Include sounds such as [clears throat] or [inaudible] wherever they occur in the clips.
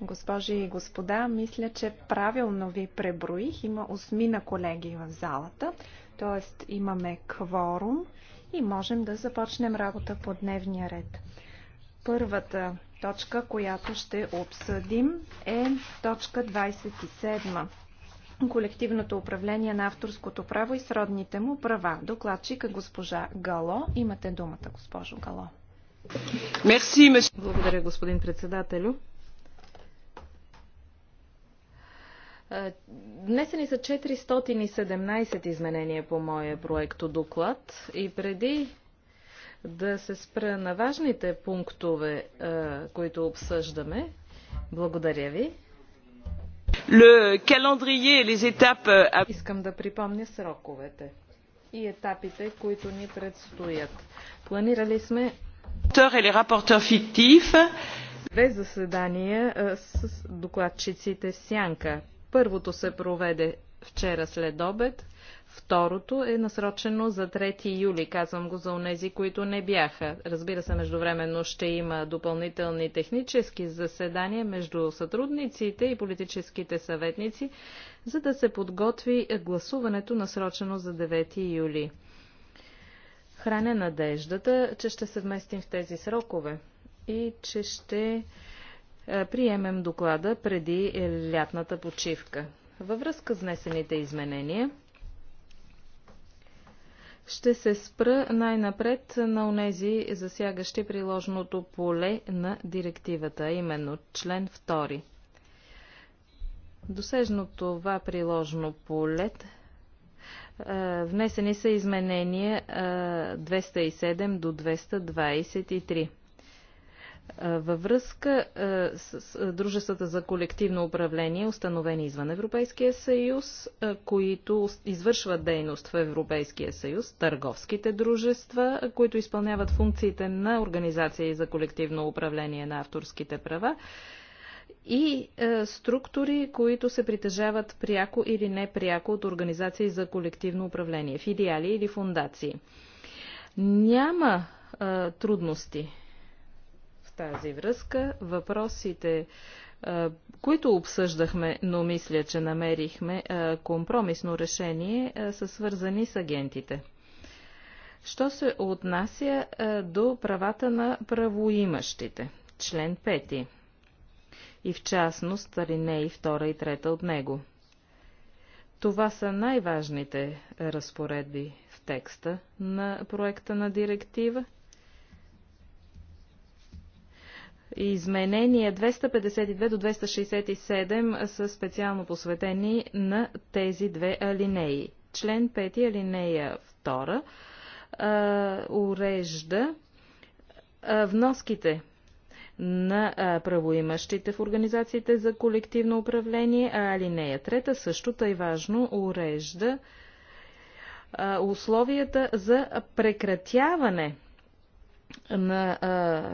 Госпожи и господа, мисля, че правилно ви преброих. Има осмина колеги в залата, т.е. имаме кворум и можем да започнем работа по дневния ред. Първата точка, която ще обсъдим е точка 27 колективното управление на авторското право и сродните му права. Докладчика госпожа Гало. Имате думата, госпожо Гало. Благодаря, господин председателю. Днесени са 417 изменения по моя проекто доклад и преди да се спра на важните пунктове, които обсъждаме, благодаря ви. Euh, Искам да припомня сроковете и етапите, които ни предстоят. Планирали сме Две заседания с докладчиците Сянка. Първото се проведе вчера след обед, второто е насрочено за 3 юли. Казвам го за онези, които не бяха. Разбира се, междувременно ще има допълнителни технически заседания между сътрудниците и политическите съветници, за да се подготви гласуването насрочено за 9 юли. Храня надеждата, че ще се вместим в тези срокове и че ще е, приемем доклада преди лятната почивка. Във връзка с внесените изменения, ще се спра най-напред на онези засягащи приложеното поле на директивата, именно член 2. Досежно това приложено поле е, внесени са изменения 207 е, до 223. Е, във връзка с дружествата за колективно управление, установени извън Европейския съюз, които извършват дейност в Европейския съюз, търговските дружества, които изпълняват функциите на организации за колективно управление на авторските права и е, структури, които се притежават пряко или непряко от организации за колективно управление, филиали или фундации. Няма е, трудности в тази връзка. Въпросите, е, които обсъждахме, но мисля, че намерихме е, компромисно решение, е, са свързани с агентите. Що се отнася е, до правата на правоимащите? Член 5 и в частност алинеи 2 и 3 от него. Това са най-важните разпоредби в текста на проекта на директива. Изменения 252 до 267 са специално посветени на тези две алинеи. Член 5 алинея 2 а, урежда а, вноските на правоимащите в организациите за колективно управление, а алинея трета също тъй важно урежда условията за прекратяване на а,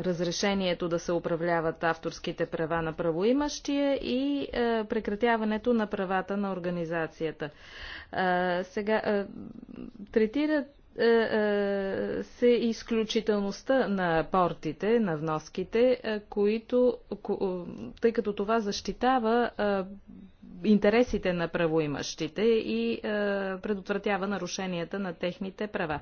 разрешението да се управляват авторските права на правоимащия и а, прекратяването на правата на организацията. А, сега, а, третират е, е, се изключителността на портите, на вноските, е, които, тъй като това защитава интересите на правоимащите и предотвратява нарушенията на техните права.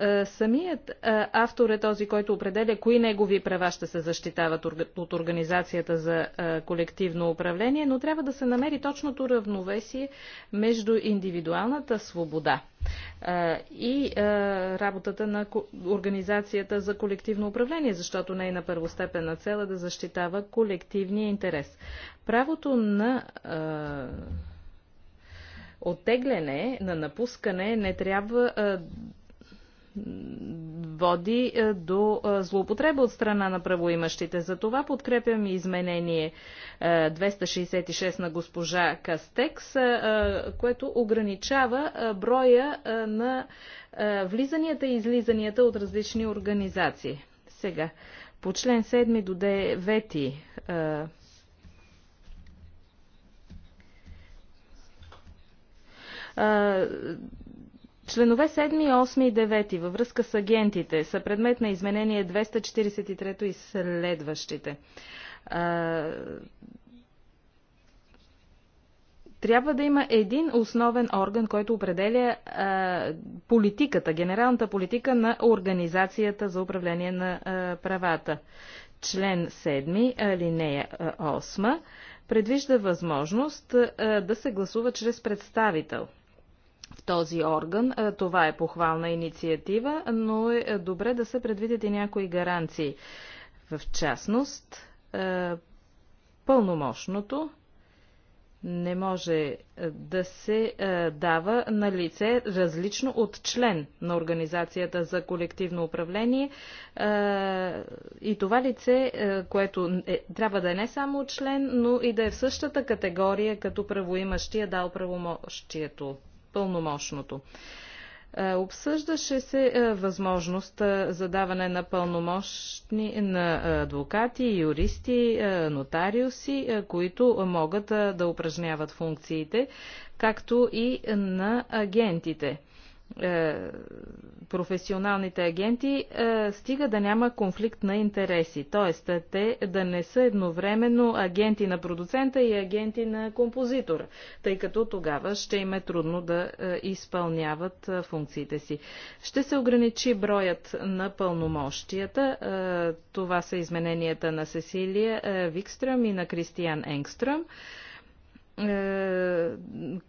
Е, самият е, автор е този, който определя кои негови права ще се защитават от Организацията за е, колективно управление, но трябва да се намери точното равновесие между индивидуалната свобода и работата на Организацията за колективно управление, защото не е на първостепенна цел да защитава колективния интерес. Правото на оттегляне, на напускане не трябва води е, до е, злоупотреба от страна на правоимащите. За това подкрепям изменение 266 е, на госпожа Кастекс, което ограничава броя на влизанията и излизанията от различни организации. Сега, по член 7 до 9 Членове 7, 8 и 9 във връзка с агентите са предмет на изменение 243 и следващите. Трябва да има един основен орган, който определя политиката, генералната политика на Организацията за управление на правата. Член 7, алинея 8 предвижда възможност да се гласува чрез представител – в този орган. Е, това е похвална инициатива, но е, е добре да се предвидят и някои гаранции. В частност, е, пълномощното не може да се дава на лице различно от член на Организацията за колективно управление. И това лице, което е, трябва да е не само член, но и да е в същата категория като правоимащия дал правомощието пълномощното. Е, обсъждаше се е, възможност е, за даване на пълномощни на адвокати, юристи, нотариуси, които могат да упражняват функциите, както и на агентите. Е, професионалните агенти е, стига да няма конфликт на интереси, т.е. те да не са едновременно агенти на продуцента и агенти на композитора, тъй като тогава ще им е трудно да е, изпълняват функциите си. Ще се ограничи броят на пълномощията. Това са измененията на Сесилия Викстръм и на Кристиан Енгстръм. Е,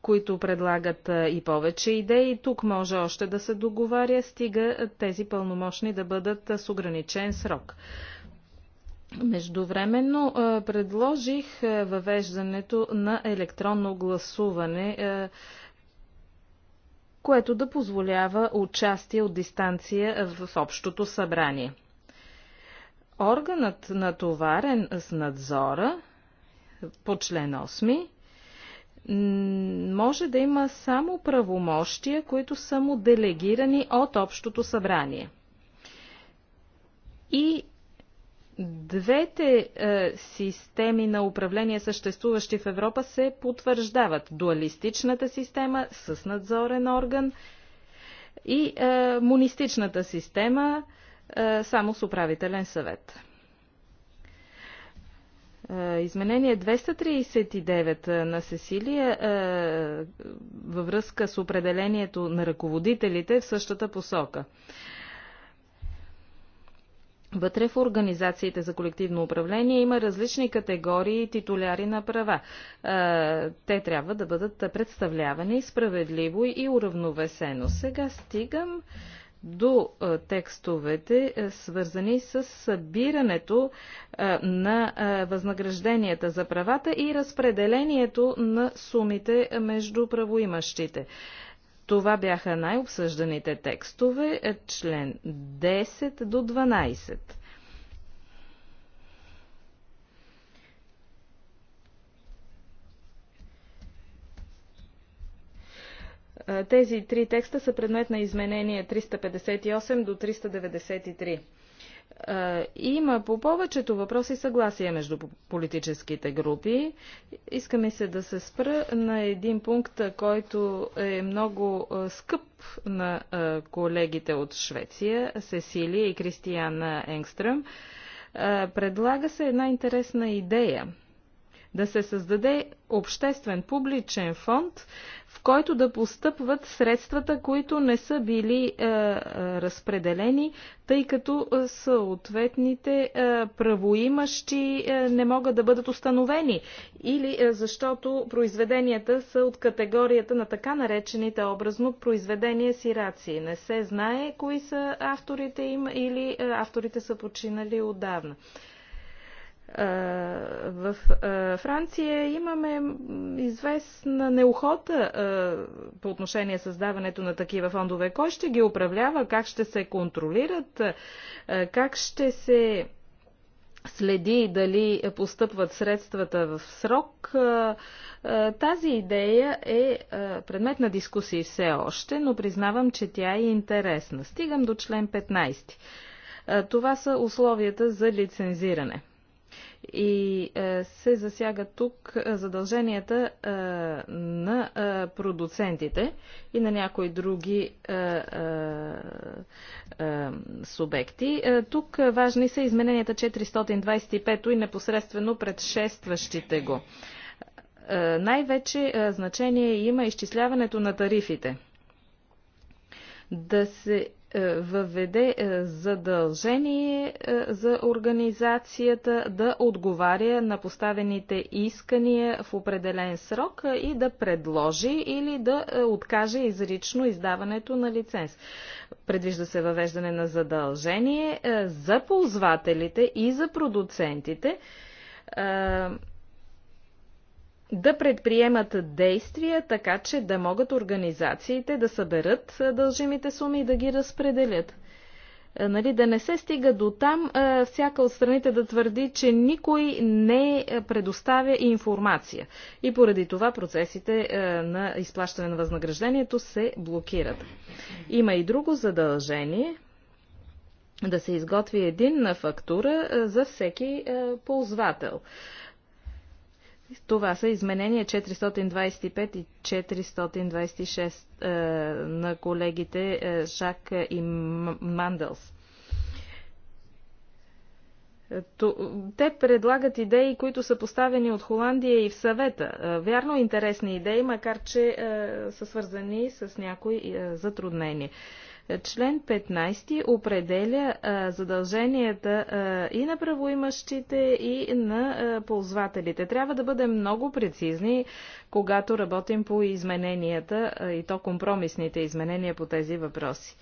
които предлагат е, и повече идеи. Тук може още да се договаря, стига е, тези пълномощни да бъдат с ограничен срок. Междувременно предложих въвеждането на електронно гласуване, което да позволява участие от дистанция в общото събрание. Органът натоварен с надзора по член 8 може да има само правомощия, които са му делегирани от Общото събрание. И двете е, системи на управление, съществуващи в Европа, се потвърждават. Дуалистичната система с надзорен орган и е, монистичната система е, само с управителен съвет. Изменение 239 на Сесилия във връзка с определението на ръководителите в същата посока. Вътре в организациите за колективно управление има различни категории титуляри на права. Те трябва да бъдат представлявани справедливо и уравновесено. Сега стигам до текстовете, е, свързани с събирането на възнагражденията за правата и разпределението на сумите между правоимащите. Това бяха най-обсъжданите текстове, е, член 10 до 12. Е, тези три текста са предмет на изменение 358 до 393. Е, има по повечето въпроси съгласие между политическите групи. Искаме се да се спра на един пункт, който е много е, скъп на колегите от Швеция, Сесилия и Кристияна Енгстръм. Предлага се една интересна идея – да се създаде обществен публичен фонд, в който да постъпват средствата, които не са били е, е разпределени, тъй като е, съответните е, правоимащи е, не могат да бъдат установени или е, защото произведенията са от категорията на така наречените образно произведения сираци. Не се знае кои са авторите им или е, авторите са починали отдавна. В Франция имаме известна неохота по отношение създаването на такива фондове. Кой ще ги управлява? Как ще се контролират? Как ще се следи дали постъпват средствата в срок. Тази идея е предмет на дискусии все още, но признавам, че тя е интересна. Стигам до член 15. Това са условията за лицензиране и е, се засяга тук е, задълженията е, на продуцентите и на някои други субекти. Тук важни са измененията 425 и непосредствено предшестващите го. Най-вече значение има изчисляването на тарифите да се е, въведе е, задължение е, за организацията да отговаря на поставените искания в определен срок и да предложи или да откаже изрично издаването на лиценз. Предвижда се въвеждане на задължение за ползвателите и за продуцентите да предприемат действия, така че да могат организациите да съберат дължимите суми и да ги разпределят. Нали, да не се стига до там всяка от страните да твърди, че никой не предоставя информация. И поради това процесите на изплащане на възнаграждението се блокират. Има и друго задължение да се изготви единна фактура за всеки ползвател. Това са изменения 425 и 426 е, на колегите е, Шак и Мандълс. Е, те предлагат идеи, които са поставени от Холандия и в съвета. Е, вярно, интересни идеи, макар че е, са свързани с някои е, затруднения. Член 15 определя задълженията и на правоимащите, и на ползвателите. Трябва да бъдем много прецизни, когато работим по измененията и то компромисните изменения по тези въпроси.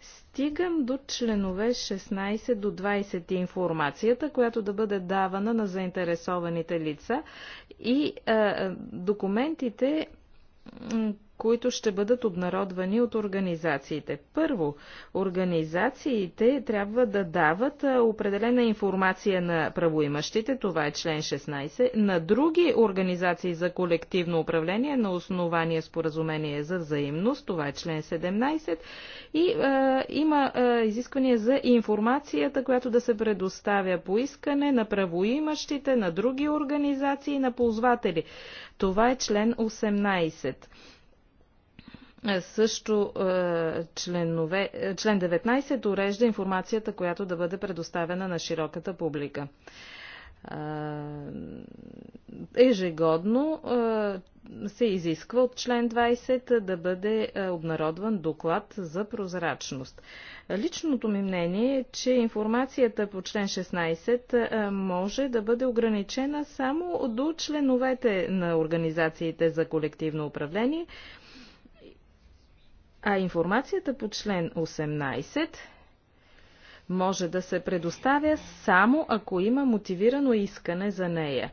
Стигам до членове 16 до 20 информацията, която да бъде давана на заинтересованите лица и е, документите, които ще бъдат обнародвани от организациите. Първо, организациите трябва да дават определена информация на правоимащите, това е член 16, на други организации за колективно управление на основание споразумение за взаимност, това е член 17, и е, има е, изисквания за информацията, която да се предоставя по искане на правоимащите, на други организации, на ползватели. Това е член 18. Е, също е, членове, е, член 19 урежда информацията, която да бъде предоставена на широката публика. Ежегодно се изисква от член 20 да бъде обнародван доклад за прозрачност. Личното ми мнение е, че информацията по член 16 може да бъде ограничена само до членовете на организациите за колективно управление – а информацията по член 18 може да се предоставя само ако има мотивирано искане за нея.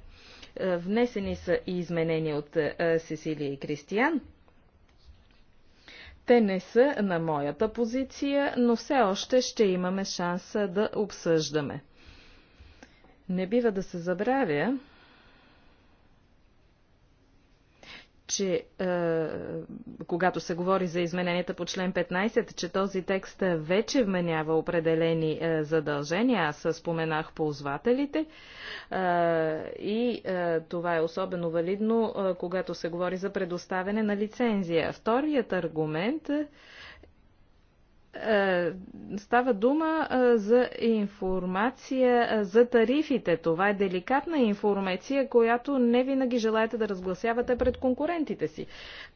Е, внесени са и изменения от е, Сесилия и Кристиян. Те не са на моята позиция, но все още ще имаме шанса да обсъждаме. Не бива да се забравя, че е, когато се говори за измененията по член 15, че този текст вече вменява определени е, задължения. Аз споменах ползвателите е, и е, това е особено валидно, е, когато се говори за предоставяне на лицензия. Вторият аргумент е, е, става дума е, за информация е, за тарифите. Това е деликатна информация, която не винаги желаете да разгласявате пред конкурентите си.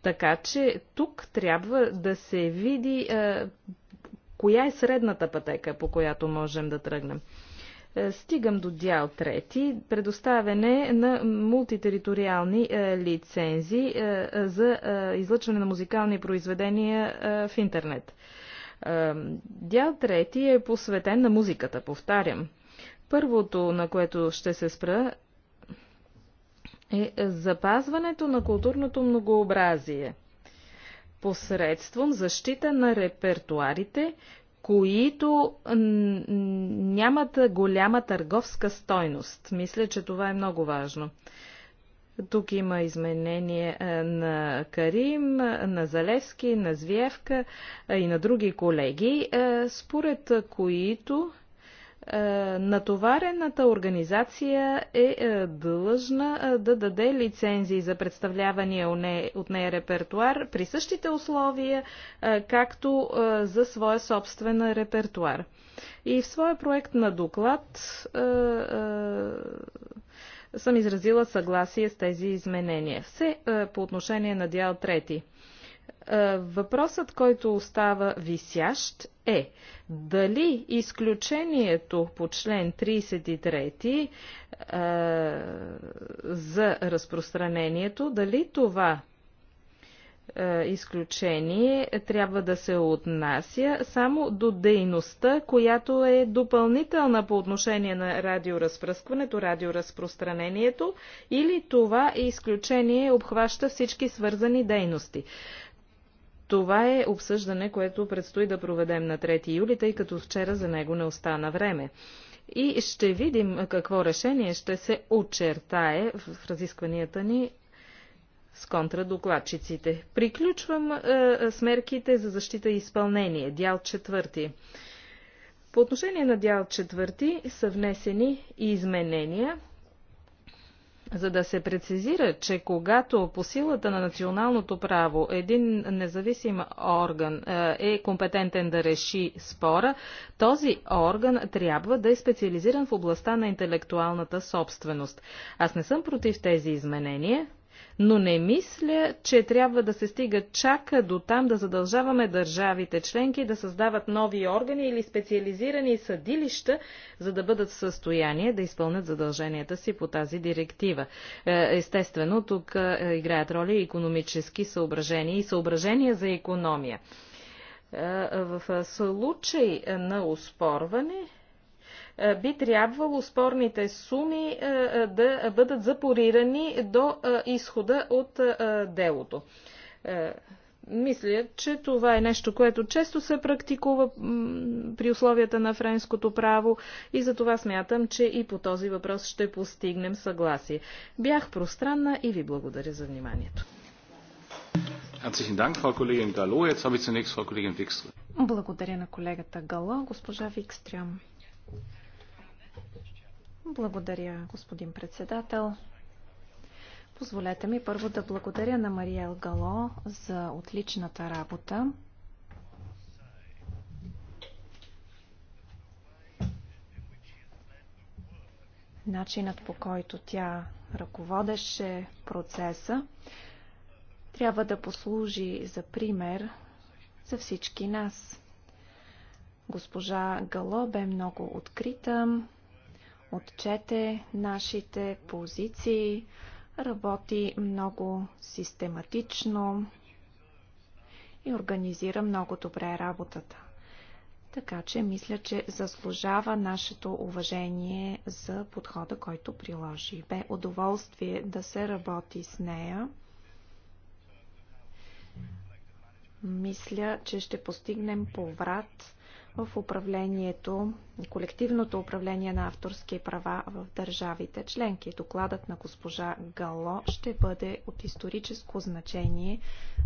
Така че тук трябва да се види коя е средната пътека, по която можем да тръгнем. Стигам до дял трети – предоставяне на мултитериториални лицензи за излъчване на музикални произведения в интернет. Дял трети е посветен на музиката, повтарям. Първото, на което ще се спра, е запазването на културното многообразие посредством защита на репертуарите, които нямат голяма търговска стойност. Мисля, че това е много важно. Тук има изменение е, на Карим, на Залевски, на Звиевка е, и на други колеги, е, според които натоварената организация е длъжна да даде лицензии за представлявания от нея репертуар при същите условия, както за своя собствен репертуар. И в своя проект на доклад съм изразила съгласие с тези изменения. Все е, по отношение на дял трети. Е, въпросът, който остава висящ е дали изключението по член 33 е, за разпространението, дали това е, изключение трябва да се отнася само до дейността, която е допълнителна по отношение на радиоразпръскването, радиоразпространението или това изключение обхваща всички свързани дейности. Това е обсъждане, което предстои да проведем на 3 юли, тъй като вчера за него не остана време. И ще видим какво решение ще се очертае в разискванията ни с контрадокладчиците. Приключвам е, с мерките за защита и изпълнение. Дял четвърти. По отношение на дял четвърти са внесени и изменения, за да се прецизира, че когато по силата на националното право един независим орган е, е компетентен да реши спора, този орган трябва да е специализиран в областта на интелектуалната собственост. Аз не съм против тези изменения, но не мисля, че трябва да се стига чак до там да задължаваме държавите членки да създават нови органи или специализирани съдилища, за да бъдат в състояние да изпълнят задълженията си по тази директива. Е, естествено, тук е, играят роли економически съображения и съображения за економия. Е, в случай на успорване е, би трябвало спорните суми е, е, да бъдат запорирани до изхода от делото. Мисля, че това е нещо, което често се практикува при условията на френското право и за това смятам, че и по този въпрос ще постигнем съгласие. Бях пространна и ви благодаря за вниманието. Благодаря на колегата Гало, госпожа Викстрям. Благодаря, господин председател. Позволете ми първо да благодаря на Мариел Гало за отличната работа. Начинът по който тя ръководеше процеса трябва да послужи за пример за всички нас. Госпожа Гало бе много открита, отчете нашите позиции, работи много систематично и организира много добре работата. Така че мисля, че заслужава нашето уважение за подхода, който приложи. Бе удоволствие да се работи с нея. Мисля, че ще постигнем поврат в управлението, колективното управление на авторски права в държавите членки. Докладът на госпожа Гало ще бъде от историческо значение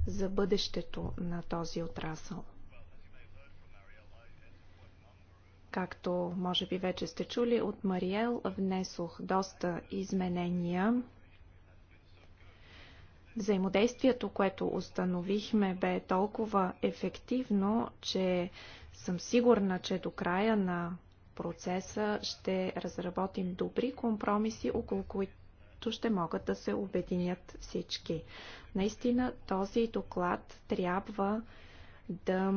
за бъдещето на този отрасъл. Както може би вече сте чули, от Мариел внесох доста изменения Взаимодействието, което установихме, бе толкова ефективно, че съм сигурна, че до края на процеса ще разработим добри компромиси, около които ще могат да се обединят всички. Наистина този доклад трябва да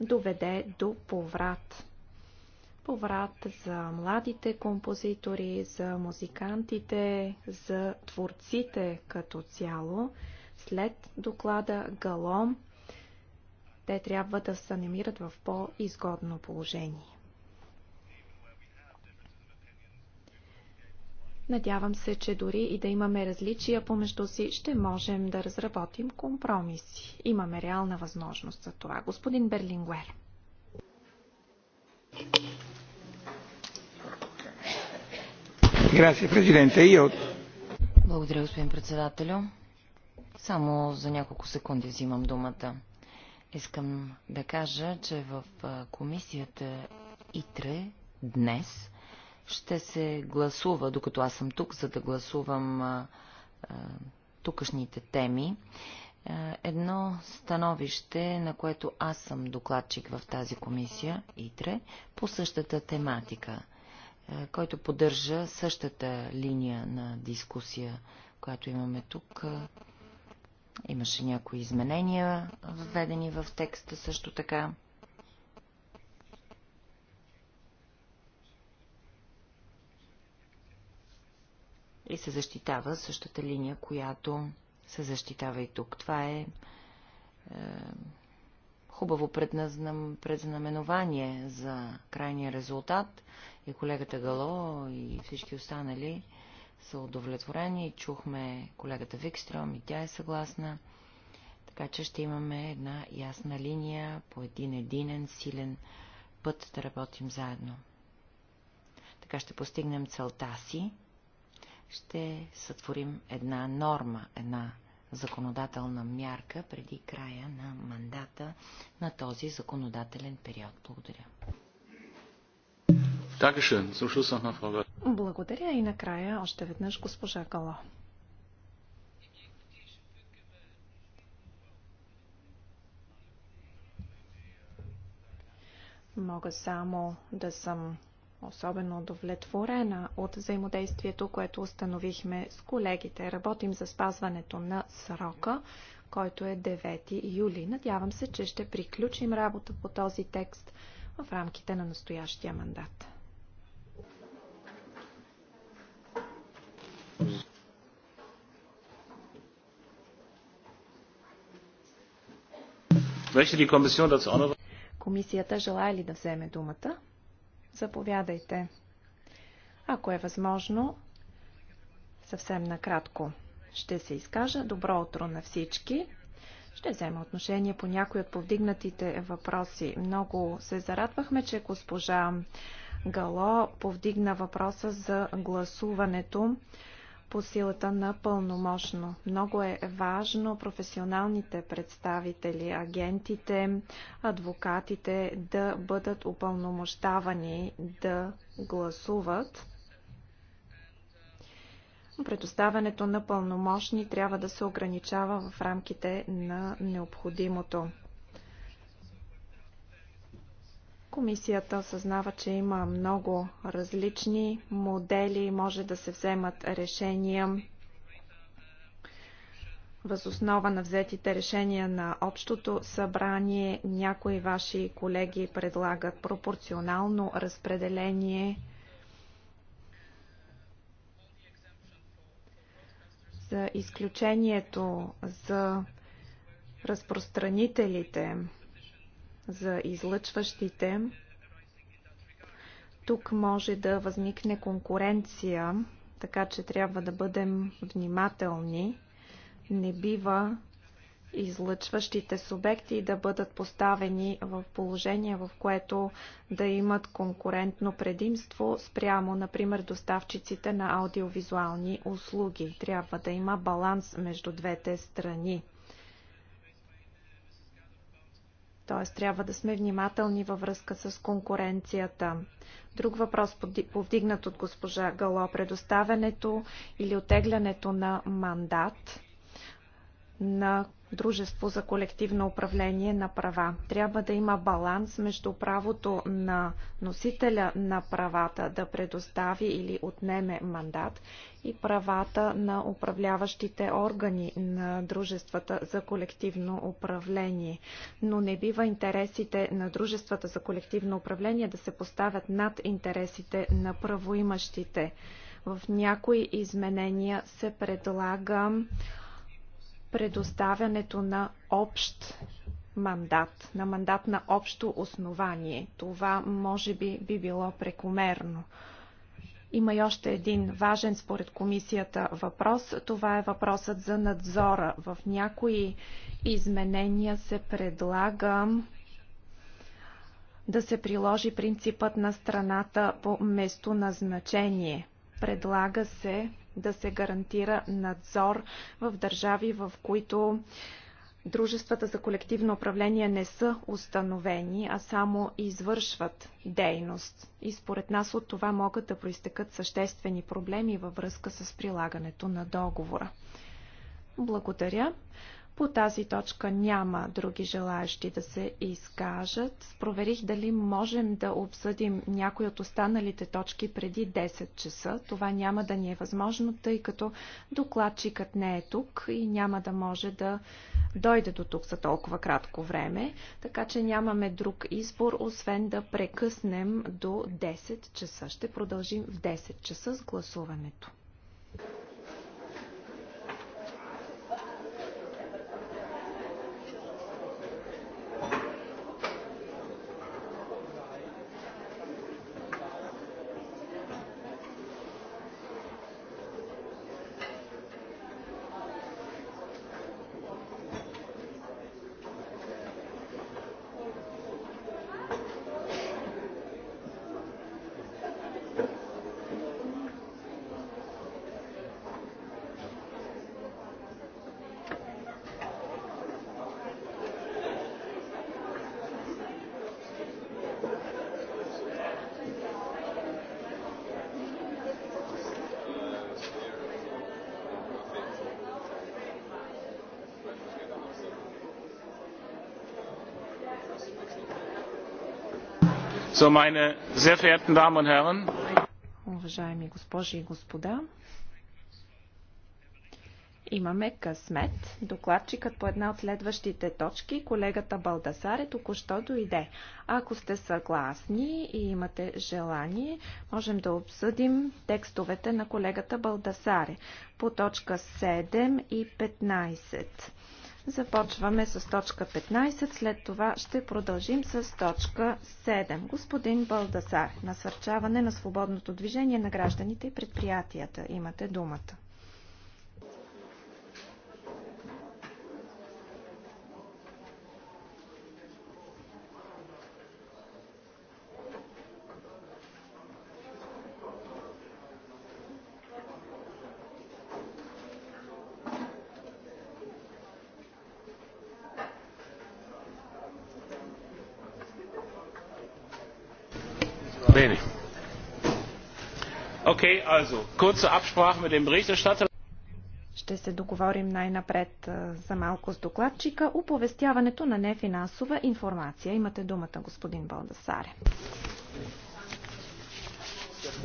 доведе до поврат. Поврат за младите композитори, за музикантите, за творците като цяло. След доклада Галом те трябва да се намират в по-изгодно положение. Надявам се, че дори и да имаме различия помежду си, ще можем да разработим компромиси. Имаме реална възможност за това. Господин Берлингуер. Благодаря, господин председателю. Само за няколко секунди взимам думата. Искам да кажа, че в комисията ИТРЕ днес ще се гласува, докато аз съм тук, за да гласувам тукашните теми, едно становище, на което аз съм докладчик в тази комисия, ИТРЕ, по същата тематика, който поддържа същата линия на дискусия, която имаме тук. Имаше някои изменения, введени в текста също така. И се защитава същата линия, която се защитава и тук. Това е, е хубаво предназнам, предзнаменование за крайния резултат. И колегата Гало, и всички останали са удовлетворени. Чухме колегата Викстром и тя е съгласна. Така че ще имаме една ясна линия по един единен, силен път да работим заедно. Така ще постигнем целта си. Ще сътворим една норма, една законодателна мярка преди края на мандата на този законодателен период. Благодаря. Dankeschön. Zum Schluss Frau благодаря и накрая още веднъж госпожа Гало. Мога само да съм особено удовлетворена от взаимодействието, което установихме с колегите. Работим за спазването на срока, който е 9 юли. Надявам се, че ще приключим работа по този текст в рамките на настоящия мандат. Комисията желая ли да вземе думата? Заповядайте. Ако е възможно, съвсем накратко ще се изкажа. Добро утро на всички. Ще взема отношение по някои от повдигнатите въпроси. Много се зарадвахме, че госпожа Гало повдигна въпроса за гласуването по силата на пълномощно. Много е важно професионалните представители, агентите, адвокатите да бъдат упълномощавани да гласуват. Предоставянето на пълномощни трябва да се ограничава в рамките на необходимото. Комисията осъзнава, че има много различни модели, може да се вземат решения възоснова на взетите решения на Общото събрание. Някои ваши колеги предлагат пропорционално разпределение за изключението за разпространителите за излъчващите, тук може да възникне конкуренция, така че трябва да бъдем внимателни. Не бива излъчващите субекти да бъдат поставени в положение, в което да имат конкурентно предимство спрямо, например, доставчиците на аудиовизуални услуги. Трябва да има баланс между двете страни. т.е. трябва да сме внимателни във връзка с конкуренцията. Друг въпрос, повдигнат от госпожа Гало, предоставянето или отеглянето на мандат на дружество за колективно управление на права. Трябва да има баланс между правото на носителя на правата да предостави или отнеме мандат и правата на управляващите органи на дружествата за колективно управление. Но не бива интересите на дружествата за колективно управление да се поставят над интересите на правоимащите. В някои изменения се предлага предоставянето на общ мандат, на мандат на общо основание. Това може би би било прекомерно. Има и още един важен според комисията въпрос. Това е въпросът за надзора. В някои изменения се предлага да се приложи принципът на страната по местоназначение. Предлага се да се гарантира надзор в държави, в които дружествата за колективно управление не са установени, а само извършват дейност. И според нас от това могат да проистекат съществени проблеми във връзка с прилагането на договора. Благодаря. По тази точка няма други желаящи да се изкажат. Проверих дали можем да обсъдим някои от останалите точки преди 10 часа. Това няма да ни е възможно, тъй като докладчикът не е тук и няма да може да дойде до тук за толкова кратко време. Така че нямаме друг избор, освен да прекъснем до 10 часа. Ще продължим в 10 часа с гласуването. meine sehr verehrten Damen und Herren. Уважаеми госпожи и господа, имаме късмет. Докладчикът по една от следващите точки, колегата Балдасар е току-що дойде. Ако сте съгласни и имате желание, можем да обсъдим текстовете на колегата Балдасаре по точка 7 и 15. Започваме с точка 15, след това ще продължим с точка 7. Господин Балдасар, насърчаване на свободното движение на гражданите и предприятията. Имате думата. Ще се договорим най-напред за малко с докладчика. Оповестяването на нефинансова информация. Имате думата, господин Балдасаре.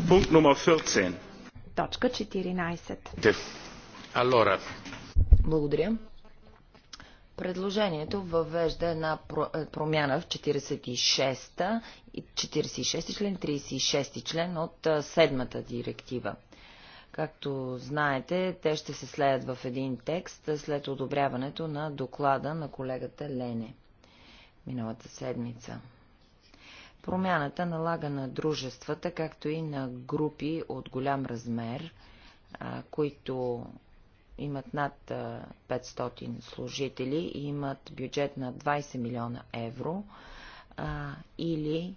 Пункт номер 14. Точка 14. Allora. Благодаря. Предложението въвежда една е, промяна в 46-та 46 член, 36 член от 7-та е, директива. Както знаете, те ще се следят в един текст е, след одобряването на доклада на колегата Лене миналата седмица. Промяната налага на дружествата, както и на групи от голям размер, които имат над 500 служители и имат бюджет на 20 милиона евро а, или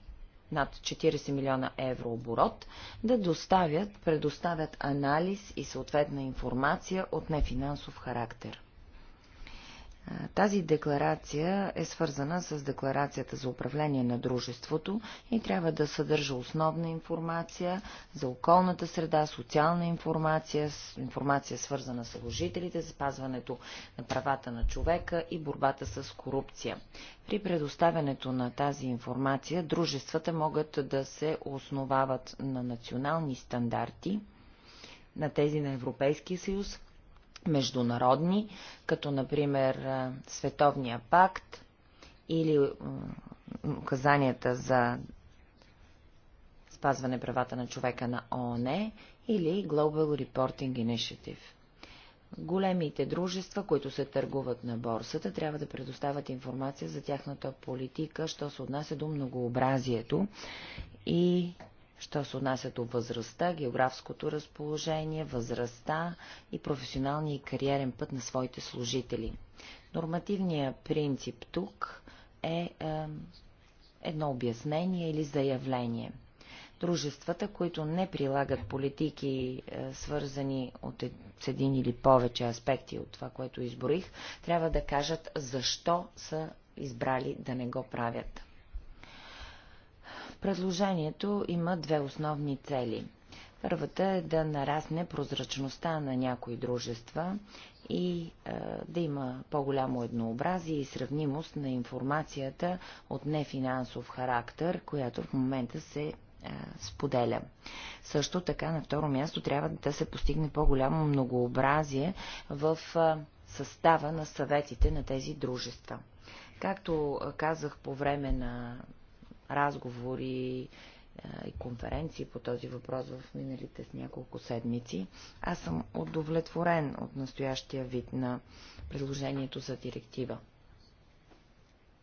над 40 милиона евро оборот, да доставят, предоставят анализ и съответна информация от нефинансов характер. Тази декларация е свързана с декларацията за управление на дружеството и трябва да съдържа основна информация за околната среда, социална информация, информация свързана с служителите, запазването на правата на човека и борбата с корупция. При предоставянето на тази информация дружествата могат да се основават на национални стандарти, на тези на Европейския съюз, международни, като например Световния пакт или указанията за спазване правата на човека на ООН или Global Reporting Initiative. Големите дружества, които се търгуват на борсата, трябва да предоставят информация за тяхната политика, що се отнася до многообразието и що се отнася до възрастта, географското разположение, възрастта и професионалния и кариерен път на своите служители. Нормативният принцип тук е, е едно обяснение или заявление. Дружествата, които не прилагат политики, е, свързани от, е, с един или повече аспекти от това, което изброих, трябва да кажат защо са избрали да не го правят. Предложението има две основни цели. Първата е да нарасне прозрачността на някои дружества и е, да има по-голямо еднообразие и сравнимост на информацията от нефинансов характер, която в момента се е, споделя. Също така, на второ място, трябва да се постигне по-голямо многообразие в е, състава на съветите на тези дружества. Както е, казах по време на разговори и конференции по този въпрос в миналите с няколко седмици. Аз съм удовлетворен от настоящия вид на предложението за директива.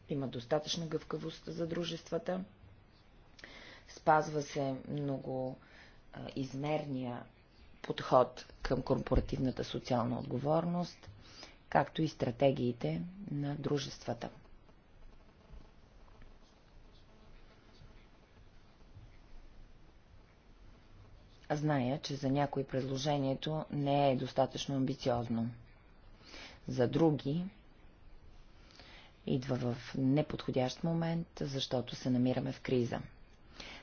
Има достатъчна гъвкавост за дружествата. Спазва се много измерния подход към корпоративната социална отговорност, както и стратегиите на дружествата. Зная, че за някои предложението не е достатъчно амбициозно. За други идва в неподходящ момент, защото се намираме в криза.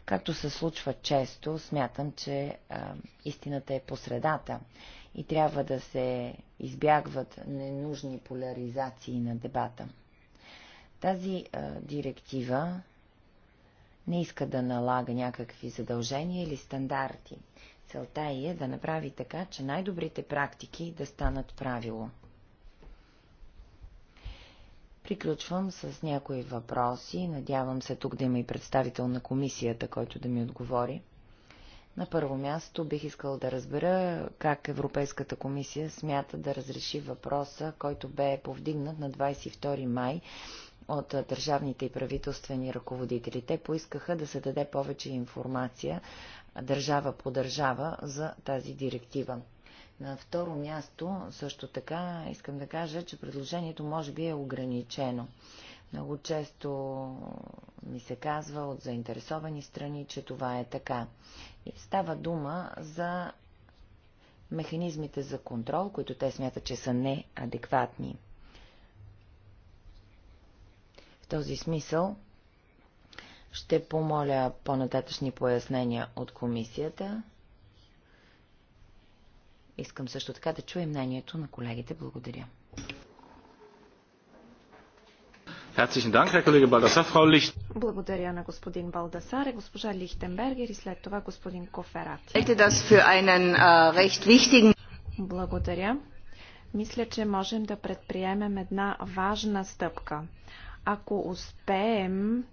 Както се случва често, смятам, че а, истината е по средата и трябва да се избягват ненужни поляризации на дебата. Тази а, директива не иска да налага някакви задължения или стандарти. Целта й е да направи така, че най-добрите практики да станат правило. Приключвам с някои въпроси. Надявам се тук да има и представител на комисията, който да ми отговори. На първо място бих искал да разбера как Европейската комисия смята да разреши въпроса, който бе повдигнат на 22 май от държавните и правителствени ръководители. Те поискаха да се даде повече информация държава по държава за тази директива. На второ място, също така, искам да кажа, че предложението може би е ограничено. Много често ми се казва от заинтересовани страни, че това е така. И става дума за механизмите за контрол, които те смятат, че са неадекватни този смисъл ще помоля по-нататъчни пояснения от комисията. Искам също така да чуя мнението на колегите. Благодаря. Благодаря на господин Балдасар и госпожа Лихтенбергер и след това господин Коферат. Благодаря. Мисля, че можем да предприемем една важна стъпка ако успеем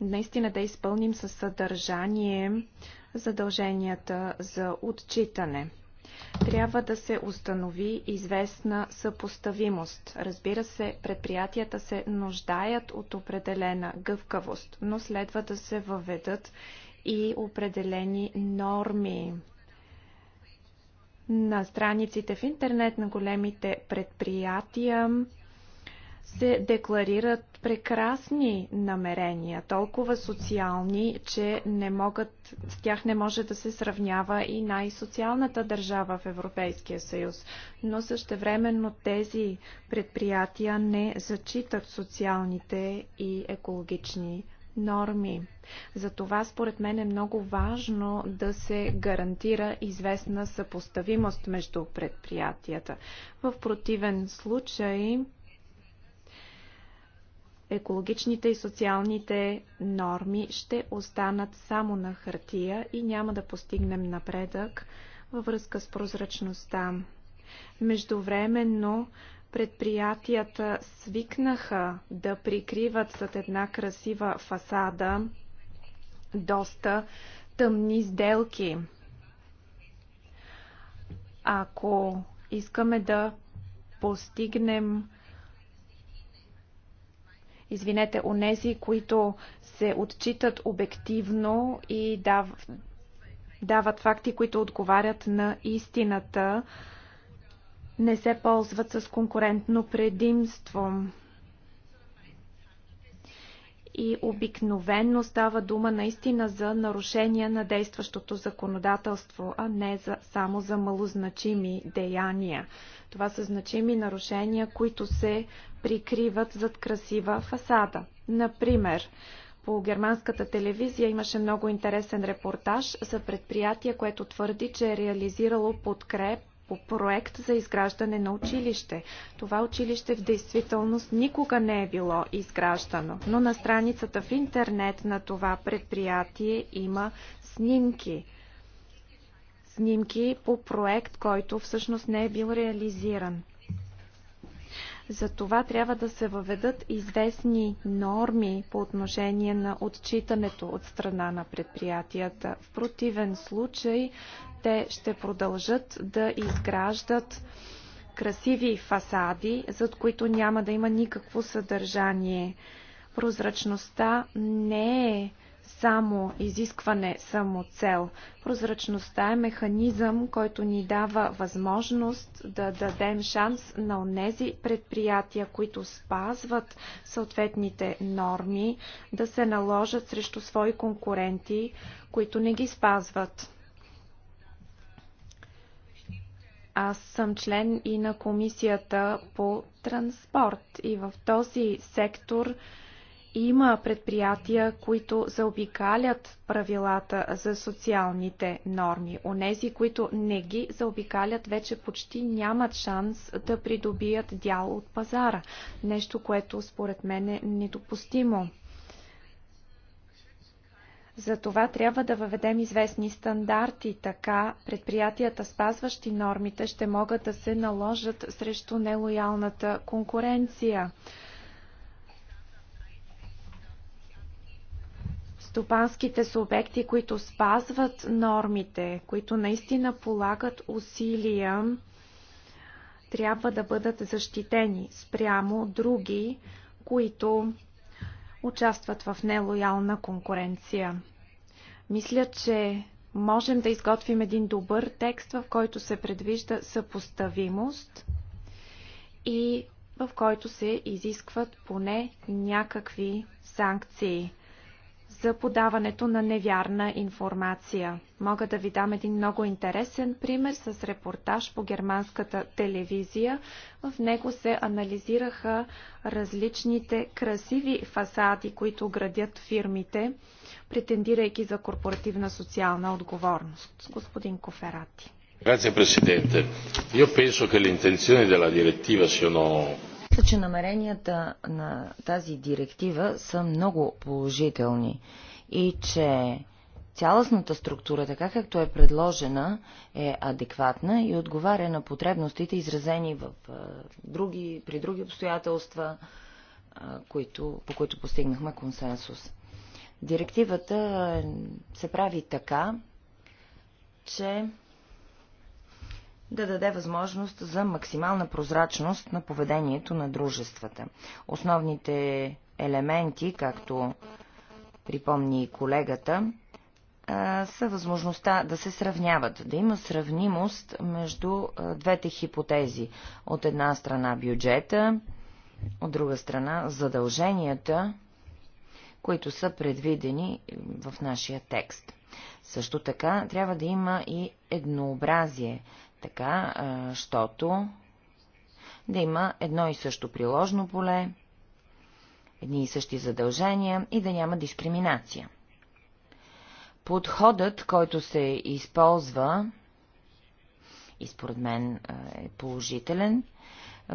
наистина да изпълним със съдържание задълженията за отчитане. Трябва да се установи известна съпоставимост. Разбира се, предприятията се нуждаят от определена гъвкавост, но следва да се въведат и определени норми. На страниците в интернет на големите предприятия се декларират прекрасни намерения, толкова социални, че не могат, с тях не може да се сравнява и най-социалната държава в Европейския съюз. Но същевременно тези предприятия не зачитат социалните и екологични норми. Затова според мен е много важно да се гарантира известна съпоставимост между предприятията. В противен случай екологичните и социалните норми ще останат само на хартия и няма да постигнем напредък във връзка с прозрачността. Междувременно предприятията свикнаха да прикриват зад една красива фасада доста тъмни сделки. Ако искаме да постигнем извинете, онези, които се отчитат обективно и дав, дават факти, които отговарят на истината, не се ползват с конкурентно предимство и обикновенно става дума наистина за нарушения на действащото законодателство, а не за, само за малозначими деяния. Това са значими нарушения, които се прикриват зад красива фасада. Например, по германската телевизия имаше много интересен репортаж за предприятие, което твърди, че е реализирало подкреп по проект за изграждане на училище. Това училище в действителност никога не е било изграждано, но на страницата в интернет на това предприятие има снимки. Снимки по проект, който всъщност не е бил реализиран. За това трябва да се въведат известни норми по отношение на отчитането от страна на предприятията. В противен случай те ще продължат да изграждат красиви фасади, зад които няма да има никакво съдържание. Прозрачността не е само изискване, само цел. Прозрачността е механизъм, който ни дава възможност да дадем шанс на онези предприятия, които спазват съответните норми, да се наложат срещу свои конкуренти, които не ги спазват. Аз съм член и на комисията по транспорт и в този сектор има предприятия, които заобикалят правилата за социалните норми. Онези, които не ги заобикалят, вече почти нямат шанс да придобият дял от пазара. Нещо, което според мен е недопустимо. За това трябва да въведем известни стандарти, така предприятията, спазващи нормите, ще могат да се наложат срещу нелоялната конкуренция. стопанските субекти, които спазват нормите, които наистина полагат усилия, трябва да бъдат защитени спрямо други, които участват в нелоялна конкуренция. Мисля, че можем да изготвим един добър текст, в който се предвижда съпоставимост и в който се изискват поне някакви санкции за подаването на невярна информация. Мога да ви дам един много интересен пример с репортаж по германската телевизия. В него се анализираха различните красиви фасади, които градят фирмите, претендирайки за корпоративна социална отговорност. Господин Коферати. Grazie Presidente. Io penso che le intenzioni della direttiva siano мисля, че намеренията на тази директива са много положителни и че цялостната структура, така както е предложена, е адекватна и отговаря на потребностите, изразени в други, при други обстоятелства, които, по които постигнахме консенсус. Директивата е, се прави така, че да даде възможност за максимална прозрачност на поведението на дружествата. Основните елементи, както припомни и колегата, са възможността да се сравняват, да има сравнимост между двете хипотези. От една страна бюджета, от друга страна задълженията, които са предвидени в нашия текст. Също така трябва да има и еднообразие така, щото да има едно и също приложно поле, едни и същи задължения и да няма дискриминация. Подходът, който се използва, и според мен е положителен,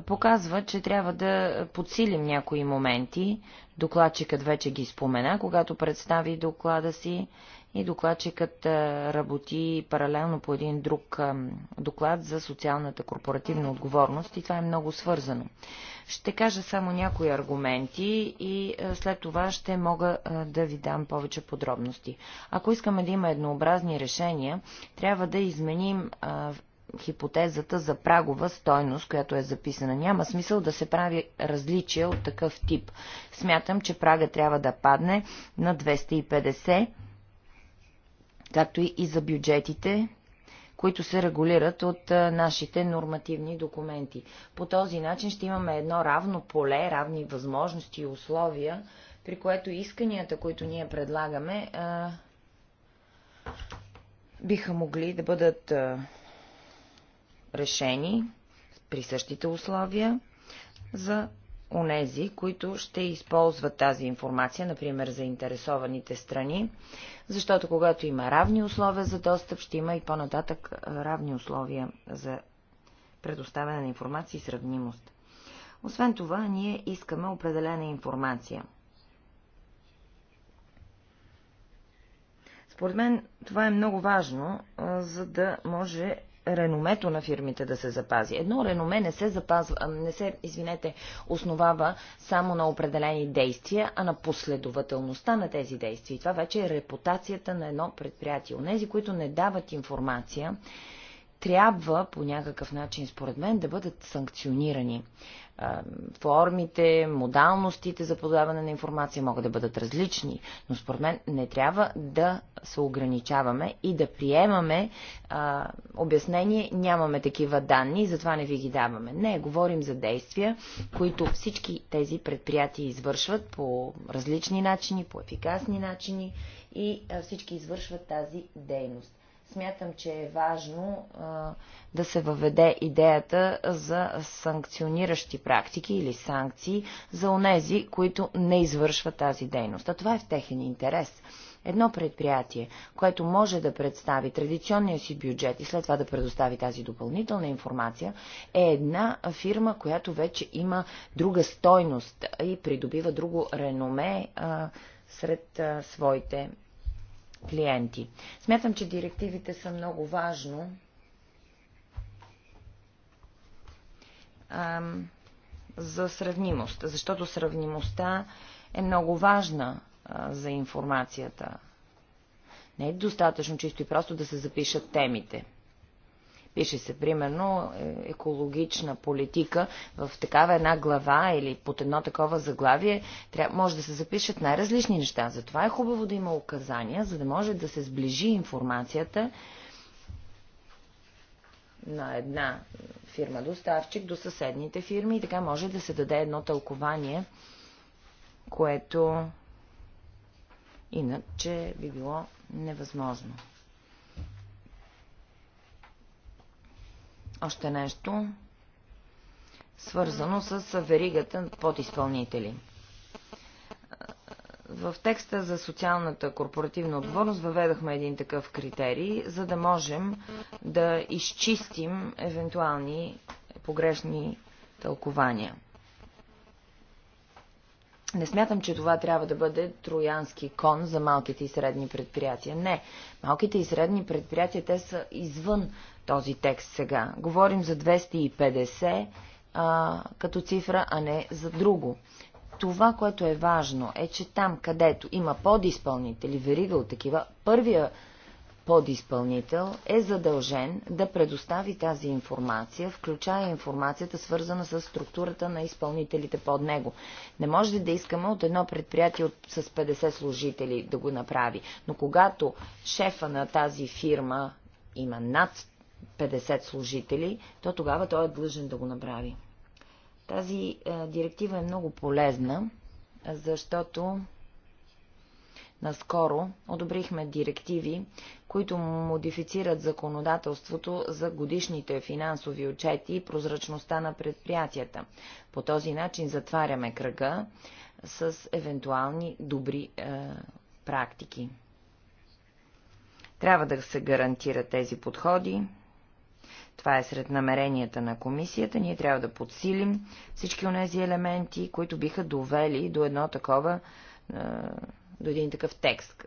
показва, че трябва да подсилим някои моменти. Докладчикът вече ги спомена, когато представи доклада си и докладчикът работи паралелно по един друг доклад за социалната корпоративна отговорност и това е много свързано. Ще кажа само някои аргументи и след това ще мога да ви дам повече подробности. Ако искаме да има еднообразни решения, трябва да изменим хипотезата за прагова стойност, която е записана. Няма смисъл да се прави различие от такъв тип. Смятам, че прага трябва да падне на 250 както и за бюджетите, които се регулират от нашите нормативни документи. По този начин ще имаме едно равно поле, равни възможности и условия, при което исканията, които ние предлагаме, биха могли да бъдат решени при същите условия за онези, които ще използват тази информация, например за интересованите страни, защото когато има равни условия за достъп, ще има и по-нататък равни условия за предоставяне на информация и сравнимост. Освен това, ние искаме определена информация. Според мен това е много важно, за да може реномето на фирмите да се запази. Едно реноме не се, запазва, не се извинете, основава само на определени действия, а на последователността на тези действия. И това вече е репутацията на едно предприятие. Онези, които не дават информация, трябва по някакъв начин, според мен, да бъдат санкционирани. Формите, модалностите за подаване на информация могат да бъдат различни, но според мен не трябва да се ограничаваме и да приемаме а, обяснение, нямаме такива данни, затова не ви ги даваме. Не, говорим за действия, които всички тези предприятия извършват по различни начини, по ефикасни начини и а, всички извършват тази дейност. Смятам, че е важно а, да се въведе идеята за санкциониращи практики или санкции за онези, които не извършват тази дейност. А това е в техен интерес. Едно предприятие, което може да представи традиционния си бюджет и след това да предостави тази допълнителна информация, е една фирма, която вече има друга стойност и придобива друго реноме а, сред а, своите клиенти. Смятам, че директивите са много важно. Ам, за сравнимост, защото сравнимостта е много важна а, за информацията. Не е достатъчно чисто и просто да се запишат темите. Пише се, примерно, е, екологична политика в такава една глава или под едно такова заглавие, трябва, може да се запишат най-различни неща. Затова е хубаво да има указания, за да може да се сближи информацията на една фирма доставчик до съседните фирми и така може да се даде едно тълкование, което иначе би било невъзможно. Още нещо, свързано с веригата подизпълнители. В текста за социалната корпоративна отговорност въведахме един такъв критерий, за да можем да изчистим евентуални погрешни тълкования. Не смятам, че това трябва да бъде троянски кон за малките и средни предприятия. Не. Малките и средни предприятия, те са извън този текст сега. Говорим за 250 а, като цифра, а не за друго. Това, което е важно, е, че там, където има подизпълнители, верига от такива, първия подизпълнител е задължен да предостави тази информация, включая информацията свързана с структурата на изпълнителите под него. Не може да искаме от едно предприятие с 50 служители да го направи, но когато шефа на тази фирма има над 50 служители, то тогава той е длъжен да го направи. Тази е, директива е много полезна, защото наскоро одобрихме директиви, които модифицират законодателството за годишните финансови отчети и прозрачността на предприятията. По този начин затваряме кръга с евентуални добри е, практики. Трябва да се гарантират тези подходи, това е сред намеренията на комисията. Ние трябва да подсилим всички тези елементи, които биха довели до едно такова, е, до един такъв текст.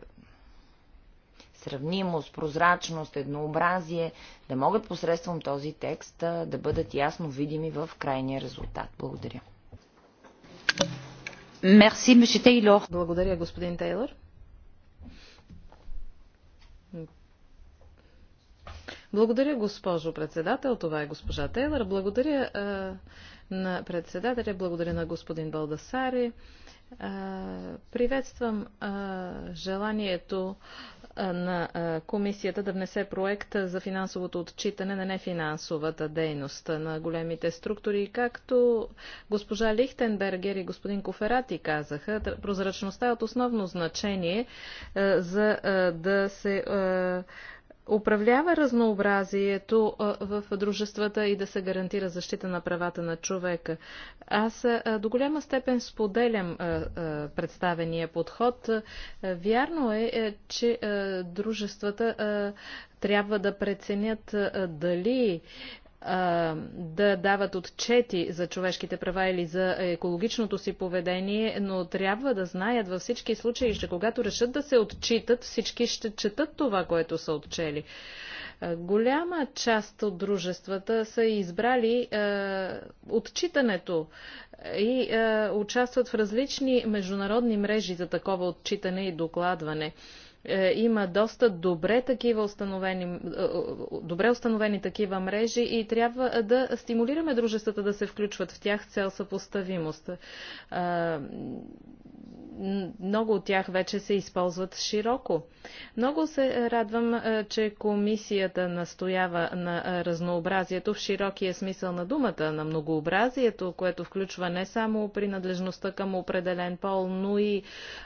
Сравнимост, прозрачност, еднообразие, да могат посредством този текст е, да бъдат ясно видими в крайния резултат. Благодаря. Merci, Благодаря, господин Тейлор. Благодаря, госпожо председател. Това е госпожа Тейлър. Благодаря а, на председателя, благодаря на господин Балдасари. А, приветствам а, желанието на комисията да внесе проект за финансовото отчитане на нефинансовата дейност на големите структури. Както госпожа Лихтенбергер и господин Коферати казаха, прозрачността е от основно значение за да се управлява разнообразието в дружествата и да се гарантира защита на правата на човека. Аз до голяма степен споделям представения подход. Вярно е, е че дружествата трябва да преценят дали да дават отчети за човешките права или за екологичното си поведение, но трябва да знаят във всички случаи, че когато решат да се отчитат, всички ще четат това, което са отчели. Голяма част от дружествата са избрали е, отчитането и е, участват в различни международни мрежи за такова отчитане и докладване. Е, е, има доста добре, такива установени, е, е, добре установени такива мрежи и трябва да стимулираме дружествата да се включват в тях с цел съпоставимост много от тях вече се използват широко. Много се радвам, е, че комисията настоява на е, разнообразието в широкия смисъл на думата, на многообразието, което включва не само принадлежността към определен пол, но и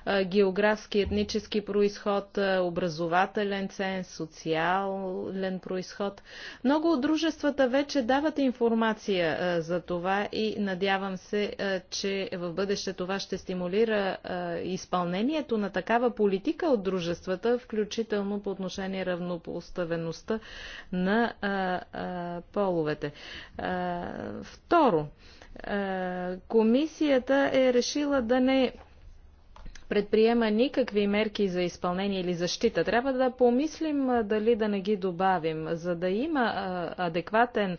е, географски, етнически происход, образователен ценз, социален происход. Много от дружествата вече дават информация за това и надявам се, че в бъдеще това ще стимулира изпълнението на такава политика от дружествата, включително по отношение равнопоставеността на половете. Второ, комисията е решила да не предприема никакви мерки за изпълнение или защита. Трябва да помислим дали да не ги добавим, за да има адекватен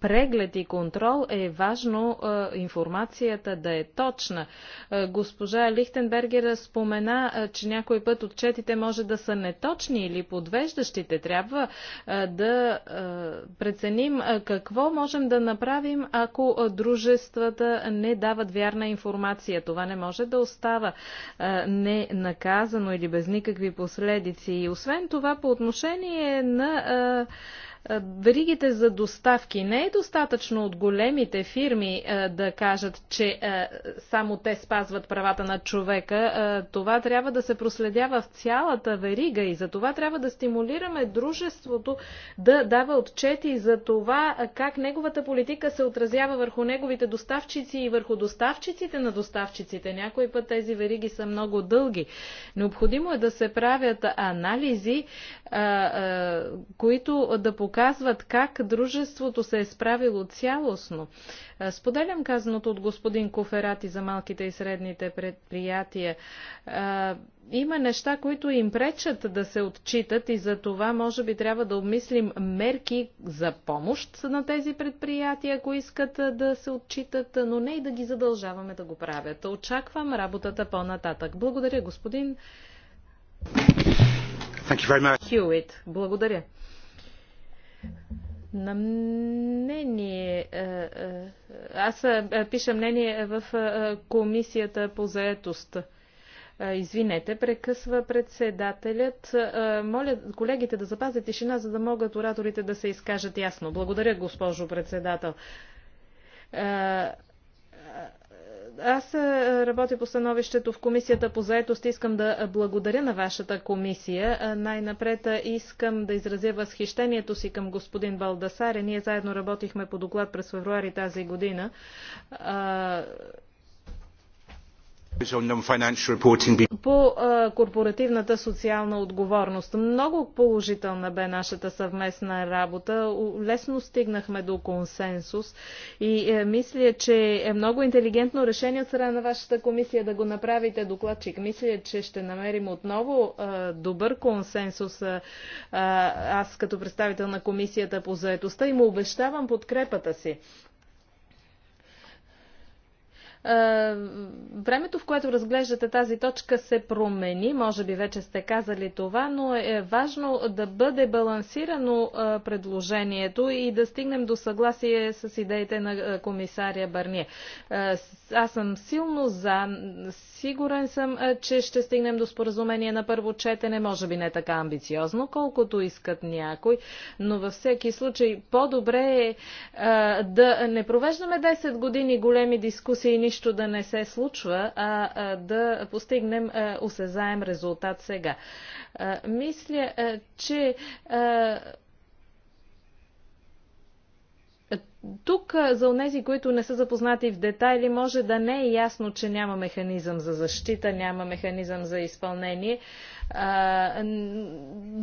преглед и контрол е важно информацията да е точна. госпожа Лихтенбергер спомена, че някой път отчетите може да са неточни или подвеждащите. Трябва да преценим какво можем да направим, ако дружествата не дават вярна информация. Това не може да остава ненаказано или без никакви последици. И освен това, по отношение на е, веригите за доставки не е достатъчно от големите фирми е, да кажат, че е, само те спазват правата на човека. Това трябва да се проследява в цялата верига и за това трябва да стимулираме дружеството да дава отчети за това как неговата политика се отразява върху неговите доставчици и върху доставчиците на доставчиците. Някой път тези вериги са много дълги. Необходимо е да се правят анализи които да показват как дружеството се е справило цялостно. Споделям казаното от господин Коферати за малките и средните предприятия. Има неща, които им пречат да се отчитат и за това може би трябва да обмислим мерки за помощ на тези предприятия, ако искат да се отчитат, но не и да ги задължаваме да го правят. Очаквам работата по-нататък. Благодаря, господин Хюит, благодаря. На мнение. Е, е, аз е, пиша мнение в комисията по заетост. Извинете, прекъсва председателят. Моля колегите да запазят тишина, за да могат ораторите да се изкажат ясно. Благодаря, госпожо председател аз е, работя по становището в Комисията по заетост. Искам да благодаря на вашата комисия. Е, най-напред е, искам да изразя възхищението си към господин Балдасаре. Ние заедно работихме по доклад през февруари тази година по корпоративната социална отговорност. Много положителна бе нашата съвместна работа. Лесно стигнахме до консенсус и е, мисля, че е много интелигентно решение от страна на вашата комисия да го направите докладчик. Мисля, че ще намерим отново добър консенсус. Аз като представител на комисията по заедостта им обещавам подкрепата си. Е, времето, в което разглеждате тази точка, се промени. Може би вече сте казали това, но е, е важно да бъде балансирано е, предложението и да стигнем до съгласие с идеите на комисаря Барние. Аз съм силно за. Сигурен съм, че ще стигнем до споразумение на първо четене. Може би не така амбициозно, колкото искат някой, но във всеки случай по-добре е да не провеждаме 10 години големи дискусии и нищо да не се случва, а да постигнем осезаем резултат сега. Мисля, че тук за онези, които не са запознати в детайли, може да не е ясно, че няма механизъм за защита, няма механизъм за изпълнение.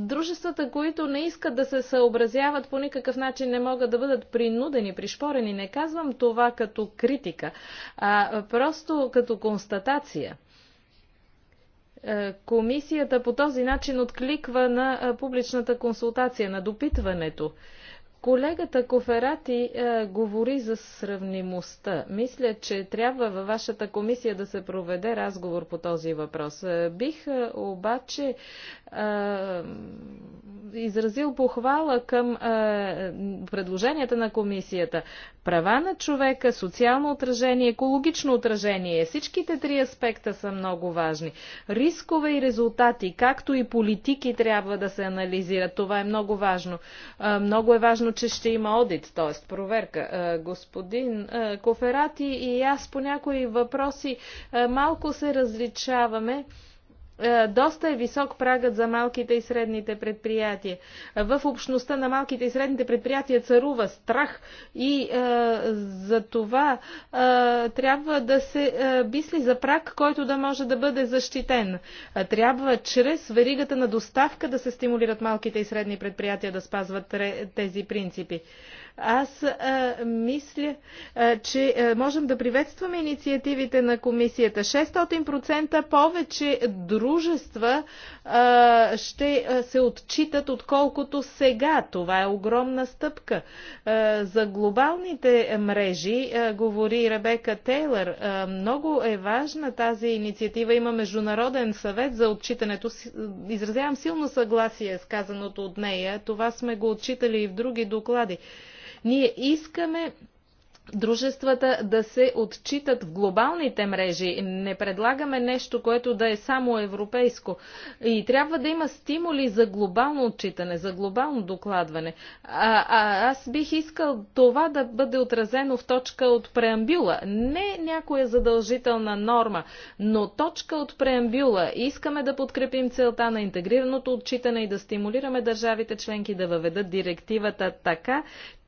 Дружествата, които не искат да се съобразяват по никакъв начин, не могат да бъдат принудени, пришпорени. Не казвам това като критика, а просто като констатация комисията по този начин откликва на публичната консултация, на допитването. Колегата Коферати е, говори за сравнимостта. Мисля, че трябва във вашата комисия да се проведе разговор по този въпрос. Е, бих е, обаче е, изразил похвала към е, предложенията на комисията. Права на човека, социално отражение, екологично отражение. Всичките три аспекта са много важни. Рискове и резултати, както и политики трябва да се анализират. Това е много важно. Е, много е важно че ще има одит, т.е. проверка. Е, господин е, Коферати и аз по някои въпроси е, малко се различаваме. Е, доста е висок прагът за малките и средните предприятия. В общността на малките и средните предприятия царува страх и е, за това е, трябва да се е, за прак, който да може да бъде защитен. Е, трябва чрез веригата на доставка да се стимулират малките и средни предприятия да спазват тези принципи. Аз а, мисля, а, че а, можем да приветстваме инициативите на комисията. 600% повече дружества а, ще а, се отчитат, отколкото сега. Това е огромна стъпка. А, за глобалните мрежи, а, говори Ребека Тейлър, а, много е важна тази инициатива. Има Международен съвет за отчитането. Изразявам силно съгласие с казаното от нея. Това сме го отчитали и в други доклади. Ние искаме дружествата да се отчитат в глобалните мрежи. Не предлагаме нещо, което да е само европейско. И трябва да има стимули за глобално отчитане, за глобално докладване. А, а аз бих искал това да бъде отразено в точка от преамбюла. Не някоя задължителна норма, но точка от преамбюла. Искаме да подкрепим целта на интегрираното отчитане и да стимулираме държавите членки да въведат директивата така,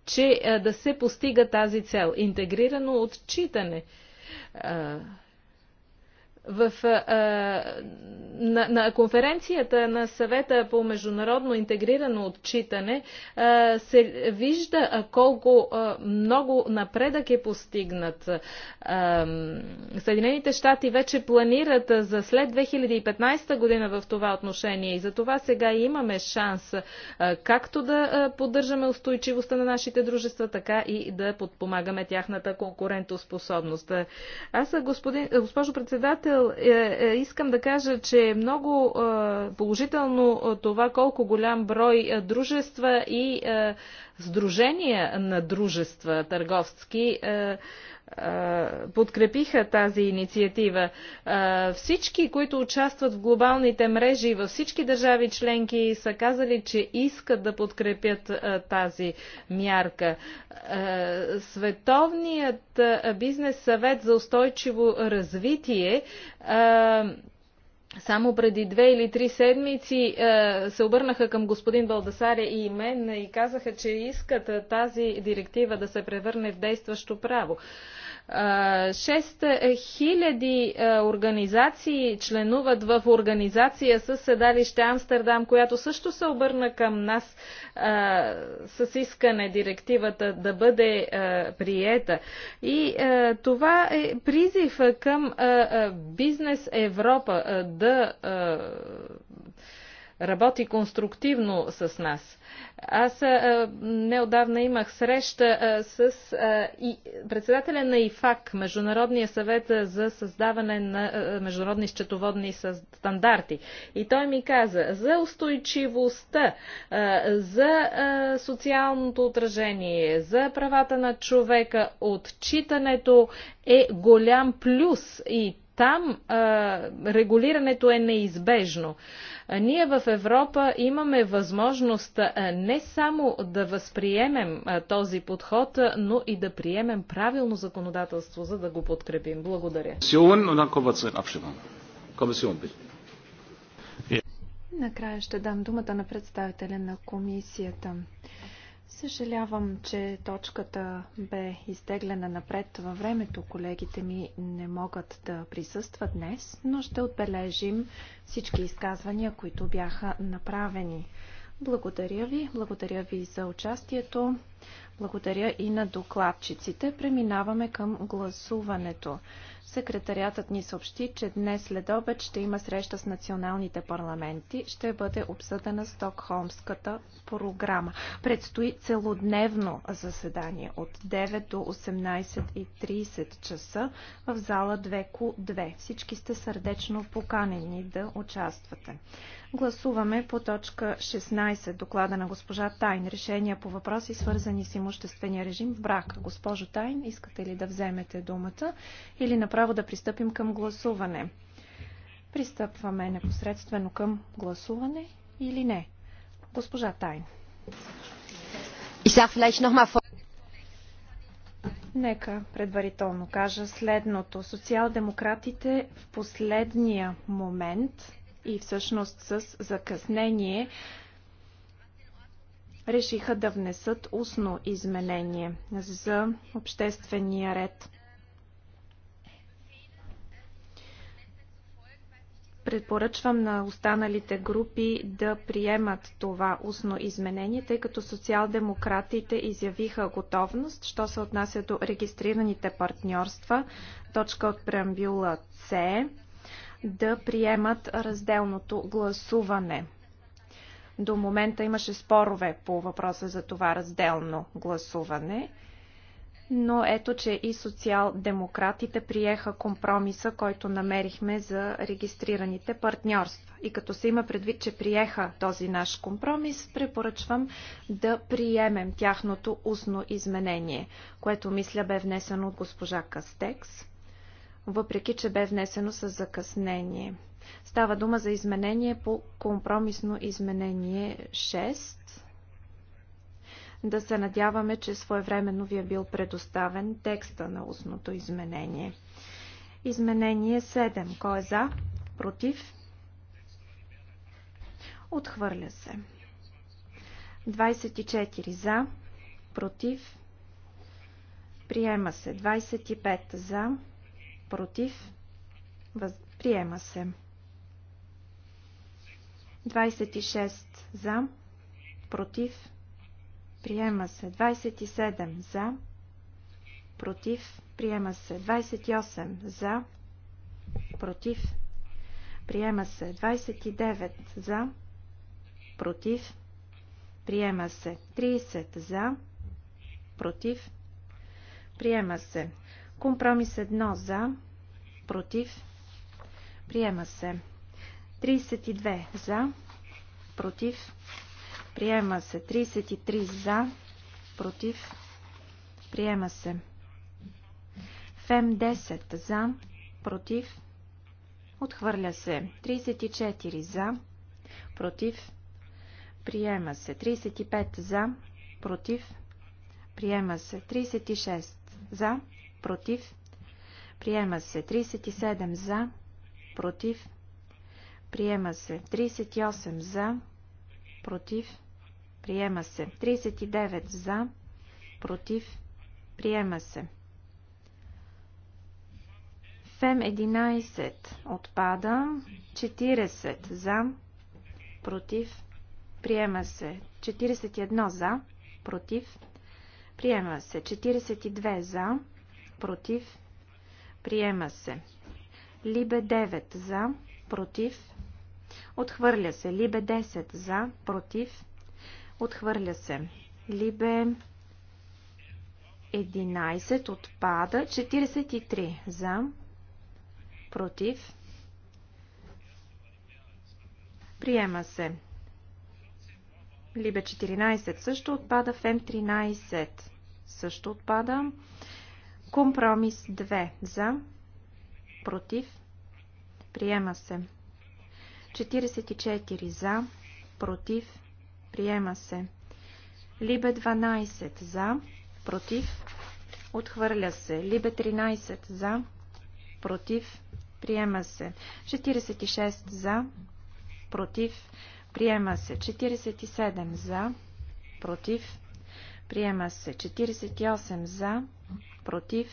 че да се постига тази цел. Интегрирано отчитане в, а, на, на конференцията на съвета по международно интегрирано отчитане а, се вижда а, колко а, много напредък е постигнат. А, Съединените щати вече планират а, за след 2015 година в това отношение и за това сега имаме шанс а, както да а, поддържаме устойчивостта на нашите дружества, така и да подпомагаме тяхната конкурентоспособност. Аз, господин, госпожо председател, председател, е, е, искам да кажа, че е много е, положително това колко голям брой дружества и сдружения на дружества търговски подкрепиха тази инициатива. Всички, които участват в глобалните мрежи във всички държави членки, са казали, че искат да подкрепят тази мярка. Световният бизнес съвет за устойчиво развитие само преди две или три седмици е, се обърнаха към господин Балдасаре и мен и казаха, че искат е, тази директива да се превърне в действащо право. 6000 организации членуват в организация с седалище Амстердам, която също се обърна към нас а, с искане директивата да бъде а, приета. И а, това е призив към бизнес Европа да работи конструктивно с нас. Аз неодавна имах среща с председателя на ИФАК, Международния съвет за създаване на международни счетоводни стандарти. И той ми каза за устойчивостта, за социалното отражение, за правата на човека, отчитането е голям плюс и там а, регулирането е неизбежно. А, ние в Европа имаме възможност а, не само да възприемем а, този подход, а, но и да приемем правилно законодателство, за да го подкрепим. Благодаря. Накрая ще дам думата на представителя на комисията. Съжалявам, че точката бе изтеглена напред във времето. Колегите ми не могат да присъстват днес, но ще отбележим всички изказвания, които бяха направени. Благодаря ви, благодаря ви за участието, благодаря и на докладчиците. Преминаваме към гласуването. Секретариатът ни съобщи, че днес след обед ще има среща с националните парламенти. Ще бъде обсъдена Стокхолмската програма. Предстои целодневно заседание от 9 до 18.30 часа в зала 2Q2. Всички сте сърдечно поканени да участвате. Гласуваме по точка 16, доклада на госпожа Тайн. Решения по въпроси, свързани с имуществения режим в брак. Госпожо Тайн, искате ли да вземете думата или направо да пристъпим към гласуване? Пристъпваме непосредствено към гласуване или не? Госпожа Тайн. Нека предварително кажа следното. Социал-демократите в последния момент и всъщност с закъснение решиха да внесат устно изменение за обществения ред. Предпоръчвам на останалите групи да приемат това устно изменение, тъй като социал-демократите изявиха готовност, що се отнася до регистрираните партньорства, точка от преамбюла С да приемат разделното гласуване. До момента имаше спорове по въпроса за това разделно гласуване, но ето, че и социал-демократите приеха компромиса, който намерихме за регистрираните партньорства. И като се има предвид, че приеха този наш компромис, препоръчвам да приемем тяхното устно изменение, което мисля бе внесено от госпожа Кастекс въпреки че бе внесено с закъснение. Става дума за изменение по компромисно изменение 6. Да се надяваме, че своевременно ви е бил предоставен текста на устното изменение. Изменение 7. Кой е за? Против? Отхвърля се. 24 за, против, приема се. 25 за, против, въз... приема се. 26 за, против, приема се. 27 за, против, приема се. 28 за, против, приема се. 29 за, против, приема се. 30 за, против, приема се. Компромис 1 за, против, приема се. 32 за, против, приема се. 33 за, против, приема се. Фем 10 за, против, отхвърля се. 34 за, против, приема се. 35 за, против, приема се. 36 за, против, приема се 37 за, против, приема се 38 за, против, приема се 39 за, против, приема се. Фем 11 отпада, 40 за, против, приема се 41 за, против, приема се 42 за, против, приема се. Либе 9 за, против, отхвърля се. Либе 10 за, против, отхвърля се. Либе 11 отпада, 43 за, против, приема се. Либе 14 също отпада, Фем 13 също отпада. Компромис 2 за, против, приема се. 44 за, против, приема се. Либе 12 за, против, отхвърля се. Либе 13 за, против, приема се. 46 за, против, приема се. 47 за, против, приема се. 48 за, Против.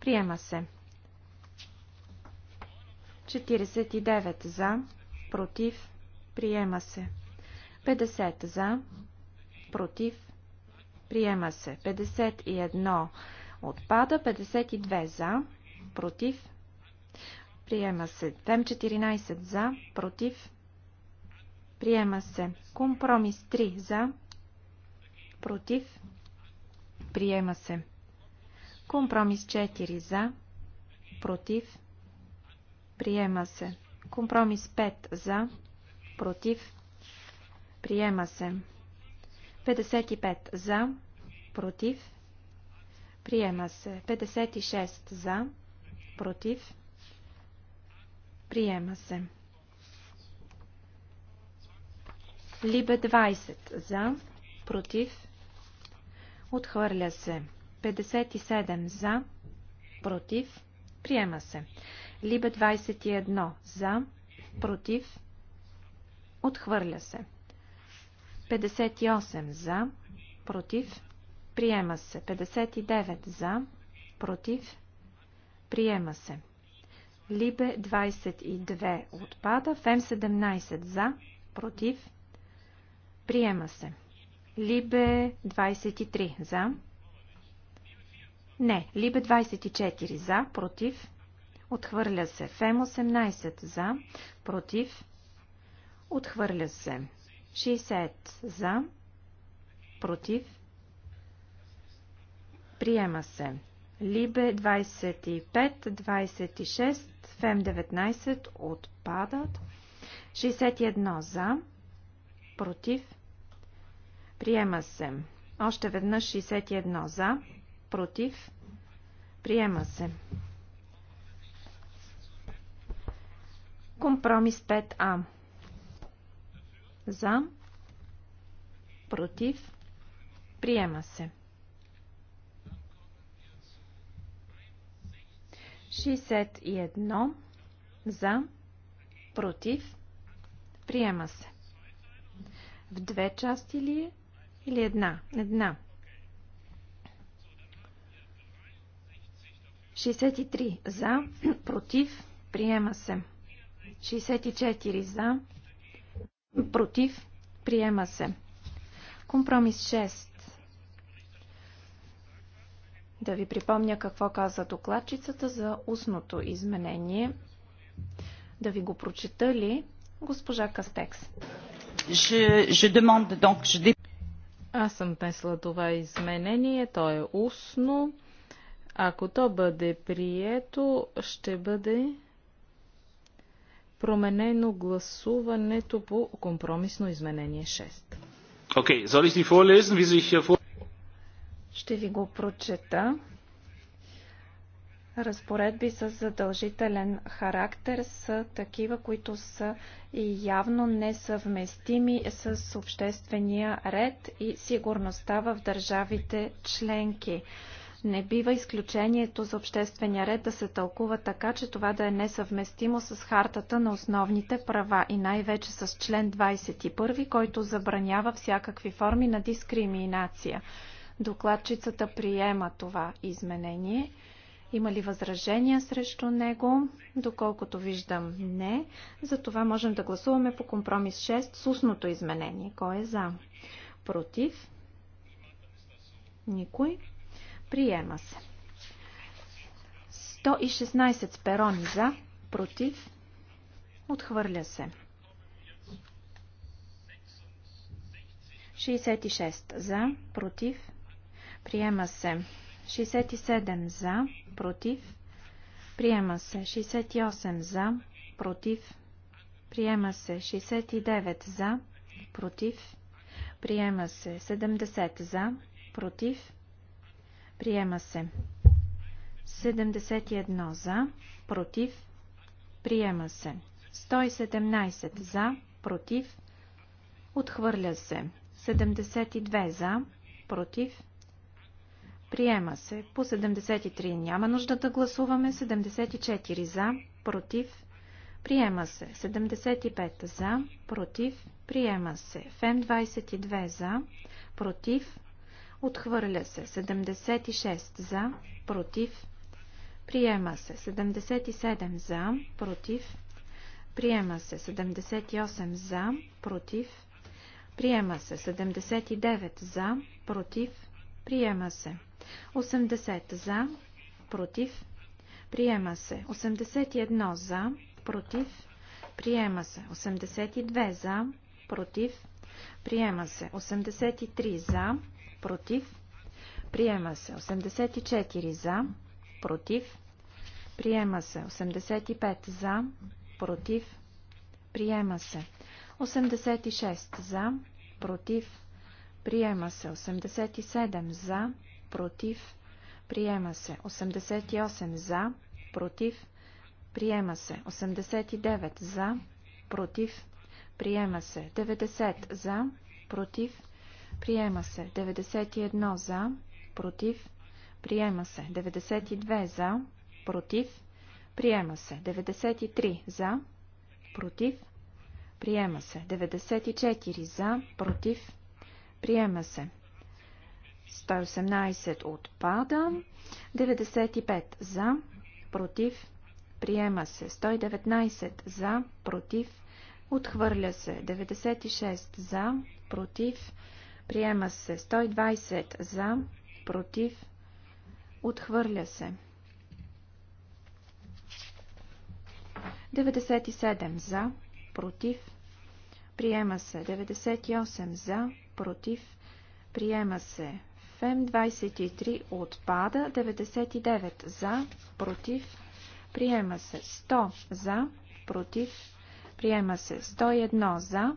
Приема се. 49 за. Против. Приема се. 50 за. Против. Приема се. 51 отпада. 52 за. Против. Приема се. 14 за. Против. Приема се. Компромис 3 за. Против. Приема се. Компромис 4 за, против, приема се. Компромис 5 за, против, приема се. 55 за, против, приема се. 56 за, против, приема се. Либе 20 за, против, отхвърля се. 57 за, против, приема се. Либе 21 за, против, отхвърля се. 58 за, против, приема се. 59 за, против, приема се. Либе 22 отпада. Фем 17 за, против, приема се. Либе 23 за, не. Либе 24 за, против. Отхвърля се. Фем 18 за, против. Отхвърля се. 60 за, против. Приема се. Либе 25, 26, Фем 19 отпадат. 61 за, против. Приема се. Още веднъж 61 за, против, приема се. Компромис 5А. За, против, приема се. 61 за, против, приема се. В две части ли е? Или една? Една. 63 за, [clears throat] против, приема се. 64 за, против, приема се. Компромис 6. Да ви припомня какво каза докладчицата за устното изменение. Да ви го прочета ли, госпожа Кастекс? Je, je demande, donc, je... Аз съм внесла това изменение. То е устно. Ако то бъде прието, ще бъде променено гласуването по компромисно изменение 6. Okay, soll ich die vorlesen, wie sich hier vor... Ще ви го прочета. Разпоредби с задължителен характер са такива, които са и явно несъвместими с обществения ред и сигурността в държавите членки. Не бива изключението за обществения ред да се тълкува така, че това да е несъвместимо с хартата на основните права и най-вече с член 21, който забранява всякакви форми на дискриминация. Докладчицата приема това изменение. Има ли възражения срещу него? Доколкото виждам, не. Затова можем да гласуваме по компромис 6 с устното изменение. Кой е за? Против? Никой? Приема се. 116 перони за, против, отхвърля се. 66 за, против, приема се. 67 за, против, приема се. 68 за, против, приема се. 69 за, против, приема се. 70 за, против, Приема се. 71 за, против, приема се. 117 за, против, отхвърля се. 72 за, против, приема се. По 73 няма нужда да гласуваме. 74 за, против, приема се. 75 за, против, приема се. ФМ 22 за, против, Отхвърля се. 76 за, против. Приема се. 77 за, против. Приема се. 78 за, против. Приема се. 79 за, против. Приема се. 80 за, против. Приема се. 81 за, против. Приема се. 82 за, против. Приема се. 83 за, против, приема се. 84 за, против, приема се. 85 за, против, приема се. 86 за, против, приема се. 87 за, против, приема се. 88 за, против, приема се. 89 за, против, приема се. 90 за, против, Приема се. 91 за. Против. Приема се. 92 за. Против. Приема се. 93 за. Против. Приема се. 94 за. Против. Приема се. 118 отпада. 95 за. Против. Приема се. 119 за. Против. Отхвърля се. 96 за. Против. Приема се 120 за, против, отхвърля се. 97 за, против, приема се. 98 за, против, приема се. ФЕМ 23 отпада, 99 за, против, приема се. 100 за, против, приема се. 101 за,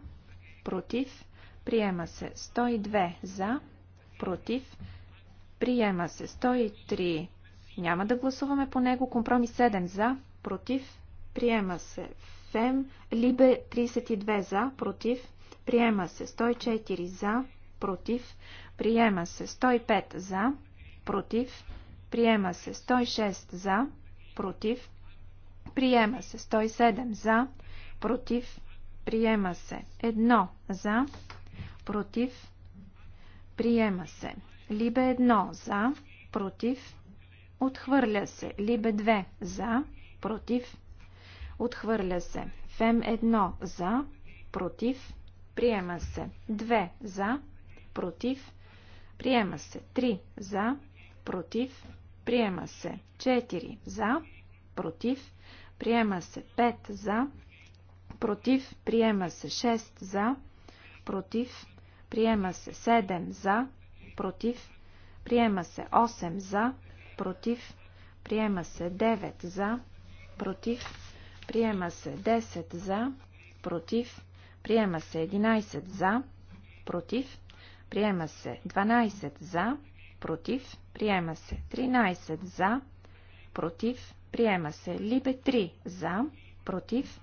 против, Приема се 102 за, против. Приема се 103. Няма да гласуваме по него. Компромис 7 за, против. Приема се ФЕМ. Либе 32 за, против. Приема се 104 за, против. Приема се 105 за, против. Приема се 106 за, против. Приема се 107 за, против. Приема се 1 за, против, приема се. Либе едно за, против, отхвърля се. Либе 2 за, против, отхвърля се. Фем едно за, против, приема се. Две за, против, приема се. Три за, против, приема се. Четири за, против, приема се. пет за, против, приема се. 6 за, против, Приема се 7 за, против. Приема се 8 за, против. Приема се 9 за, против. Приема се 10 за, против. Приема се 11 за, против. Приема се 12 за, против. Приема се 13 за, против. Приема се либе 3 за, против.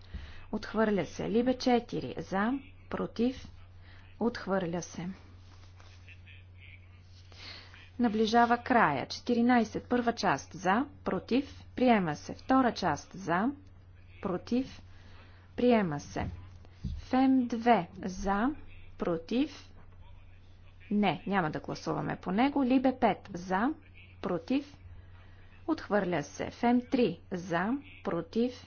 Отхвърля се либе 4 за, против. Отхвърля се. Наближава края. 14. Първа част за, против, приема се. Втора част за, против, приема се. Фем 2 за, против, не, няма да гласуваме по него. Либе 5 за, против, отхвърля се. Фем 3 за, против,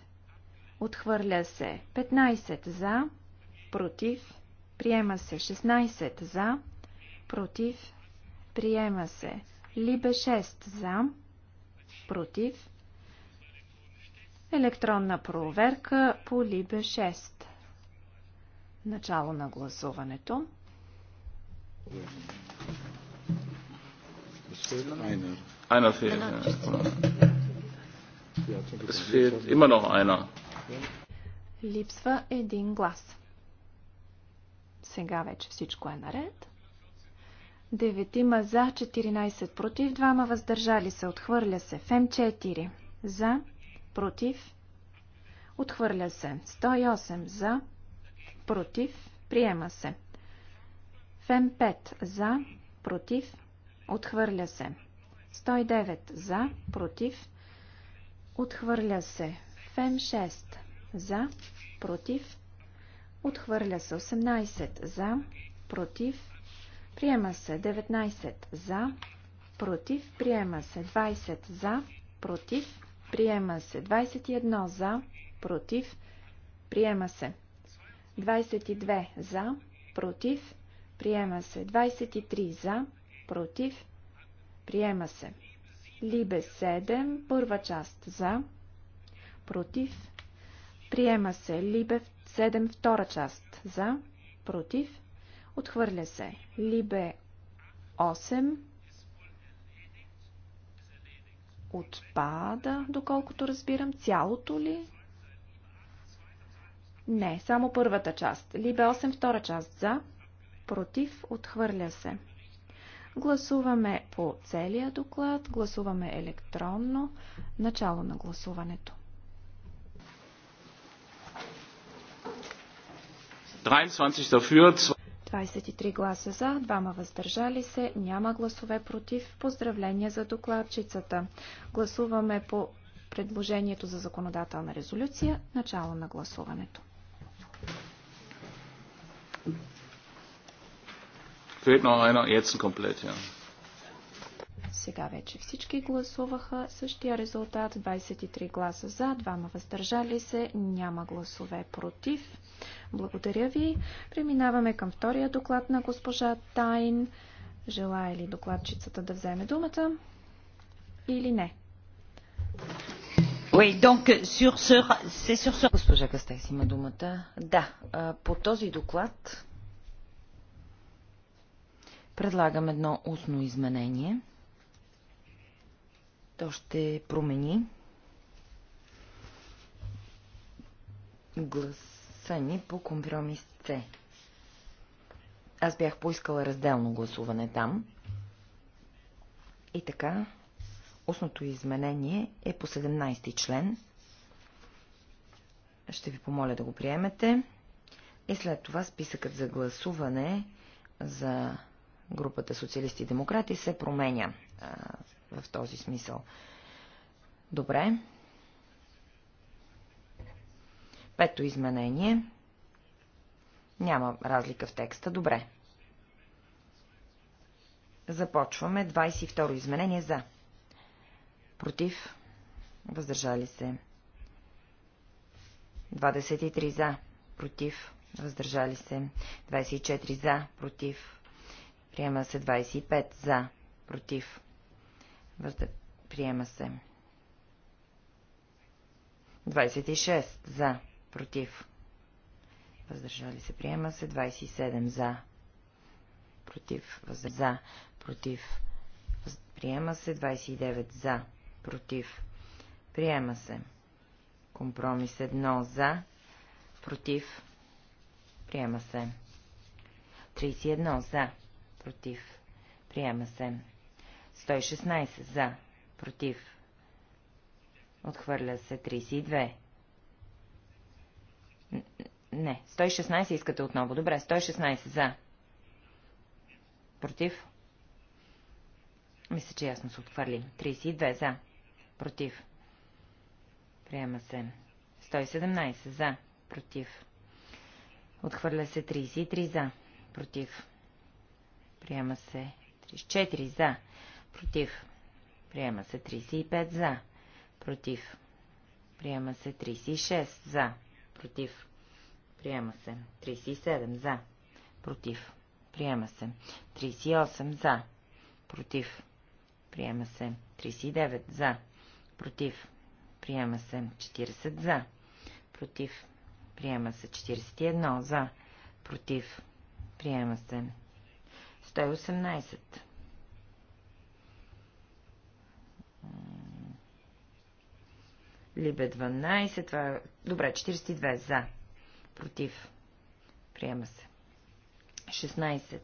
отхвърля се. 15 за, против, Приема се 16 за, против, приема се. Либе 6 за, против. Електронна проверка по Либе 6. Начало на гласуването. Einer fehlt. Es fehlt immer noch einer. Липсва един глас. Сега вече всичко е наред. Деветима за, 14 против, двама въздържали се, отхвърля се. Фем 4 за, против, отхвърля се. 108 за, против, приема се. Фем 5 за, против, отхвърля се. 109 за, против, отхвърля се. Фем 6 за, против, Отхвърля се 18 за, против, приема се 19 за, против, приема се 20 за, против, приема се 21 за, против, приема се 22 за, против, приема се 23 за, против, приема се. Либе 7, първа част за, против, приема се. Либе 7 втора част за, против, отхвърля се. Либе 8 отпада, доколкото разбирам, цялото ли? Не, само първата част. Либе 8 втора част за, против, отхвърля се. Гласуваме по целия доклад, гласуваме електронно, начало на гласуването. 23 гласа за, двама въздържали се, няма гласове против. Поздравления за докладчицата. Гласуваме по предложението за законодателна резолюция. Начало на гласуването. Fehlt noch einer, jetzt komplett, ja. Сега вече всички гласуваха. Същия резултат 23 гласа за, 2 въздържали се, няма гласове против. Благодаря ви. Преминаваме към втория доклад на госпожа Тайн. Желая ли докладчицата да вземе думата или не? Oui, donc, sur ce, sur ce... Госпожа Кастес има думата. Да, по този доклад предлагам едно устно изменение – то ще промени гласа ни по компромис С. Аз бях поискала разделно гласуване там. И така, устното изменение е по 17 ти член. Ще ви помоля да го приемете. И след това списъкът за гласуване за групата Социалисти и демократи се променя в този смисъл. Добре. Пето изменение. Няма разлика в текста. Добре. Започваме. 22 изменение за. Против. Въздържали се. 23 за. Против. Въздържали се. 24 за. Против. Приема се 25 за. Против. Приема се. 26. За. Против. Въздържали се. Приема се. 27. За. Против. Въздър... За. Против. Приема се. 29. За. Против. Приема се. Компромис 1. За. Против. Приема се. 31. За. Против. Приема се. 116 за, против, отхвърля се 32. Не, 116 искате отново. Добре, 116 за. Против. Мисля, че ясно се отхвърли. 32 за. Против. Приема се. 117 за. Против. Отхвърля се 33 за. Против. Приема се. 34 за. Против. Приема се 35 за. Против. Приема се 36 за. Против. Приема се 37 за. Против. Приема се 38 за. Против. Приема се 39 за. Против. Приема се 40 за. Против. Приема се 41 за. Против. Приема се 118 Либе 12, това... Е- добре, 42 за. Против. Приема се. 16.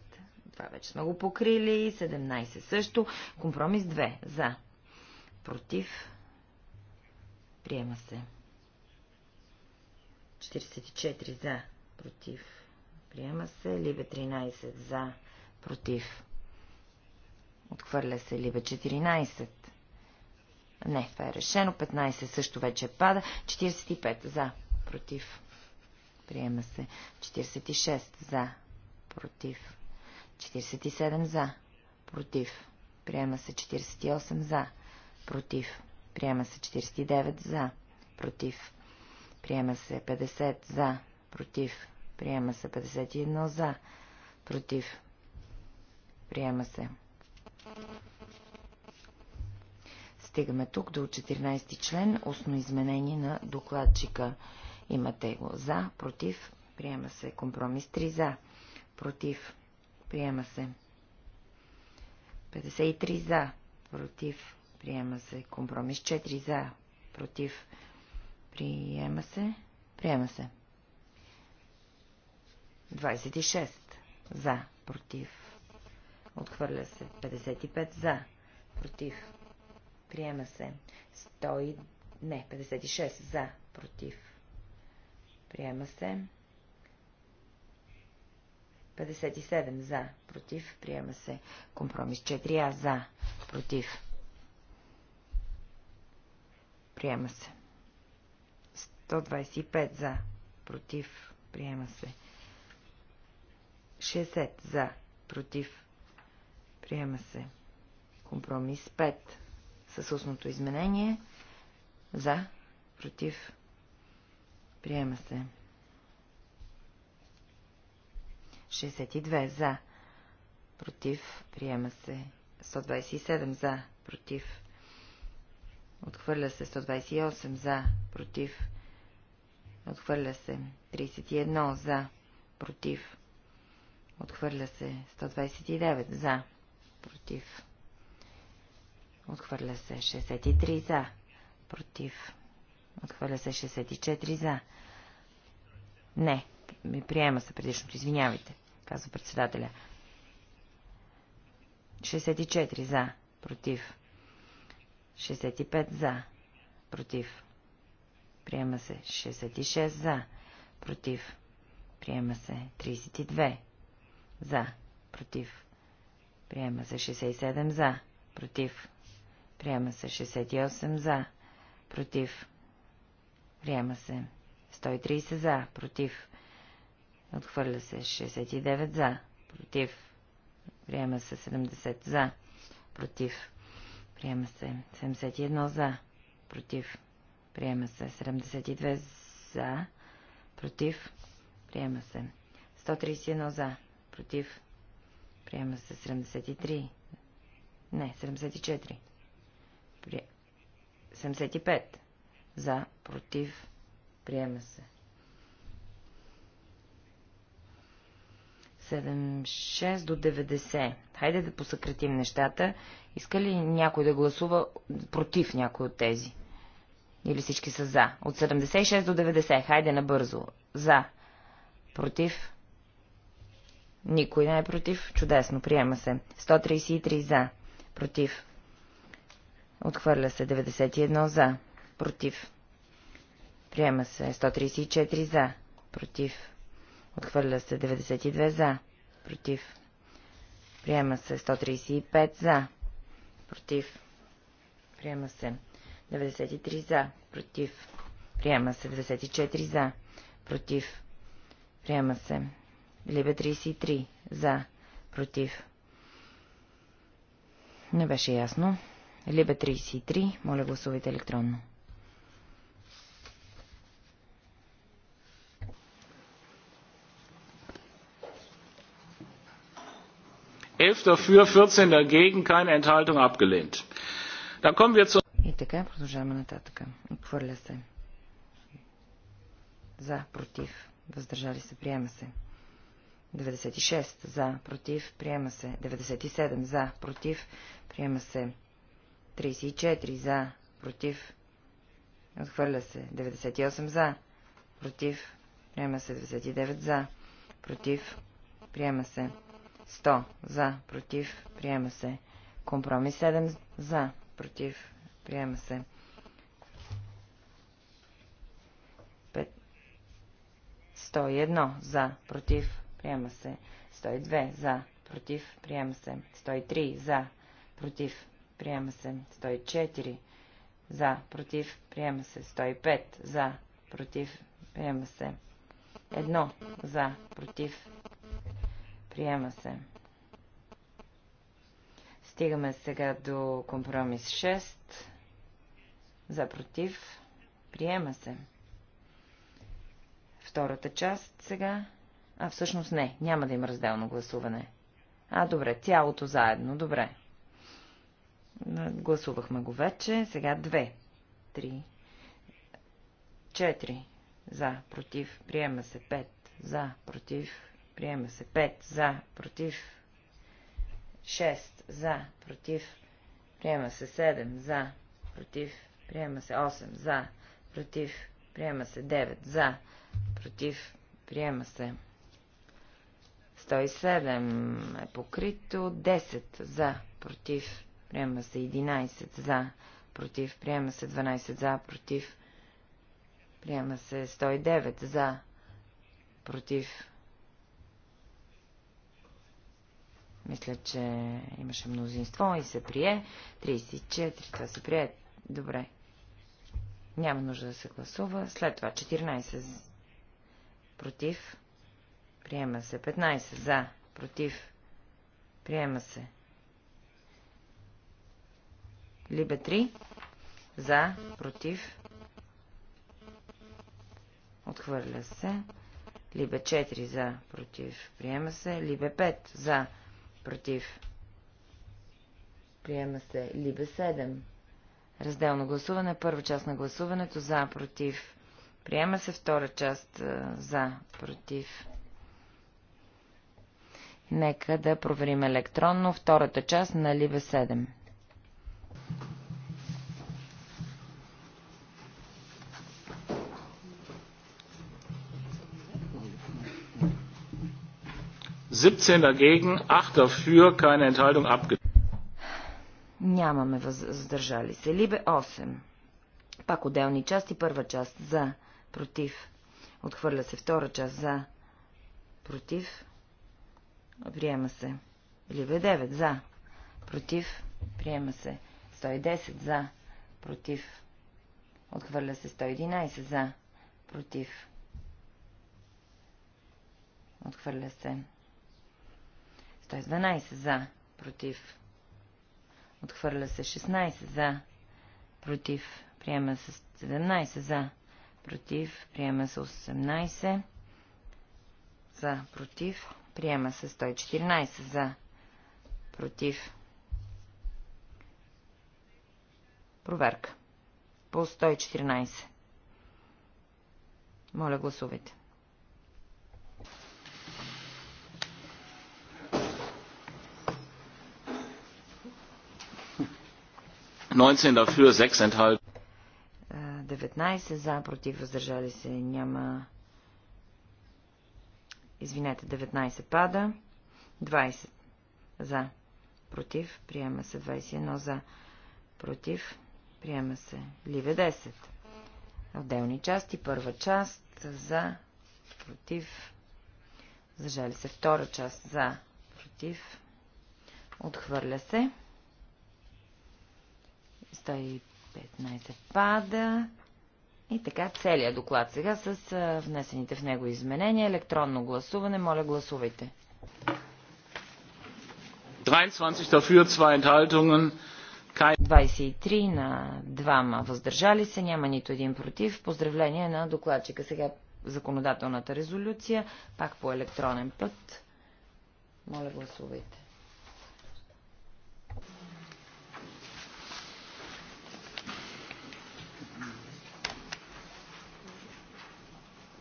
Това вече сме го покрили. 17 също. Компромис 2. За. Против. Приема се. 44 за. Против. Приема се. Либе 13 за. Против. Отхвърля се. Либе 14 не, това е решено. 15 също вече пада. 45 за. Против. Приема се. 46 за. Против. 47 за. Против. Приема се 48 за. Против. Приема се 49 за. Против. Приема се 50 за. Против. Приема се 51 за. Против. Приема се. Стигаме тук до 14 член, устно изменение на докладчика. Имате го за, против, приема се. Компромис 3 за, против, приема се. 53 за, против, приема се. Компромис 4 за, против, приема се. Приема се. 26 за, против. Отхвърля се. 55 за, против. Приема се. 100... Не, 56. За. Против. Приема се. 57. За. Против. Приема се. Компромис 4А. За. Против. Приема се. 125. За. Против. Приема се. 60. За. Против. Приема се. Компромис 5 с устното изменение. За. Против. Приема се. 62. За. Против. Приема се. 127. За. Против. Отхвърля се. 128. За. Против. Отхвърля се. 31. За. Против. Отхвърля се. 129. За. Против. Отхвърля се 63 за. Против. Отхвърля се 64 за. Не. Ми приема се предишното. Извинявайте, казва председателя. 64 за. Против. 65 за. Против. Приема се 66 за. Против. Приема се 32 за. Против. Приема се 67 за. Против. Приема се 68 за. Против. Приема се 130 за. Против. Отхвърля се 69 за. Против. Приема се 70 за. Против. Приема се 71 за. Против. Приема се 72 за. Против. Приема се 131 за. Против. Приема се 73. Не, 74. 75. За, против, приема се. 76 до 90. Хайде да посъкратим нещата. Иска ли някой да гласува против някой от тези? Или всички са за? От 76 до 90. Хайде набързо. За. Против. Никой не е против. Чудесно. Приема се. 133 за. Против. Отхвърля се 91 за. Против. Приема се 134 за. Против. Отхвърля се 92 за. Против. Приема се 135 за. Против. Приема се 93 за. Против. Приема се 94 за. Против. Приема се. Либе 33 за. Против. Не беше ясно. Либе 33. Моля гласувайте електронно. И така, продължаваме нататък. Отхвърля се. За, против, въздържали се, приема се. 96 за, против, приема се. 97 за, против, приема се. 34 за, против, отхвърля се, 98 за, против, приема се, 99 за, против, приема се, 100 за, против, приема се, компромис 7 за, против, приема се, 101 за, против, приема се, 102 за, против, приема се, 103 за, против, приема се 104 за, против, приема се 105 за, против, приема се 1 за, против, приема се. Стигаме сега до компромис 6 за, против, приема се. Втората част сега. А всъщност не, няма да има разделно гласуване. А, добре, цялото заедно, добре. Гласувахме го вече. Сега 2, 3, 4 за, против, приема се 5 за, против, приема се 5 за, против, 6 за, против, приема се 7 за, против, приема се 8 за, против, приема се 9 за, против, приема се 107 е покрито, 10 за, против, Приема се 11 за, против. Приема се 12 за, против. Приема се 109 за, против. Мисля, че имаше мнозинство и се прие. 34, това се прие. Добре. Няма нужда да се гласува. След това 14 против. Приема се 15 за, против. Приема се Либе 3. За, против. Отхвърля се. Либе 4 за, против. Приема се. Либе 5 за, против. Приема се. Либе 7. Разделно гласуване. Първа част на гласуването. За, против. Приема се. Втора част. За, против. Нека да проверим електронно втората част на Либе 7. 17 dagegen, 8 dafür, keine Enthaltung abgelehnt. Нямаме въздържали се. Либе 8. Пак отделни части. Първа част за, против. Отхвърля се втора част за, против. Приема се. Либе 9 за, против. Приема се. 110 за, против. Отхвърля се 111 за, против. Отхвърля се. 112 за, против. Отхвърля се 16 за, против. Приема се 17 за, против. Приема се 18 за, против. Приема се 114 за, против. Проверка. По 114. Моля, гласувайте. 19 dafür, 6 enthalten. 19 е, за, против, въздържали се няма. Извинете, 19 пада. 20 за, против, приема се 21 за, против, приема се Ливе 10. Отделни части, първа част за, против, зажали се втора част за, против, отхвърля се. 115 пада. И така целият доклад сега с внесените в него изменения. Електронно гласуване. Моля, гласувайте. 23 дафür, 2 enthaltungen. 23 на двама въздържали се, няма нито един против. Поздравление на докладчика. Сега законодателната резолюция, пак по електронен път. Моля, гласувайте.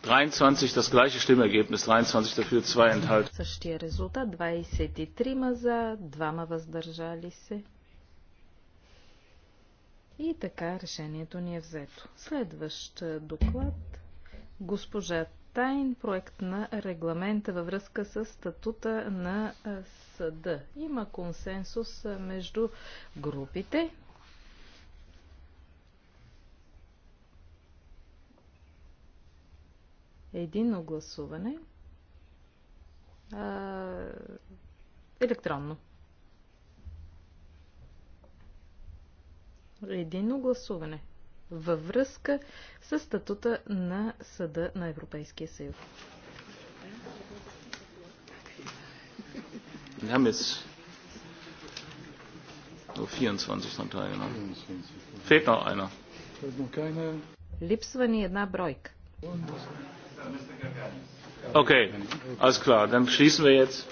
23 das gleiche Stimmergebnis, 23 dafür, 2 enthalten. Същия резултат, 23 за, въздържали се. И така решението ни е взето. Следващ доклад. Госпожа Тайн, проект на регламента във връзка с статута на съда. Има консенсус между групите. единно гласуване а, електронно. Единно гласуване във връзка с статута на Съда на Европейския съюз. 24 Липсва ни една бройка. Okay, alles klar, dann schließen wir jetzt.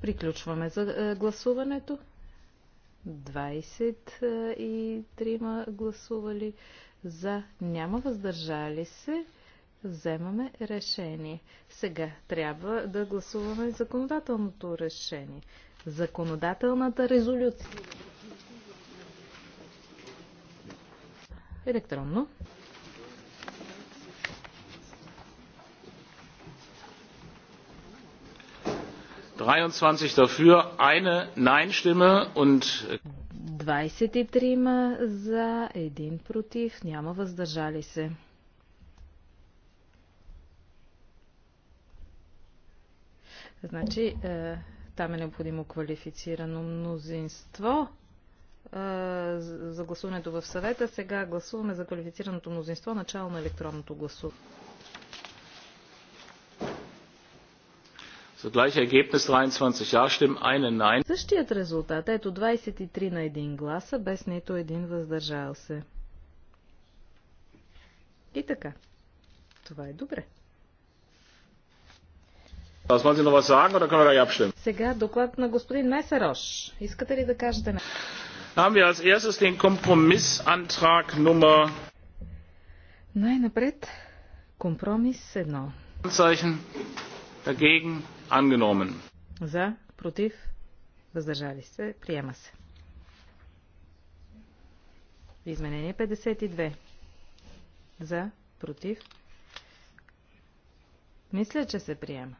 Приключваме за е, гласуването. 23 гласували за, няма въздържали се. Вземаме решение. Сега трябва да гласуваме законодателното решение. Законодателната резолюция. Електронно. dreiundzwanzig dafür eine nein stimme und 23 за, 1 против, няма въздържали се. Значи, е, там е необходимо квалифицирано мнозинство е, за гласуването в съвета. Сега гласуваме за квалифицираното мнозинство начало на електронното гласуване. gleiche Ergebnis 23 Ja stimmen, eine Nein. Същият резултат, ето 23 на 1 гласа, без нито един въздържал се. И така. Това е добре. Сега доклад на господин Месерош. Искате ли да кажете нещо? Nummer... Най-напред компромис 1. Dagegen Angenommen. За, против, въздържали се, приема се. Изменение 52. За, против. Мисля, че се приема.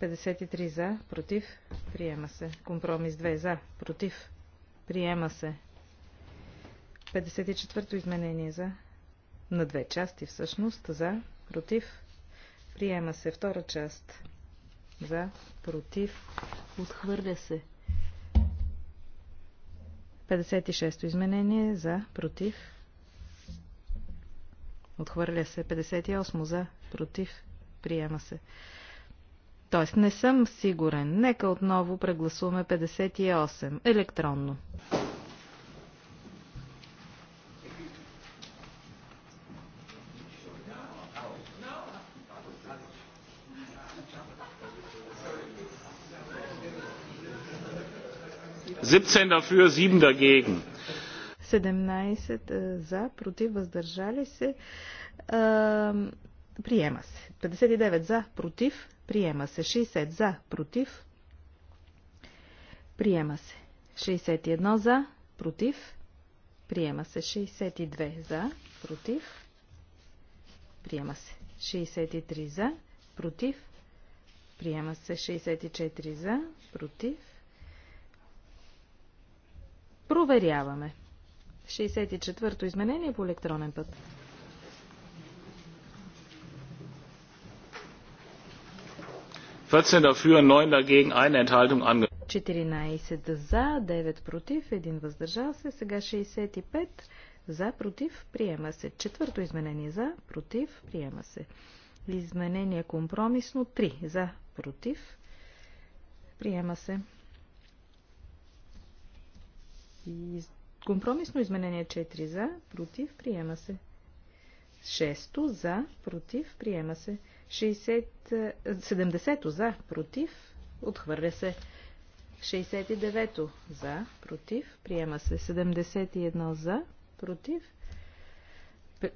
53 за, против, приема се. Компромис 2 за, против, приема се. 54 изменение за, на две части всъщност, за, против, Приема се втора част. За, против, отхвърля се. 56-то изменение за, против. Отхвърля се. 58 за, против. Приема се. Тоест не съм сигурен. Нека отново прегласуваме 58 електронно. 17 dafür, 7 dagegen. 17 е, за, против, въздържали се. Е, приема се. 59 за, против, приема се. 60 за, против, приема се. 61 за, против, приема се. 62 за, против, приема се. 63 за, против, приема се. 64 за, против, Проверяваме. 64-то изменение по електронен път. Dafür, 9 dagegen, eine Enthaltung ange... 14 за, 9 против, 1 въздържал се. Сега 65 за, против, приема се. Четвърто изменение за, против, приема се. Изменение компромисно 3 за, против, приема се. И компромисно изменение 4 за, против, приема се. 6 за, против, приема се. 60, 70 е, за, против, отхвърля се. 69 за, против, приема се. 71 за, против,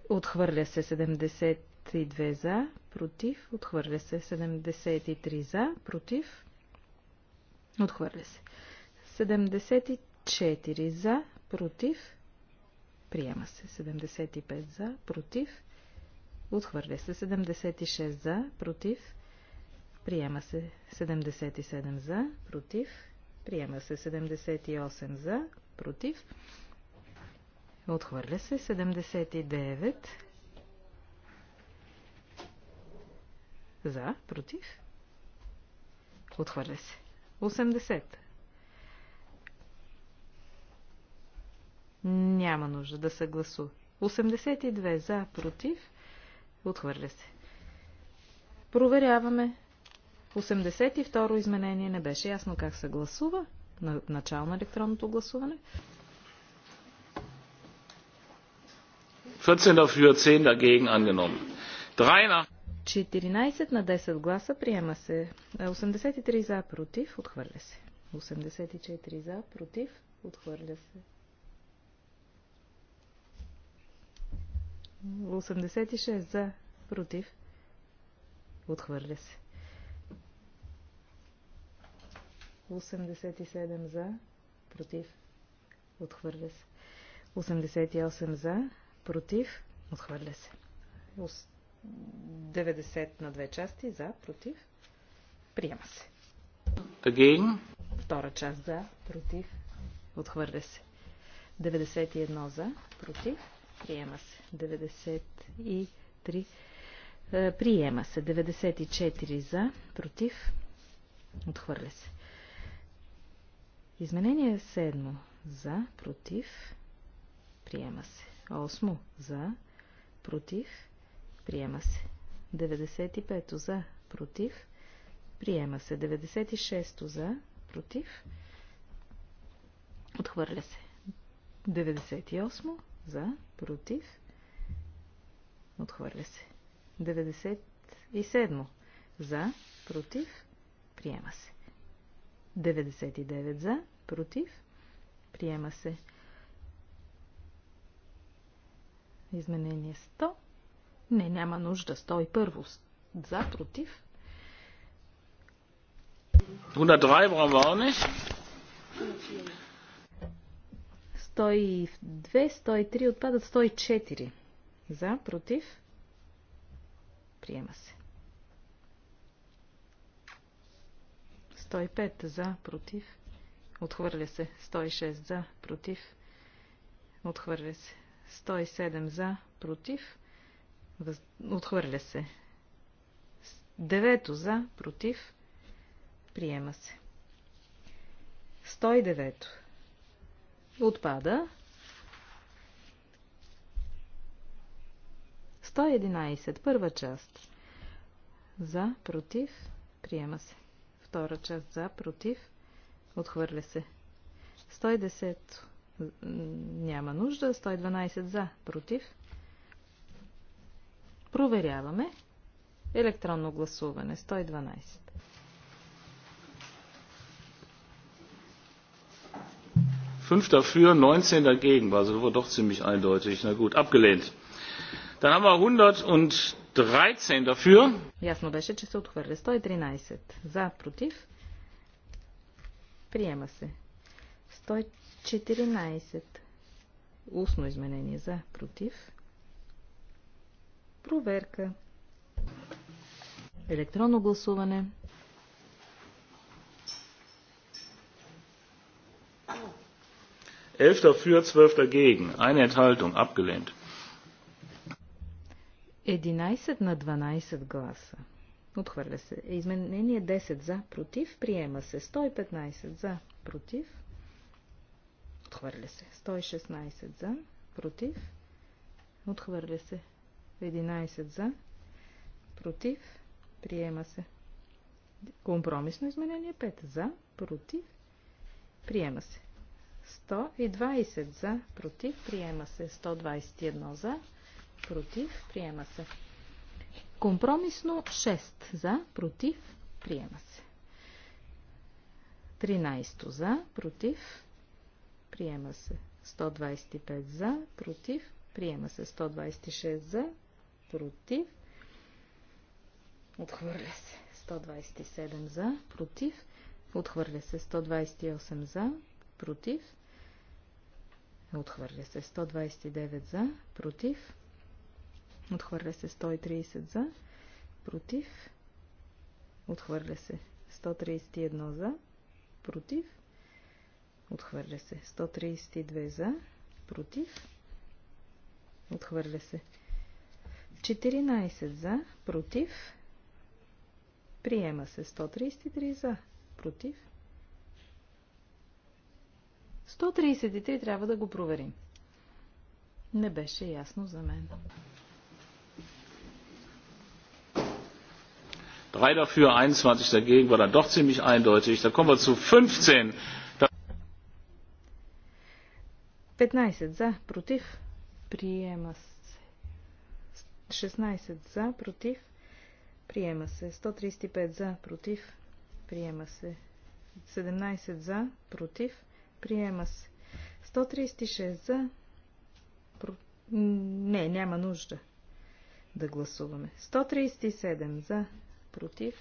отхвърля се. 72 за, против, отхвърля се. 73 за, против, отхвърля се. 4 за, против, приема се. 75 за, против, отхвърля се. 76 за, против, приема се. 77 за, против, приема се. 78 за, против, отхвърля се. 79 за, против, отхвърля се. 80 Няма нужда да се гласува. 82 за, против. Отхвърля се. Проверяваме. 82-ро изменение не беше ясно как се гласува. На начало на електронното гласуване. 14 10 dagegen angenommen. 3 14 на 10 гласа приема се. 83 за, против, отхвърля се. 84 за, против, отхвърля се. 86 за, против, отхвърля се. 87 за, против, отхвърля се. 88 за, против, отхвърля се. 90 на две части, за, против, приема се. Again. Втора част за, против, отхвърля се. 91 за, против, Приема се. 93. Е, приема се. 94 за. Против. Отхвърля се. Изменение 7. За. Против. Приема се. 8. За. Против. Приема се. 95 за. Против. Приема се. 96 за. Против. Отхвърля се. 98 за, против, отхвърля се. 97 за, против, приема се. 99 за, против, приема се. Изменение 100. Не, няма нужда. 101 за, против. 103 brauchen wir auch nicht. 102, 103 отпадат 104. За, против, приема се. 105 за, против, отхвърля се. 106 за, против, отхвърля се. 107 за, против, въз... отхвърля се. 9 за, против, приема се. 109 Отпада. 111. Първа част. За, против, приема се. Втора част за, против, отхвърля се. 110. Няма нужда. 112 за, против. Проверяваме. Електронно гласуване. 112. fünf dafür neunzehn dagegen war also doch ziemlich eindeutig na gut abgelehnt. dann haben wir einhundertdreizehn dafür jasno беше, че се отхвърля. 113 за, против. Приема се. 114 устно изменение за, против. Проверка. Електронно гласуване. 11 dafür, 12 dagegen, eine Enthaltung, abgelehnt. 11 на 12 гласа. Отхвърля се. Изменение 10 за, против, приема се. 115 за, против. Отхвърля се. 116 за, против. Отхвърля се. 11 за, против, приема се. Компромисно изменение 5 за, против, приема се. 120 за, против, приема се. 121 за, против, приема се. Компромисно 6 за, против, приема се. 13 за, против, приема се. 125 за, против, приема се. 126 за, против, отхвърля се. 127 за, против, отхвърля се. 128 за, против, Отхвърля се 129 за, против. Отхвърля се 130 за, против. Отхвърля се 131 за, против. Отхвърля се 132 за, против. Отхвърля се 14 за, против. Приема се 133 за, против. 133 трябва да го проверим. Не беше ясно за мен. 3 dafür, 21 dagegen, war dann doch ziemlich eindeutig. Da kommen wir zu 15. 15 за, против, приема се. 16 за, против, приема се. 135 за, против, приема се. 17 за, против, Приема се. 136 за. Про... Не, няма нужда да гласуваме. 137 за. Против.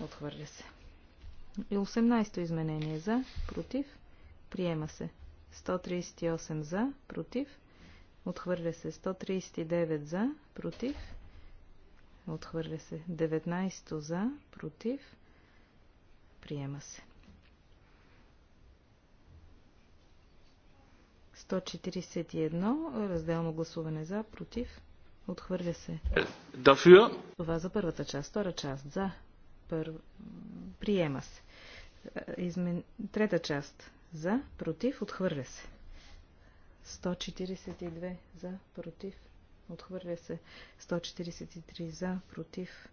Отхвърля се. И 18-то изменение за. Против. Приема се. 138 за. Против. Отхвърля се. 139 за. Против. Отхвърля се. 19 за. Против. Приема се. 141. Разделно гласуване за, против. Отхвърля се. Дафюр. Това за първата част. Втора част. За. Пър... Приема се. Е, измен... Трета част. За. Против. Отхвърля се. 142. За. Против. Отхвърля се. 143. За. Против.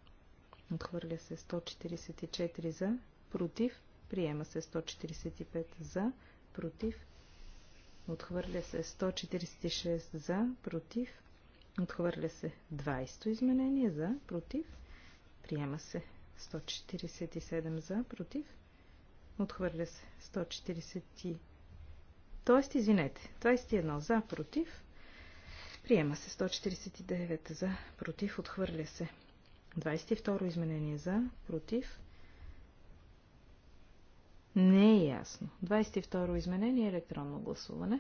Отхвърля се. 144. За. Против. Приема се. 145. За. Против. Отхвърля се 146 за, против. Отхвърля се 20 изменение за, против. Приема се 147 за, против. Отхвърля се 140. Тоест, извинете, 21 за, против. Приема се 149 за, против. Отхвърля се 22 изменение за, против. Не е ясно. 22 изменение електронно гласуване.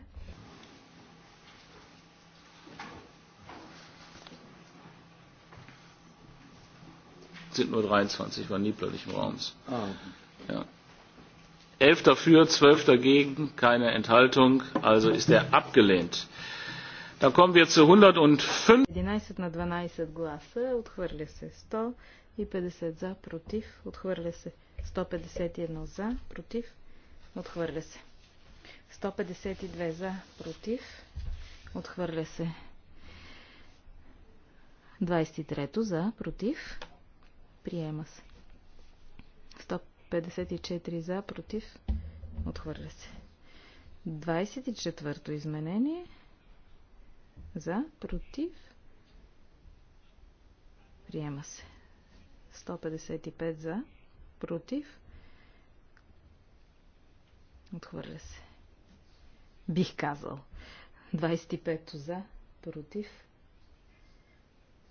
sind nur 23, war Niebler nicht im Raum. Ah. Ja. 11 dafür, 12 dagegen, keine Enthaltung, also ist er abgelehnt. Dann kommen wir zu 105. 11 на 12 гласа, отхвърля се 100 и 50 за, против, отхвърля се 1. 151 за, против, отхвърля се. 152 за, против, отхвърля се. 23 за, против, приема се. 154 за, против, отхвърля се. 24-то изменение за, против, приема се. 155 за, против. Отхвърля се. Бих казал. 25 то за, против.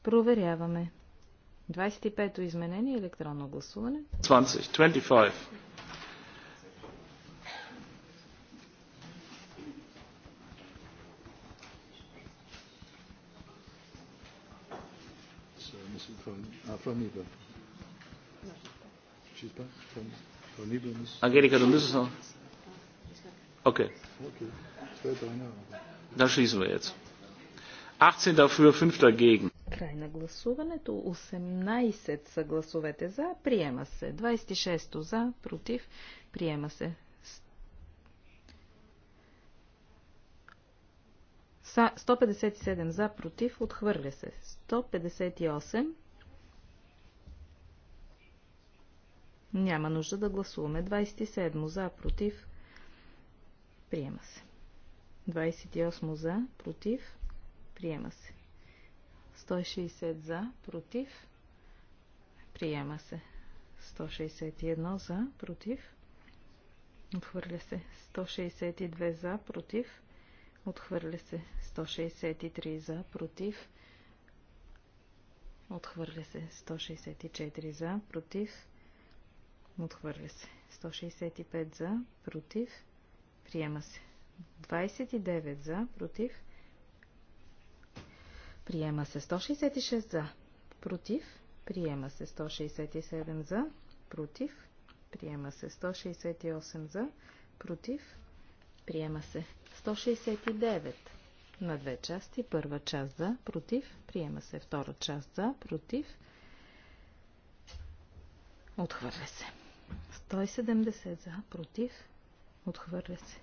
Проверяваме. 25-то изменение електронно гласуване. 20, 25. from uh, either. Angelika, du müsstest noch. Okay. Dann schließen wir jetzt. 18 dafür, 5 dagegen. Край на гласуването. 18 са гласовете за. Приема се. 26 за. Против. Приема се. Са 157 за. Против. Отхвърля се. 158 Няма нужда да гласуваме. 27 за, против. Приема се. 28 за, против. Приема се. 160 за, против. Приема се. 161 за, против. Отхвърля се. 162 за, против. Отхвърля се. 163 за, против. Отхвърля се. 164 за, против. Отхвърля се. 165 за, против. Приема се. 29 за, против. Приема се. 166 за, против. Приема се. 167 за, против. Приема се. 168 за, против. Приема се. 169 на две части. Първа част за, против. Приема се. Втора част за, против. Отхвърля се. 170 за, против, отхвърля се.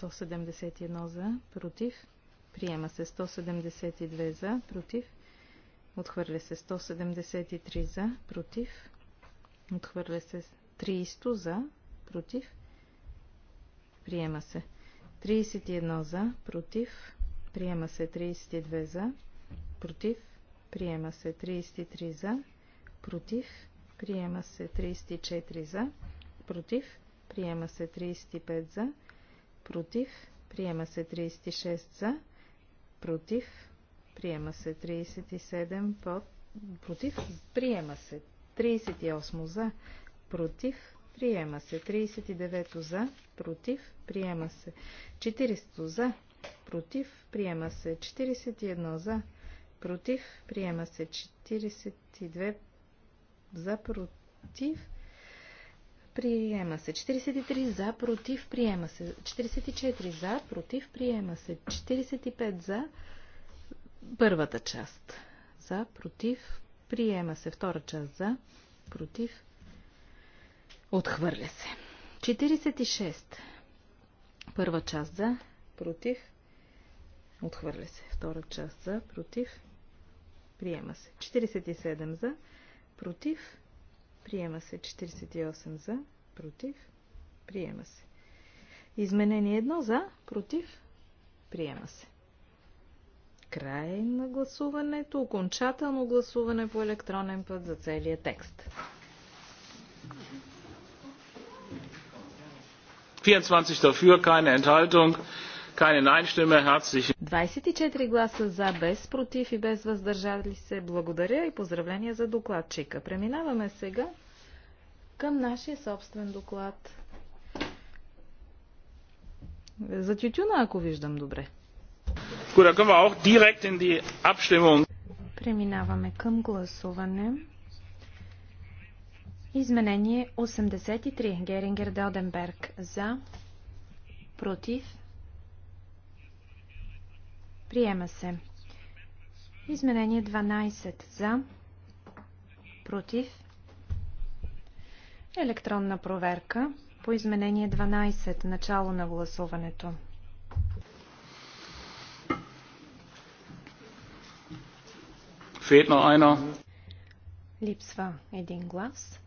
171 за, против, приема се. 172 за, против, отхвърля се. 173 за, против, отхвърля се. 300 за, против, приема се. 31 за, против, приема се. 32 за, против, приема се. 33 за, против, приема се 34 за, против, приема се 35 за, против, приема се 36 за, против, приема се 37 под, против, приема се 38 за, против, приема се 39 за, против, приема се 40 за, против, приема се 41 за, против, приема се 42 за против. Приема се. 43 за против. Приема се. 44 за против. Приема се. 45 за първата част. За против. Приема се. Втора част за против. Отхвърля се. 46. Първа част за против. Отхвърля се. Втора част за против. Приема се. 47 за против, приема се 48 за, против, приема се. Изменение 1 за, против, приема се. Край на гласуването, окончателно гласуване по електронен път за целия текст. 24 dafür, keine Enthaltung. 24 гласа за, без против и без въздържали се. Благодаря и поздравления за докладчика. Преминаваме сега към нашия собствен доклад. За тютюна, ако виждам добре. Преминаваме към гласуване. Изменение 83. Герингер Делденберг. За. Против. Приема се. Изменение 12 за. Против. Електронна проверка по изменение 12. Начало на гласуването. Липсва един глас.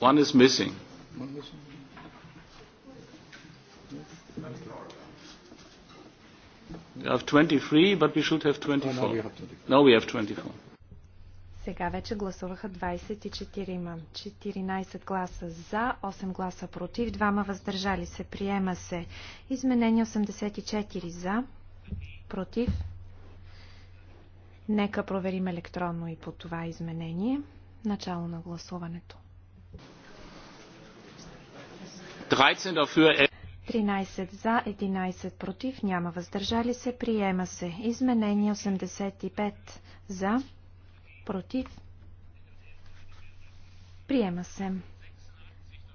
One is missing. One missing. Yes have 23, but we should have 24. Oh, now, we have 24. now we have 24. Сега вече гласуваха 24-ма. 14 гласа за, 8 гласа против, 2 въздържали се. Приема се. Изменение 84 за, против. Нека проверим електронно и по това изменение. Начало на гласуването. 13 dafür, 13 за, 11 против, няма въздържали се, приема се. Изменение 85 за, против, приема се.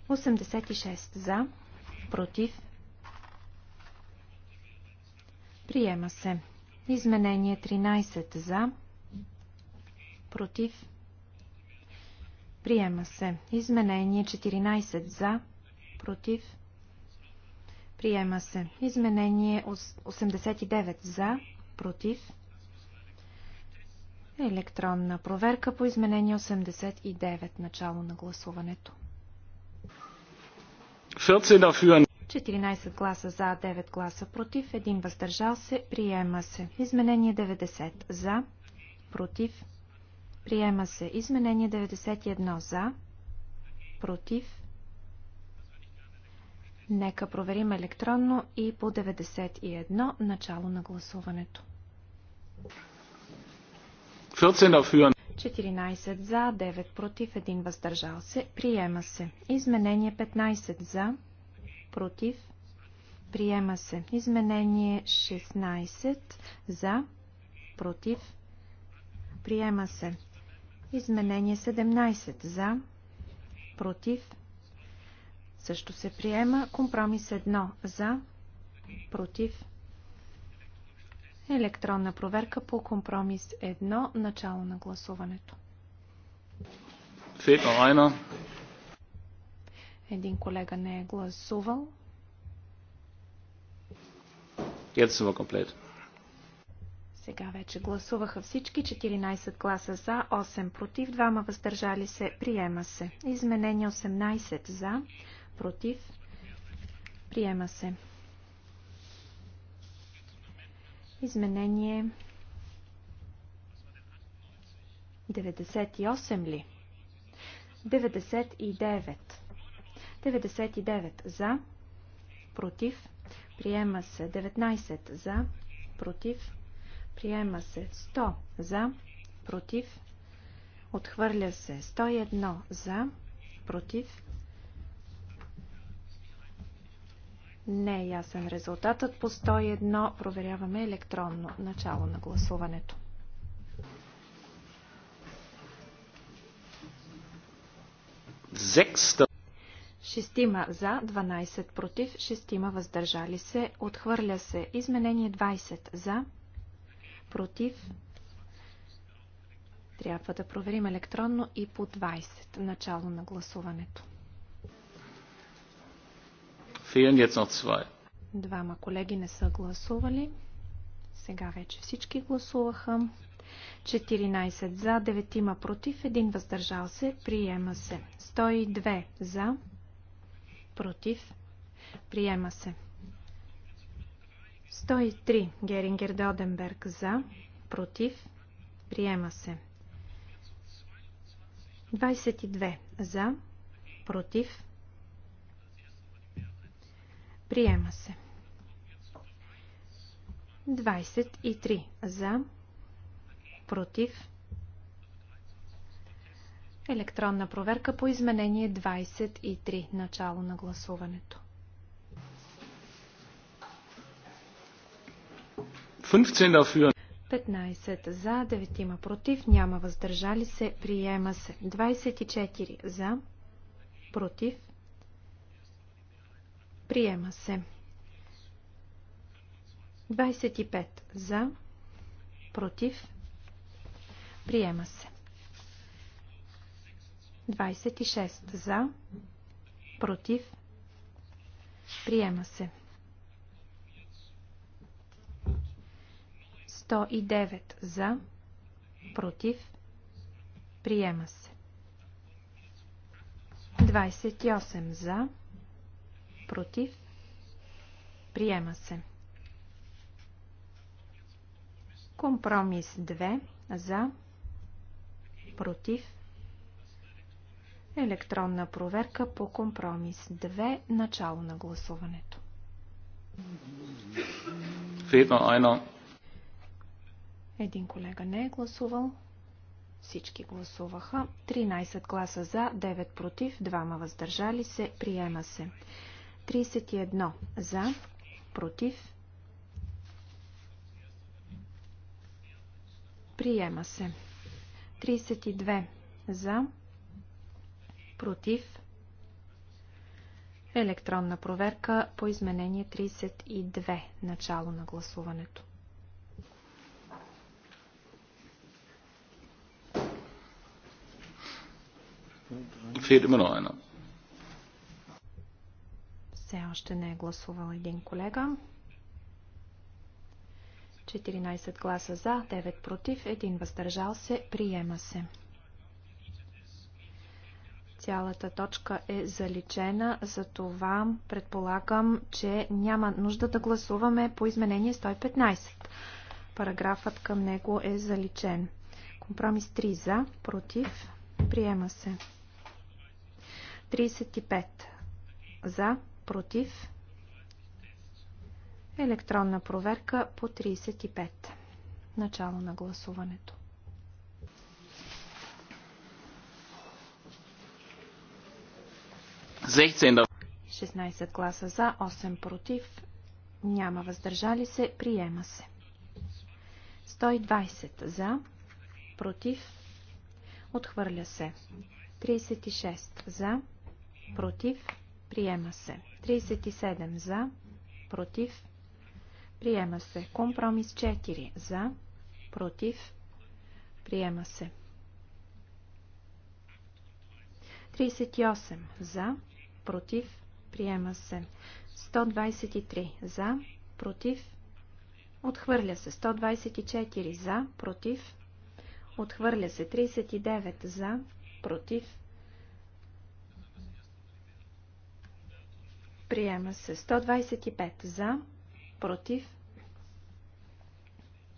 86 за, против, приема се. Изменение 13 за, против, приема се. Изменение 14 за, против, приема се. Приема се. Изменение 89 за, против. Електронна проверка по изменение 89. Начало на гласуването. 14 гласа за, 9 гласа против, 1 въздържал се. Приема се. Изменение 90 за, против. Приема се. Изменение 91 за, против. Нека проверим електронно и по 91 начало на гласуването. 14 за, 9 против, 1 въздържал се. Приема се. Изменение 15 за, против. Приема се. Изменение 16 за, против. Приема се. Изменение 17 за, против също се приема. Компромис 1 за, против. Електронна проверка по компромис 1, начало на гласуването. Един колега не е гласувал. Сега вече гласуваха всички. 14 гласа за, 8 против, 2 въздържали се. Приема се. Изменение 18 за, против, приема се. Изменение 98 ли? 99. 99 за, против, приема се. 19 за, против, приема се. 100 за, против, отхвърля се. 101 за, против, Не е ясен резултатът. По 101 проверяваме електронно начало на гласуването. Шестима за, 12 против, шестима въздържали се, отхвърля се. Изменение 20 за, против. Трябва да проверим електронно и по 20 начало на гласуването fehlen jetzt noch zwei. Двама колеги не са гласували. Сега вече всички гласуваха. 14 за, 9 има против, 1 въздържал се, приема се. 102 за, против, приема се. 103 Герингер Доденберг за, против, приема се. 22 за, против, Приема се. 23 за, против, електронна проверка по изменение 23, начало на гласуването. 15 за, 9 има против, няма въздържали се, приема се. 24 за, против, Приема се. 25 за, против, приема се. 26 за, против, приема се. 109 за, против, приема се. 28 за, против, Против. Приема се. Компромис 2. За. Против. Електронна проверка по компромис 2. Начало на гласуването. Един колега не е гласувал. Всички гласуваха. 13 гласа за, 9 против, 2 въздържали се. Приема се. 31 за, против, приема се. 32 за, против, електронна проверка по изменение 32, начало на гласуването. Fehlt immer noch einer. Все още не е гласувал един колега. 14 гласа за, 9 против, 1 въздържал се, приема се. Цялата точка е заличена, това предполагам, че няма нужда да гласуваме по изменение 115. Параграфът към него е заличен. Компромис 3 за, против, приема се. 35 за, против, електронна проверка по 35. Начало на гласуването. Зехцендър. 16 гласа за, 8 против, няма въздържали се, приема се. 120 за, против, отхвърля се. 36 за, против, Приема се. 37 за. Против. Приема се. Компромис 4 за. Против. Приема се. 38 за. Против. Приема се. 123 за. Против. Отхвърля се. 124 за. Против. Отхвърля се. 39 за. Против. Приема се 125 за, против,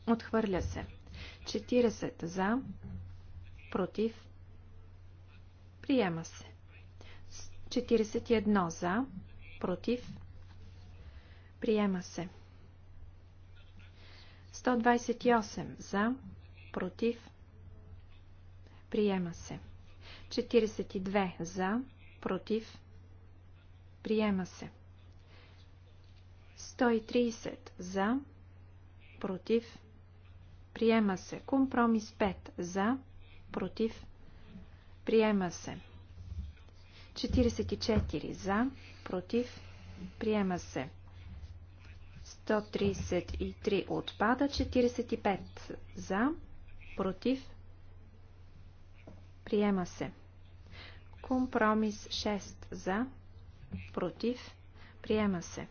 отхвърля се 40 за, против, приема се 41 за, против, приема се 128 за, против, приема се 42 за, против, Приема се. 130 за. Против. Приема се. Компромис 5 за. Против. Приема се. 44 за. Против. Приема се. 133 отпада. 45 за. Против. Приема се. Компромис 6 за. Против. Приема се.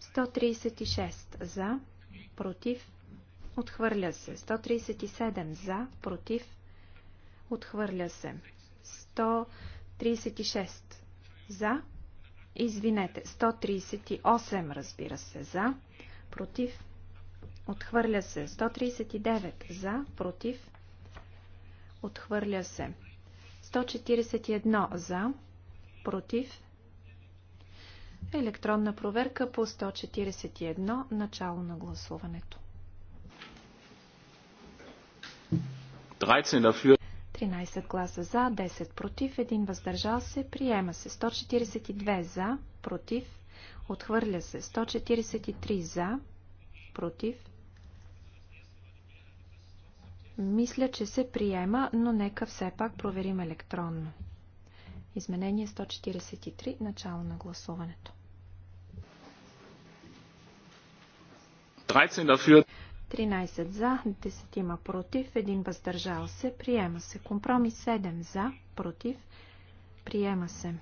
136 за. Против. Отхвърля се. 137 за. Против. Отхвърля се. 136 за. Извинете. 138 разбира се за. Против. Отхвърля се. 139 за. Против. Отхвърля се. 141 за, против. Електронна проверка по 141, начало на гласуването. 13 гласа за, 10 против, 1 въздържал се, приема се 142 за, против, отхвърля се 143 за, против, мисля, че се приема, но нека все пак проверим електронно. Изменение 143, начало на гласуването. 13 за, 10 има против, 1 въздържал се, приема се. Компромис 7 за, против, приема се.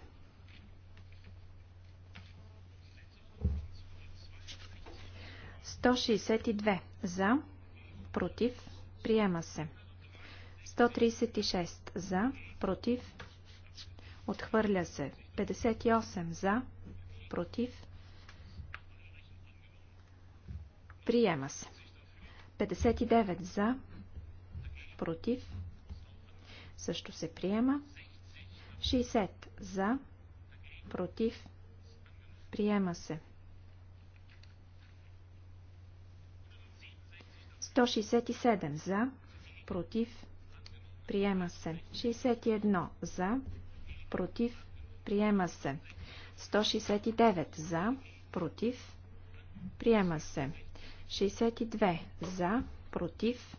Сто шестьдесят и две за, против, Приема се. 136 за, против, отхвърля се. 58 за, против, приема се. 59 за, против, също се приема. 60 за, против, приема се. 167 за, против, приема се. 61 за, против, приема се. 169 за, против, приема се. 62 за, против.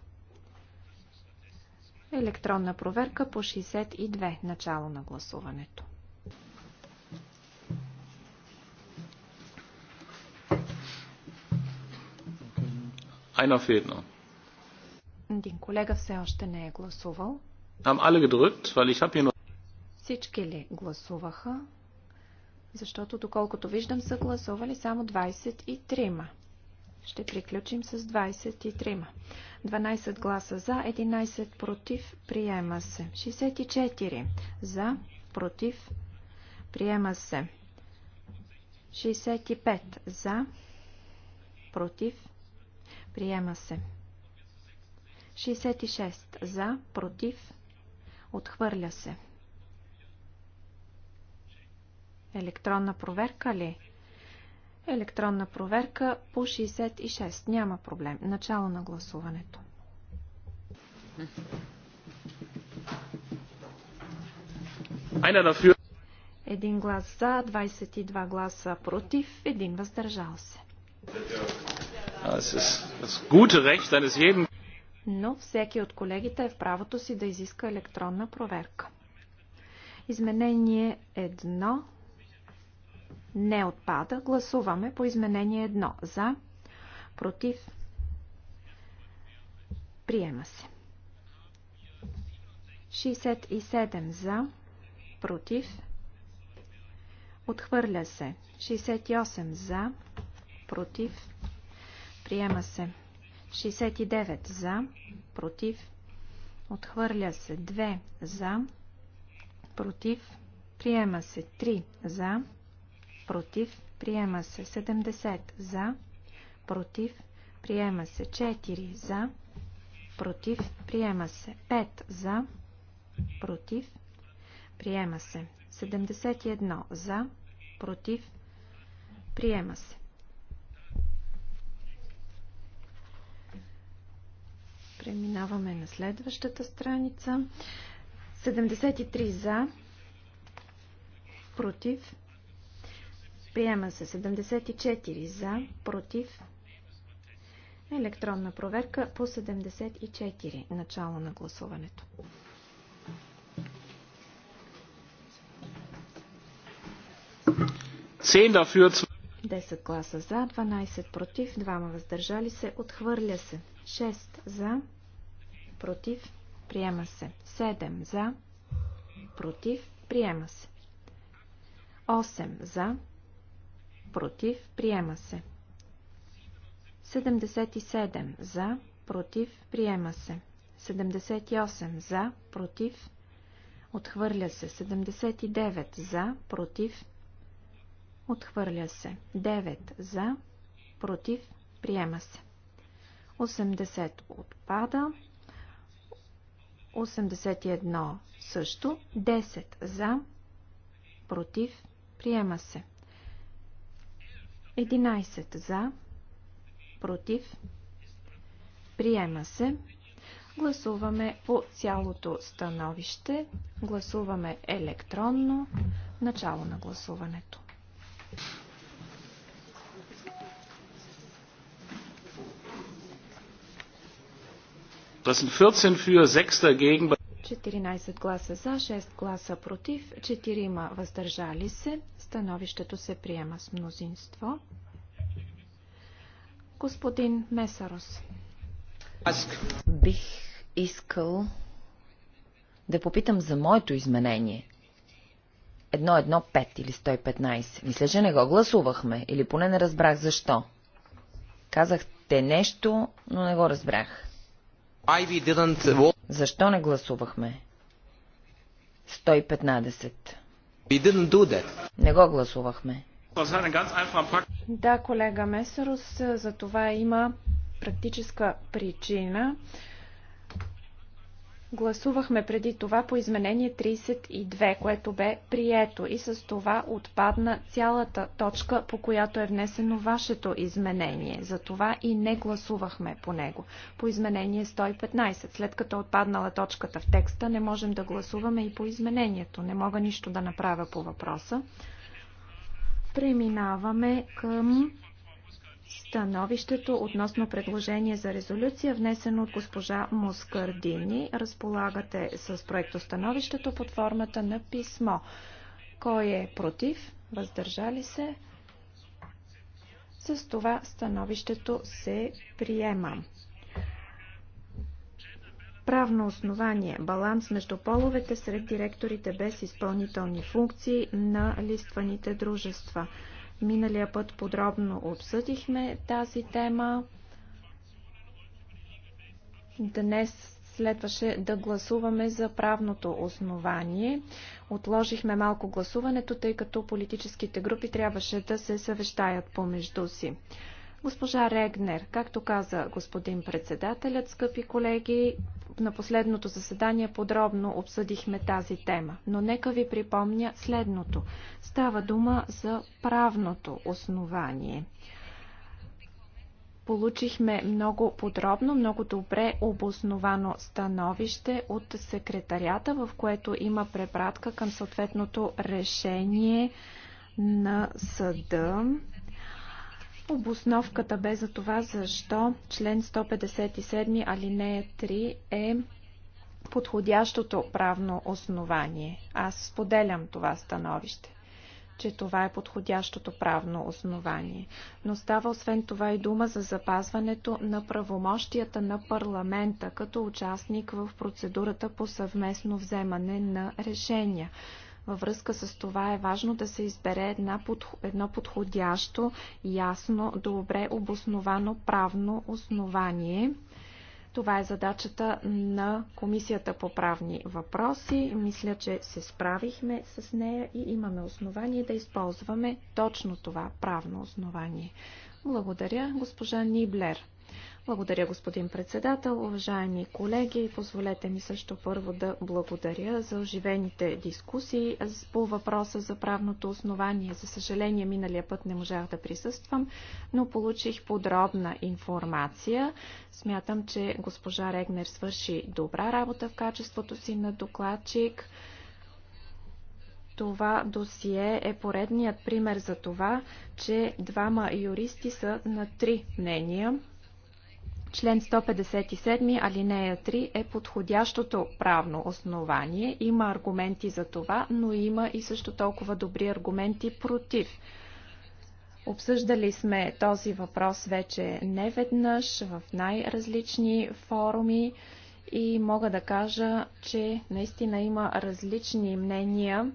Електронна проверка по 62 начало на гласуването. Einer fehlt noch. Den колега все още не е гласувал. Haben alle gedrückt, weil ich habe hier noch... Всички ли гласуваха? Защото, доколкото виждам, са гласували само 23-ма. Ще приключим с 23-ма. 12 гласа за, 11 против, приема се. 64 за, против, приема се. 65 за, против, Приема се. 66. За, против, отхвърля се. Електронна проверка ли? Електронна проверка по 66. Няма проблем. Начало на гласуването. Един глас за, 22 гласа против, един въздържал се. Но всеки от колегите е в правото си да изиска електронна проверка. Изменение 1 не отпада. Гласуваме по изменение 1. За, против, приема се. 67 за, против, отхвърля се. 68 за, против, Приема се. 69 за, против. Отхвърля се. 2 за, против. Приема се. 3 за, против. Приема се. 70 за, против. Приема се. 4 за, против. Приема се. 5 за, против. Приема се. 71 за, против. Приема се. Преминаваме на следващата страница. 73 за, против, приема се 74 за, против, електронна проверка по 74, начало на гласуването. Dafür, 10 гласа за, 12 против, 2 въздържали се, отхвърля се. 6 за, против, приема се. 7 за, против, приема се. 8 за, против, приема се. 77 за, против, приема се. 78 за, против, отхвърля се. 79 за, против, отхвърля се. 9 за, против, приема се. 80 отпада. 81 също. 10 за. Против. Приема се. 11 за. Против. Приема се. Гласуваме по цялото становище. Гласуваме електронно. Начало на гласуването. Das sind 14 für, 6 dagegen. 14 гласа за, 6 гласа против, 4 въздържали се. Становището се приема с мнозинство. Господин Месарос. бих искал да попитам за моето изменение. 1.1.5 или 115. Мисля, че не го гласувахме, или поне не разбрах защо. Казахте нещо, но не го разбрах. Защо не гласувахме? 115. Не го гласувахме. Да, колега Месерус, за това има практическа причина. Гласувахме преди това по изменение 32, което бе прието и с това отпадна цялата точка, по която е внесено вашето изменение. Затова и не гласувахме по него. По изменение 115, след като е отпаднала точката в текста, не можем да гласуваме и по изменението. Не мога нищо да направя по въпроса. Преминаваме към Становището относно предложение за резолюция, внесено от госпожа Москардини, разполагате с Становището под формата на писмо. Кой е против? Въздържали се? С това становището се приема. Правно основание – баланс между половете сред директорите без изпълнителни функции на листваните дружества – Миналия път подробно обсъдихме тази тема. Днес следваше да гласуваме за правното основание. Отложихме малко гласуването, тъй като политическите групи трябваше да се съвещаят помежду си. Госпожа Регнер, както каза господин председателят, скъпи колеги, на последното заседание подробно обсъдихме тази тема, но нека ви припомня следното. Става дума за правното основание. Получихме много подробно, много добре обосновано становище от секретарята, в което има препратка към съответното решение на съда Обосновката бе за това, защо член 157 алинея 3 е подходящото правно основание. Аз споделям това становище че това е подходящото правно основание. Но става освен това и дума за запазването на правомощията на парламента като участник в процедурата по съвместно вземане на решения. Във връзка с това е важно да се избере една подх... едно подходящо, ясно, добре обосновано правно основание. Това е задачата на Комисията по правни въпроси. Мисля, че се справихме с нея и имаме основание да използваме точно това правно основание. Благодаря, госпожа Ниблер. Благодаря, господин председател. Уважаеми колеги, позволете ми също първо да благодаря за оживените дискусии по въпроса за правното основание. За съжаление, миналия път не можах да присъствам, но получих подробна информация. Смятам, че госпожа Регнер свърши добра работа в качеството си на докладчик. Това досие е поредният пример за това, че двама юристи са на три мнения Член 157, алинея 3 е подходящото правно основание. Има аргументи за това, но има и също толкова добри аргументи против. Обсъждали сме този въпрос вече не веднъж в най-различни форуми и мога да кажа, че наистина има различни мнения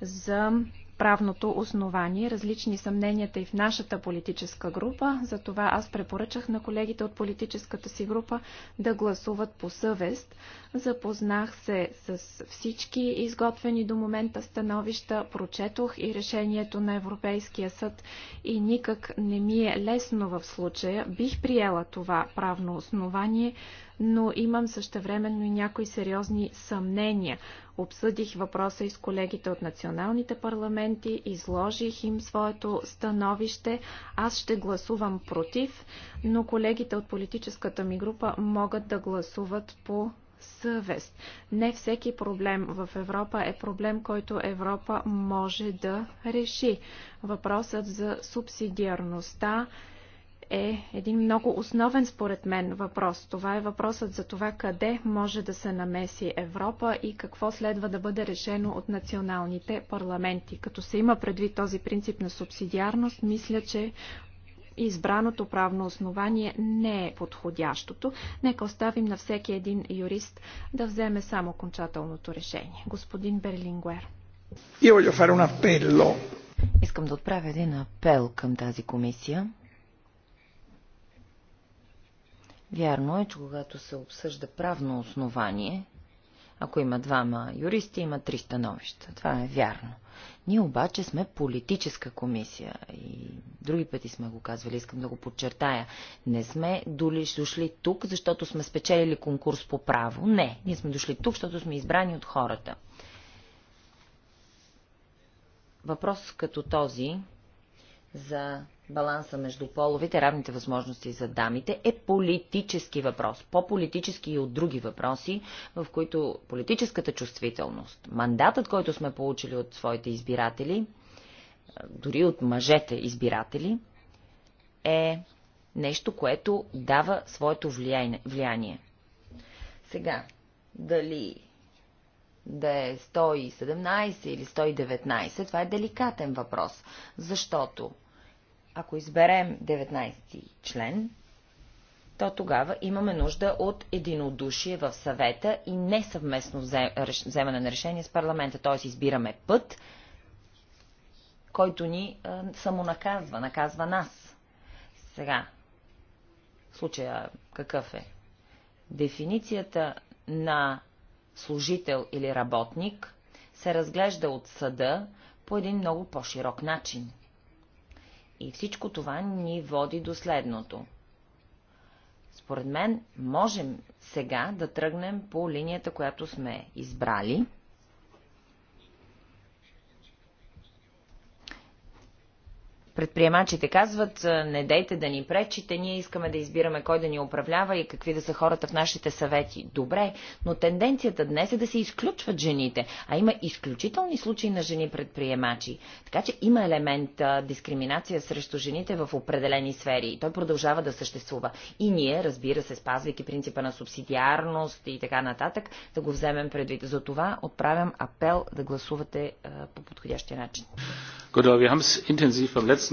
за правното основание. Различни съмненията и в нашата политическа група, затова аз препоръчах на колегите от политическата си група да гласуват по съвест, Запознах се с всички изготвени до момента становища, прочетох и решението на Европейския съд и никак не ми е лесно в случая. Бих приела това правно основание, но имам същевременно и някои сериозни съмнения. Обсъдих въпроса и с колегите от националните парламенти, изложих им своето становище. Аз ще гласувам против, но колегите от политическата ми група могат да гласуват по съвест. Не всеки проблем в Европа е проблем, който Европа може да реши. Въпросът за субсидиарността е един много основен според мен въпрос. Това е въпросът за това къде може да се намеси Европа и какво следва да бъде решено от националните парламенти. Като се има предвид този принцип на субсидиарност, мисля, че избраното правно основание не е подходящото. Нека оставим на всеки един юрист да вземе само окончателното решение. Господин Берлингуер. Искам да отправя един апел към тази комисия. Вярно е, че когато се обсъжда правно основание, ако има двама юристи, има три становища. Това е вярно. Ние обаче сме политическа комисия и други пъти сме го казвали, искам да го подчертая. Не сме дошли тук, защото сме спечелили конкурс по право. Не, ние сме дошли тук, защото сме избрани от хората. Въпрос като този за баланса между половите, равните възможности за дамите, е политически въпрос. По-политически и от други въпроси, в които политическата чувствителност, мандатът, който сме получили от своите избиратели, е, дори от мъжете избиратели, е нещо, което дава своето влияние. Сега, дали да е 117 или 119, това е деликатен въпрос, защото ако изберем 19 член, то тогава имаме нужда от единодушие в съвета и несъвместно вземане на решение с парламента. Т.е. избираме път, който ни а, самонаказва, наказва нас. Сега, случая какъв е? Дефиницията на служител или работник се разглежда от съда по един много по-широк начин. И всичко това ни води до следното. Според мен можем сега да тръгнем по линията, която сме избрали – Предприемачите казват, «Е, не дейте да ни пречите, ние искаме да избираме кой да ни управлява и какви да са хората в нашите съвети. Добре, но тенденцията днес е да се изключват жените, а има изключителни случаи на жени предприемачи. Така че има елемент а, дискриминация срещу жените в определени сфери и той продължава да съществува. И ние, разбира се, спазвайки принципа на субсидиарност и така нататък, да го вземем предвид. За това отправям апел да гласувате а, по подходящия начин. Good, wir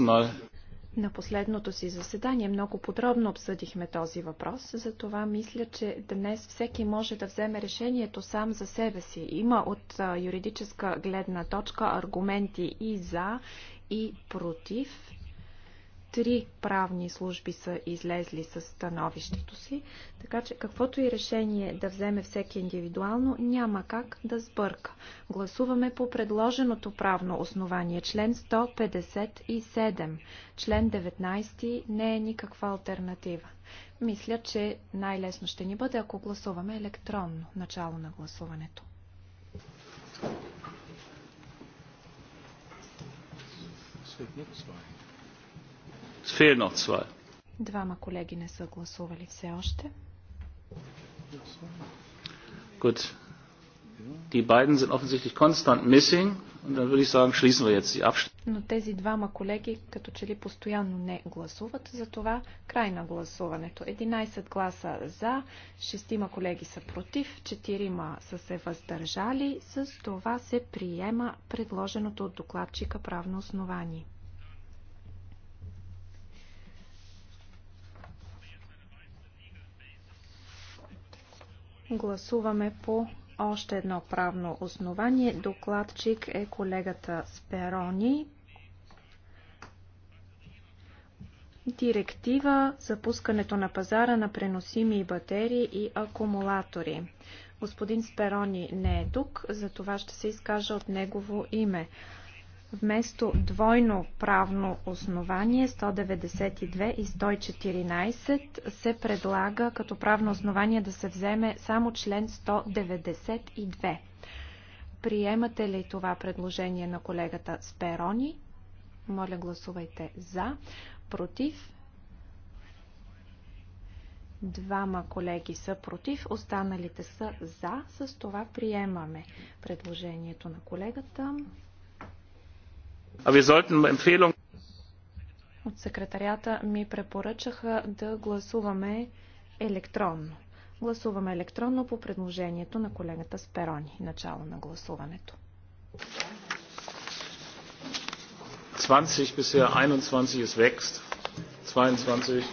на последното си заседание много подробно обсъдихме този въпрос, затова мисля, че днес всеки може да вземе решението сам за себе си. Има от юридическа гледна точка аргументи и за, и против. Три правни служби са излезли с становището си, така че каквото и решение да вземе всеки индивидуално, няма как да сбърка. Гласуваме по предложеното правно основание, член 157. Член 19 не е никаква альтернатива. Мисля, че най-лесно ще ни бъде, ако гласуваме електронно начало на гласуването. Thank you. Es fehlen noch zwei. Двама колеги не са гласували все още. Gut. Die beiden sind offensichtlich konstant missing und dann würde ich sagen, schließen wir jetzt die Abstimmung. Но тези двама колеги като че ли постоянно не гласуват, затова край на гласуването. 11 гласа за, 6 колеги са против, 4 са се въздържали. С това се приема предложеното от докладчика правно основание. Гласуваме по още едно правно основание. Докладчик е колегата Сперони. Директива за пускането на пазара на преносими батерии и акумулатори. Господин Сперони не е тук, за това ще се изкажа от негово име вместо двойно правно основание 192 и 114 се предлага като правно основание да се вземе само член 192. Приемате ли това предложение на колегата Сперони? Моля гласувайте за. Против? Двама колеги са против, останалите са за. С това приемаме предложението на колегата. От секретарията ми препоръчаха да гласуваме електронно. Гласуваме електронно по предложението на колегата Сперони. Начало на гласуването. 20 bisher 21 ist wächst. 22.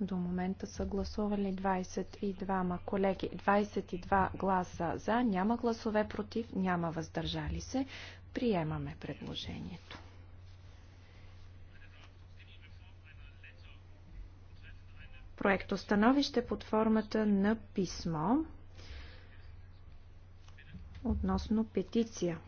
До момента са гласували 22 колеги. 22 гласа за, няма гласове против, няма въздържали се. Приемаме предложението. становище под формата на писмо относно петиция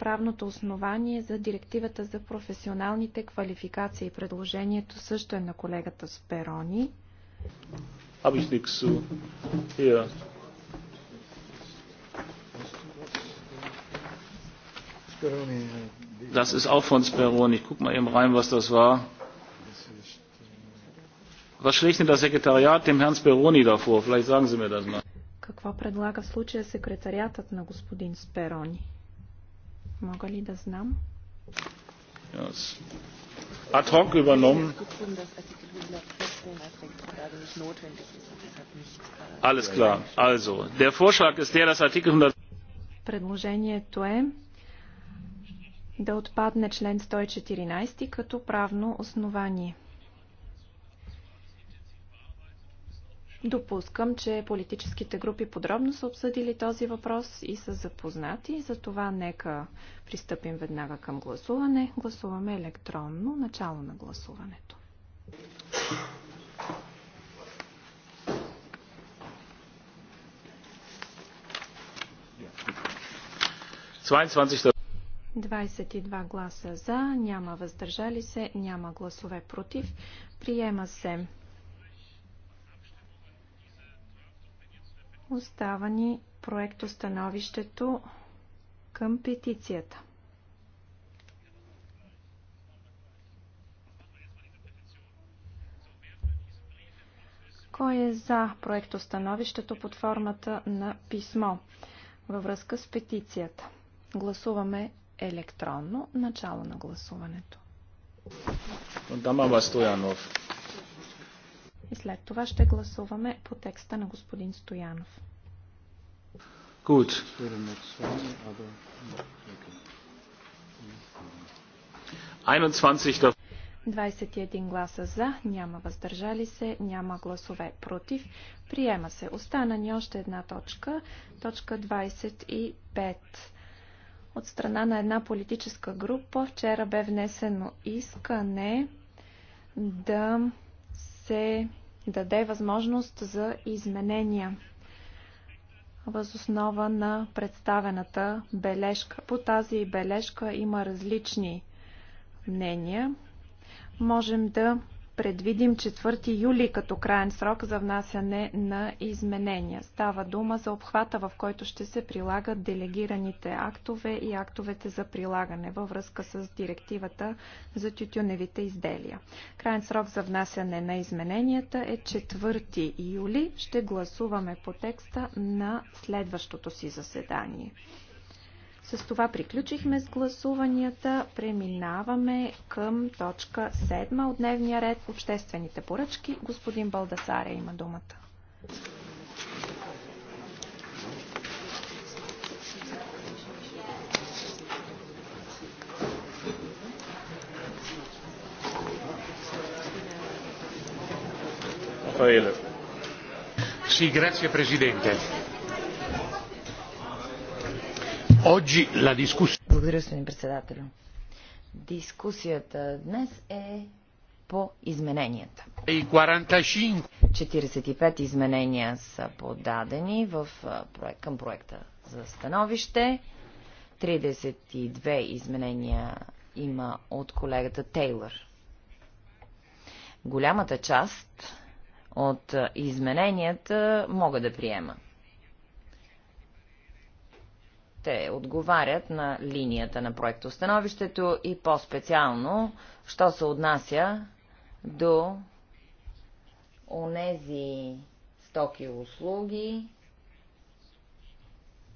Правното основание за директивата за професионалните квалификации. и Предложението също е на колегата Сперони. Uh, das ist auch von Speroni. Ich guck mal eben rein, was das war. Was schlägt denn das Sekretariat dem Herrn Speroni da vor? Vielleicht sagen Sie mir das mal. Какво предлага в случая секретариатът на господин Сперони? Мога ли да знам? Yes. Ad hoc übernommen. Alles klar. Also, der Vorschlag ist der, dass Artikel 100. Предложението е да отпадне член 114 като правно основание. Допускам, че политическите групи подробно са обсъдили този въпрос и са запознати. За това нека пристъпим веднага към гласуване. Гласуваме електронно. Начало на гласуването. Двадесет и два гласа за, няма въздържали се, няма гласове против. Приема се Остава ни проектостановището към петицията. Кой е за проектостановището под формата на писмо във връзка с петицията? Гласуваме електронно начало на гласуването. Дама Бастоянов и след това ще гласуваме по текста на господин Стоянов. Good. 21 гласа за, няма въздържали се, няма гласове против. Приема се. Остана ни още една точка. Точка 25. От страна на една политическа група вчера бе внесено искане да се даде възможност за изменения възоснова на представената бележка. По тази бележка има различни мнения. Можем да предвидим 4 юли като крайен срок за внасяне на изменения. Става дума за обхвата, в който ще се прилагат делегираните актове и актовете за прилагане във връзка с директивата за тютюневите изделия. Крайен срок за внасяне на измененията е 4 юли. Ще гласуваме по текста на следващото си заседание. С това приключихме с гласуванията. Преминаваме към точка 7 от дневния ред обществените поръчки. Господин Балдасаре има думата. Sì, grazie Presidente. Благодаря, господин председател. Дискусията днес е по измененията. 45 изменения са подадени в, към проекта за становище. 32 изменения има от колегата Тейлър. Голямата част от измененията мога да приема. Те отговарят на линията на проектостановището и по-специално, що се отнася до онези стоки и услуги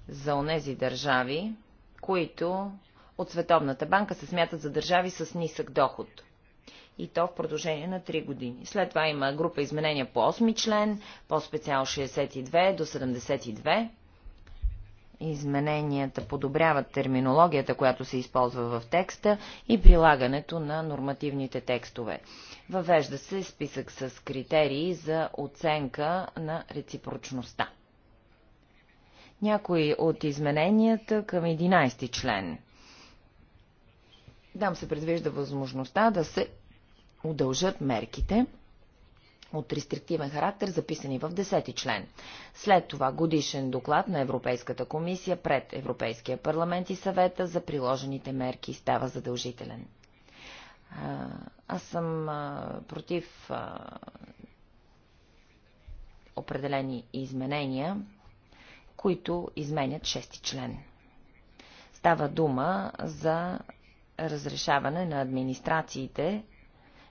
за онези държави, които от Световната банка се смятат за държави с нисък доход. И то в продължение на 3 години. След това има група изменения по 8 член, по-специал 62 до 72. Измененията подобряват терминологията, която се използва в текста и прилагането на нормативните текстове. Въвежда се списък с критерии за оценка на реципрочността. Някои от измененията към 11 член. Дам се предвижда възможността да се удължат мерките, от рестриктивен характер, записани в 10 ти член. След това годишен доклад на Европейската комисия пред Европейския парламент и съвета за приложените мерки става задължителен. Аз съм против определени изменения, които изменят шести член. Става дума за разрешаване на администрациите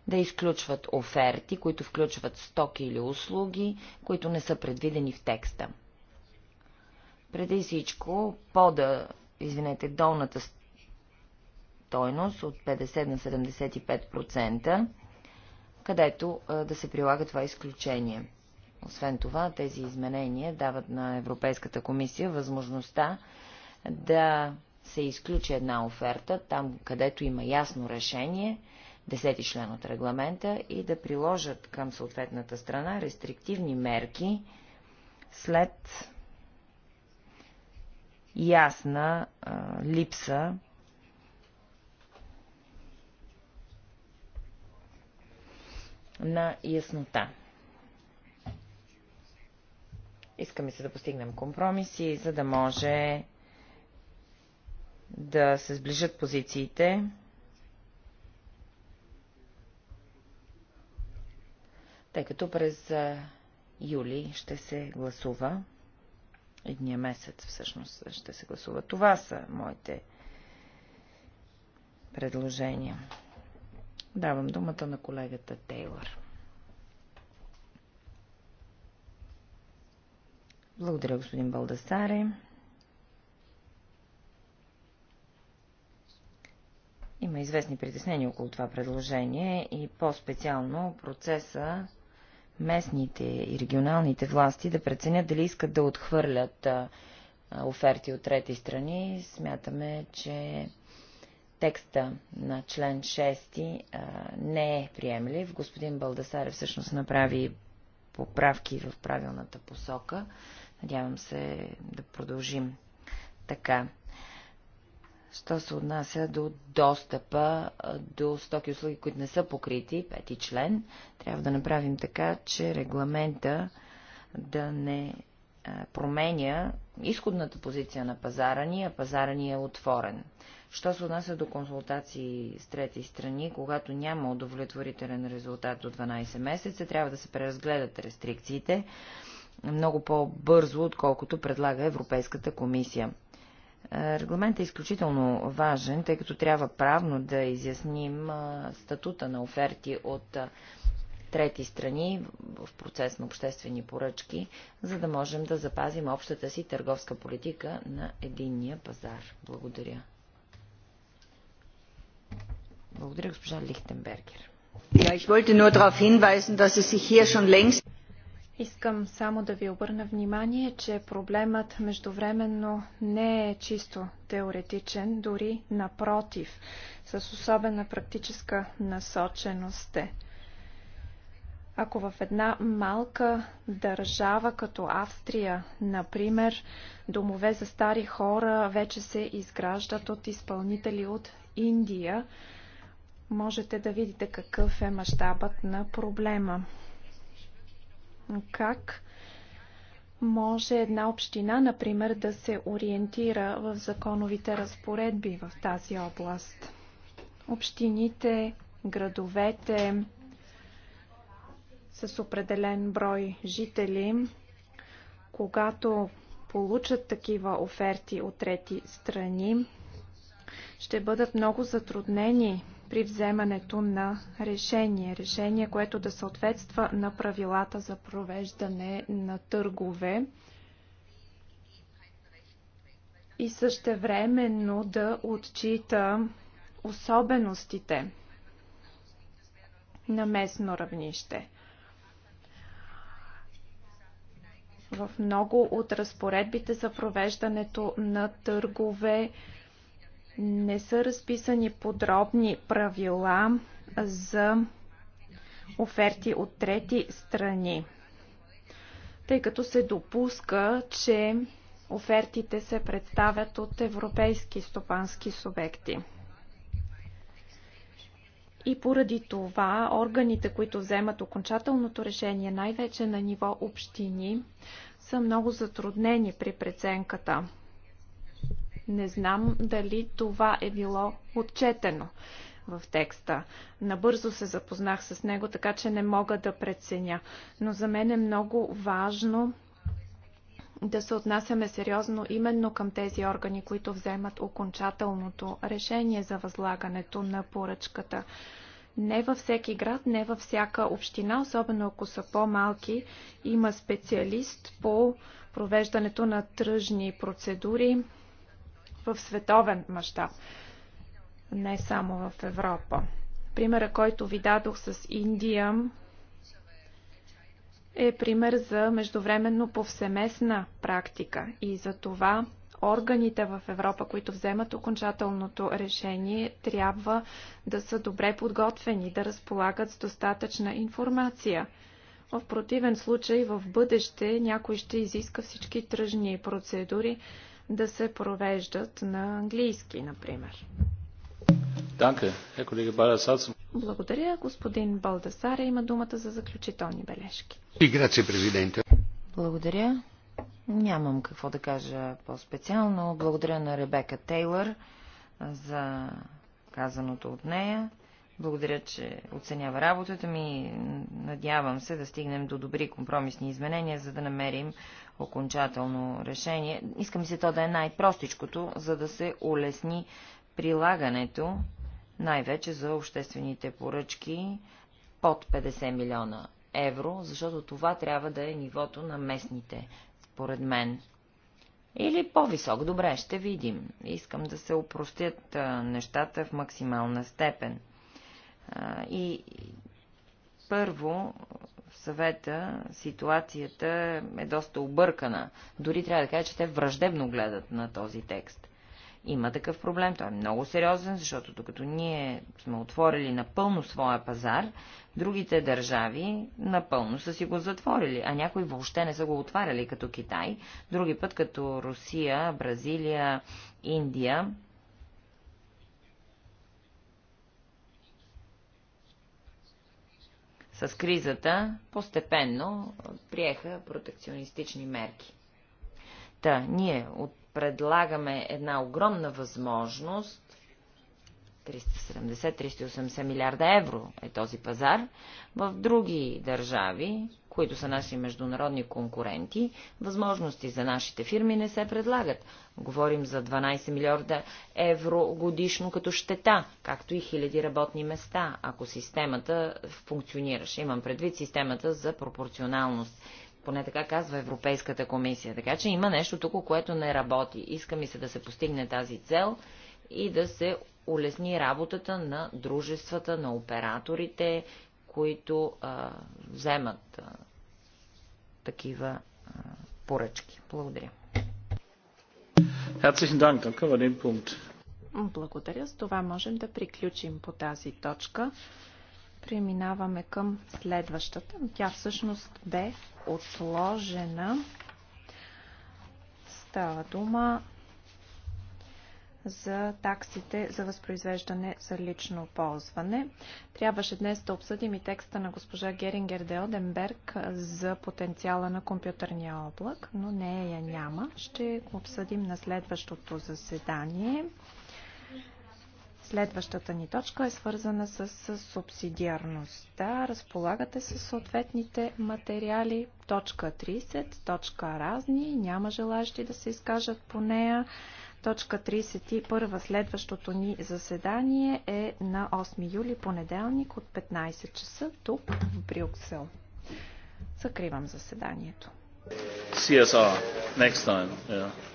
да изключват оферти, които включват стоки или услуги, които не са предвидени в текста. Преди всичко, пода, извинете, долната стойност от 50 на 75%, където да се прилага това изключение. Освен това, тези изменения дават на Европейската комисия възможността да се изключи една оферта, там където има ясно решение 10 член от регламента и да приложат към съответната страна рестриктивни мерки след ясна а, липса на яснота. Искаме се да постигнем компромиси, за да може да се сближат позициите тъй като през юли ще се гласува. Едния месец всъщност ще се гласува. Това са моите предложения. Давам думата на колегата Тейлър. Благодаря, господин Балдасаре. Има известни притеснения около това предложение и по-специално процеса местните и регионалните власти да преценят дали искат да отхвърлят оферти от трети страни. Смятаме, че текста на член 6 не е приемлив. Господин Балдасаре всъщност направи поправки в правилната посока. Надявам се да продължим така що се отнася до достъпа до стоки и услуги, които не са покрити, пети член, трябва да направим така, че регламента да не променя изходната позиция на пазара ни, а пазара ни е отворен. Що се отнася до консултации с трети страни, когато няма удовлетворителен резултат до 12 месеца, трябва да се преразгледат рестрикциите много по-бързо, отколкото предлага Европейската комисия. Регламентът е изключително важен, тъй като трябва правно да изясним статута на оферти от трети страни в процес на обществени поръчки, за да можем да запазим общата си търговска политика на единния пазар. Благодаря. Благодаря, госпожа Лихтенбергер. Ja, ich wollte nur darauf hinweisen, dass es sich hier schon längst Искам само да ви обърна внимание, че проблемът междувременно не е чисто теоретичен, дори напротив, с особена практическа насоченост е. Ако в една малка държава като Австрия, например, домове за стари хора вече се изграждат от изпълнители от Индия, можете да видите какъв е мащабът на проблема. Как може една община, например, да се ориентира в законовите разпоредби в тази област? Общините, градовете с определен брой жители, когато получат такива оферти от трети страни, ще бъдат много затруднени при вземането на решение. Решение, което да съответства на правилата за провеждане на търгове и същевременно да отчита особеностите на местно равнище. В много от разпоредбите за провеждането на търгове не са разписани подробни правила за оферти от трети страни, тъй като се допуска, че офертите се представят от европейски стопански субекти. И поради това органите, които вземат окончателното решение, най-вече на ниво общини, са много затруднени при преценката. Не знам дали това е било отчетено в текста. Набързо се запознах с него, така че не мога да преценя. Но за мен е много важно да се отнасяме сериозно именно към тези органи, които вземат окончателното решение за възлагането на поръчката. Не във всеки град, не във всяка община, особено ако са по-малки, има специалист по провеждането на тръжни процедури, в световен мащаб, не само в Европа. Примера, който ви дадох с Индия, е пример за междувременно повсеместна практика и за това органите в Европа, които вземат окончателното решение, трябва да са добре подготвени, да разполагат с достатъчна информация. В противен случай в бъдеще някой ще изиска всички тръжни процедури да се провеждат на английски, например. Е, Благодаря, господин Балдасаре. Има думата за заключителни бележки. Благодаря. Нямам какво да кажа по-специално. Благодаря на Ребека Тейлър за казаното от нея. Благодаря, че оценява работата ми. Надявам се да стигнем до добри компромисни изменения, за да намерим окончателно решение. Искам се то да е най-простичкото, за да се улесни прилагането, най-вече за обществените поръчки под 50 милиона евро, защото това трябва да е нивото на местните, според мен. Или по-висок, добре, ще видим. Искам да се упростят нещата в максимална степен. И първо, в съвета ситуацията е доста объркана. Дори трябва да кажа, че те враждебно гледат на този текст. Има такъв проблем, той е много сериозен, защото докато ние сме отворили напълно своя пазар, другите държави напълно са си го затворили, а някои въобще не са го отваряли, като Китай, други път като Русия, Бразилия, Индия, с кризата, постепенно приеха протекционистични мерки. Та, ние предлагаме една огромна възможност 370-380 милиарда евро е този пазар. В други държави които са наши международни конкуренти, възможности за нашите фирми не се предлагат. Говорим за 12 милиарда евро годишно като щета, както и хиляди работни места, ако системата функционираше. Имам предвид системата за пропорционалност поне така казва Европейската комисия. Така че има нещо тук, което не работи. Иска ми се да се постигне тази цел и да се улесни работата на дружествата, на операторите, които а, вземат а, такива а, поръчки. Благодаря. Благодаря. С това можем да приключим по тази точка. Преминаваме към следващата. Тя всъщност бе отложена. Става дума за таксите за възпроизвеждане за лично ползване. Трябваше днес да обсъдим и текста на госпожа Герингер де Оденберг за потенциала на компютърния облак, но не я няма. Ще обсъдим на следващото заседание. Следващата ни точка е свързана с субсидиарността. Разполагате с съответните материали. Точка 30, точка разни. Няма желащи да се изкажат по нея. Точка 31. Следващото ни заседание е на 8 юли, понеделник от 15 часа тук в Брюксел. Закривам заседанието. CSR. Next time. Yeah.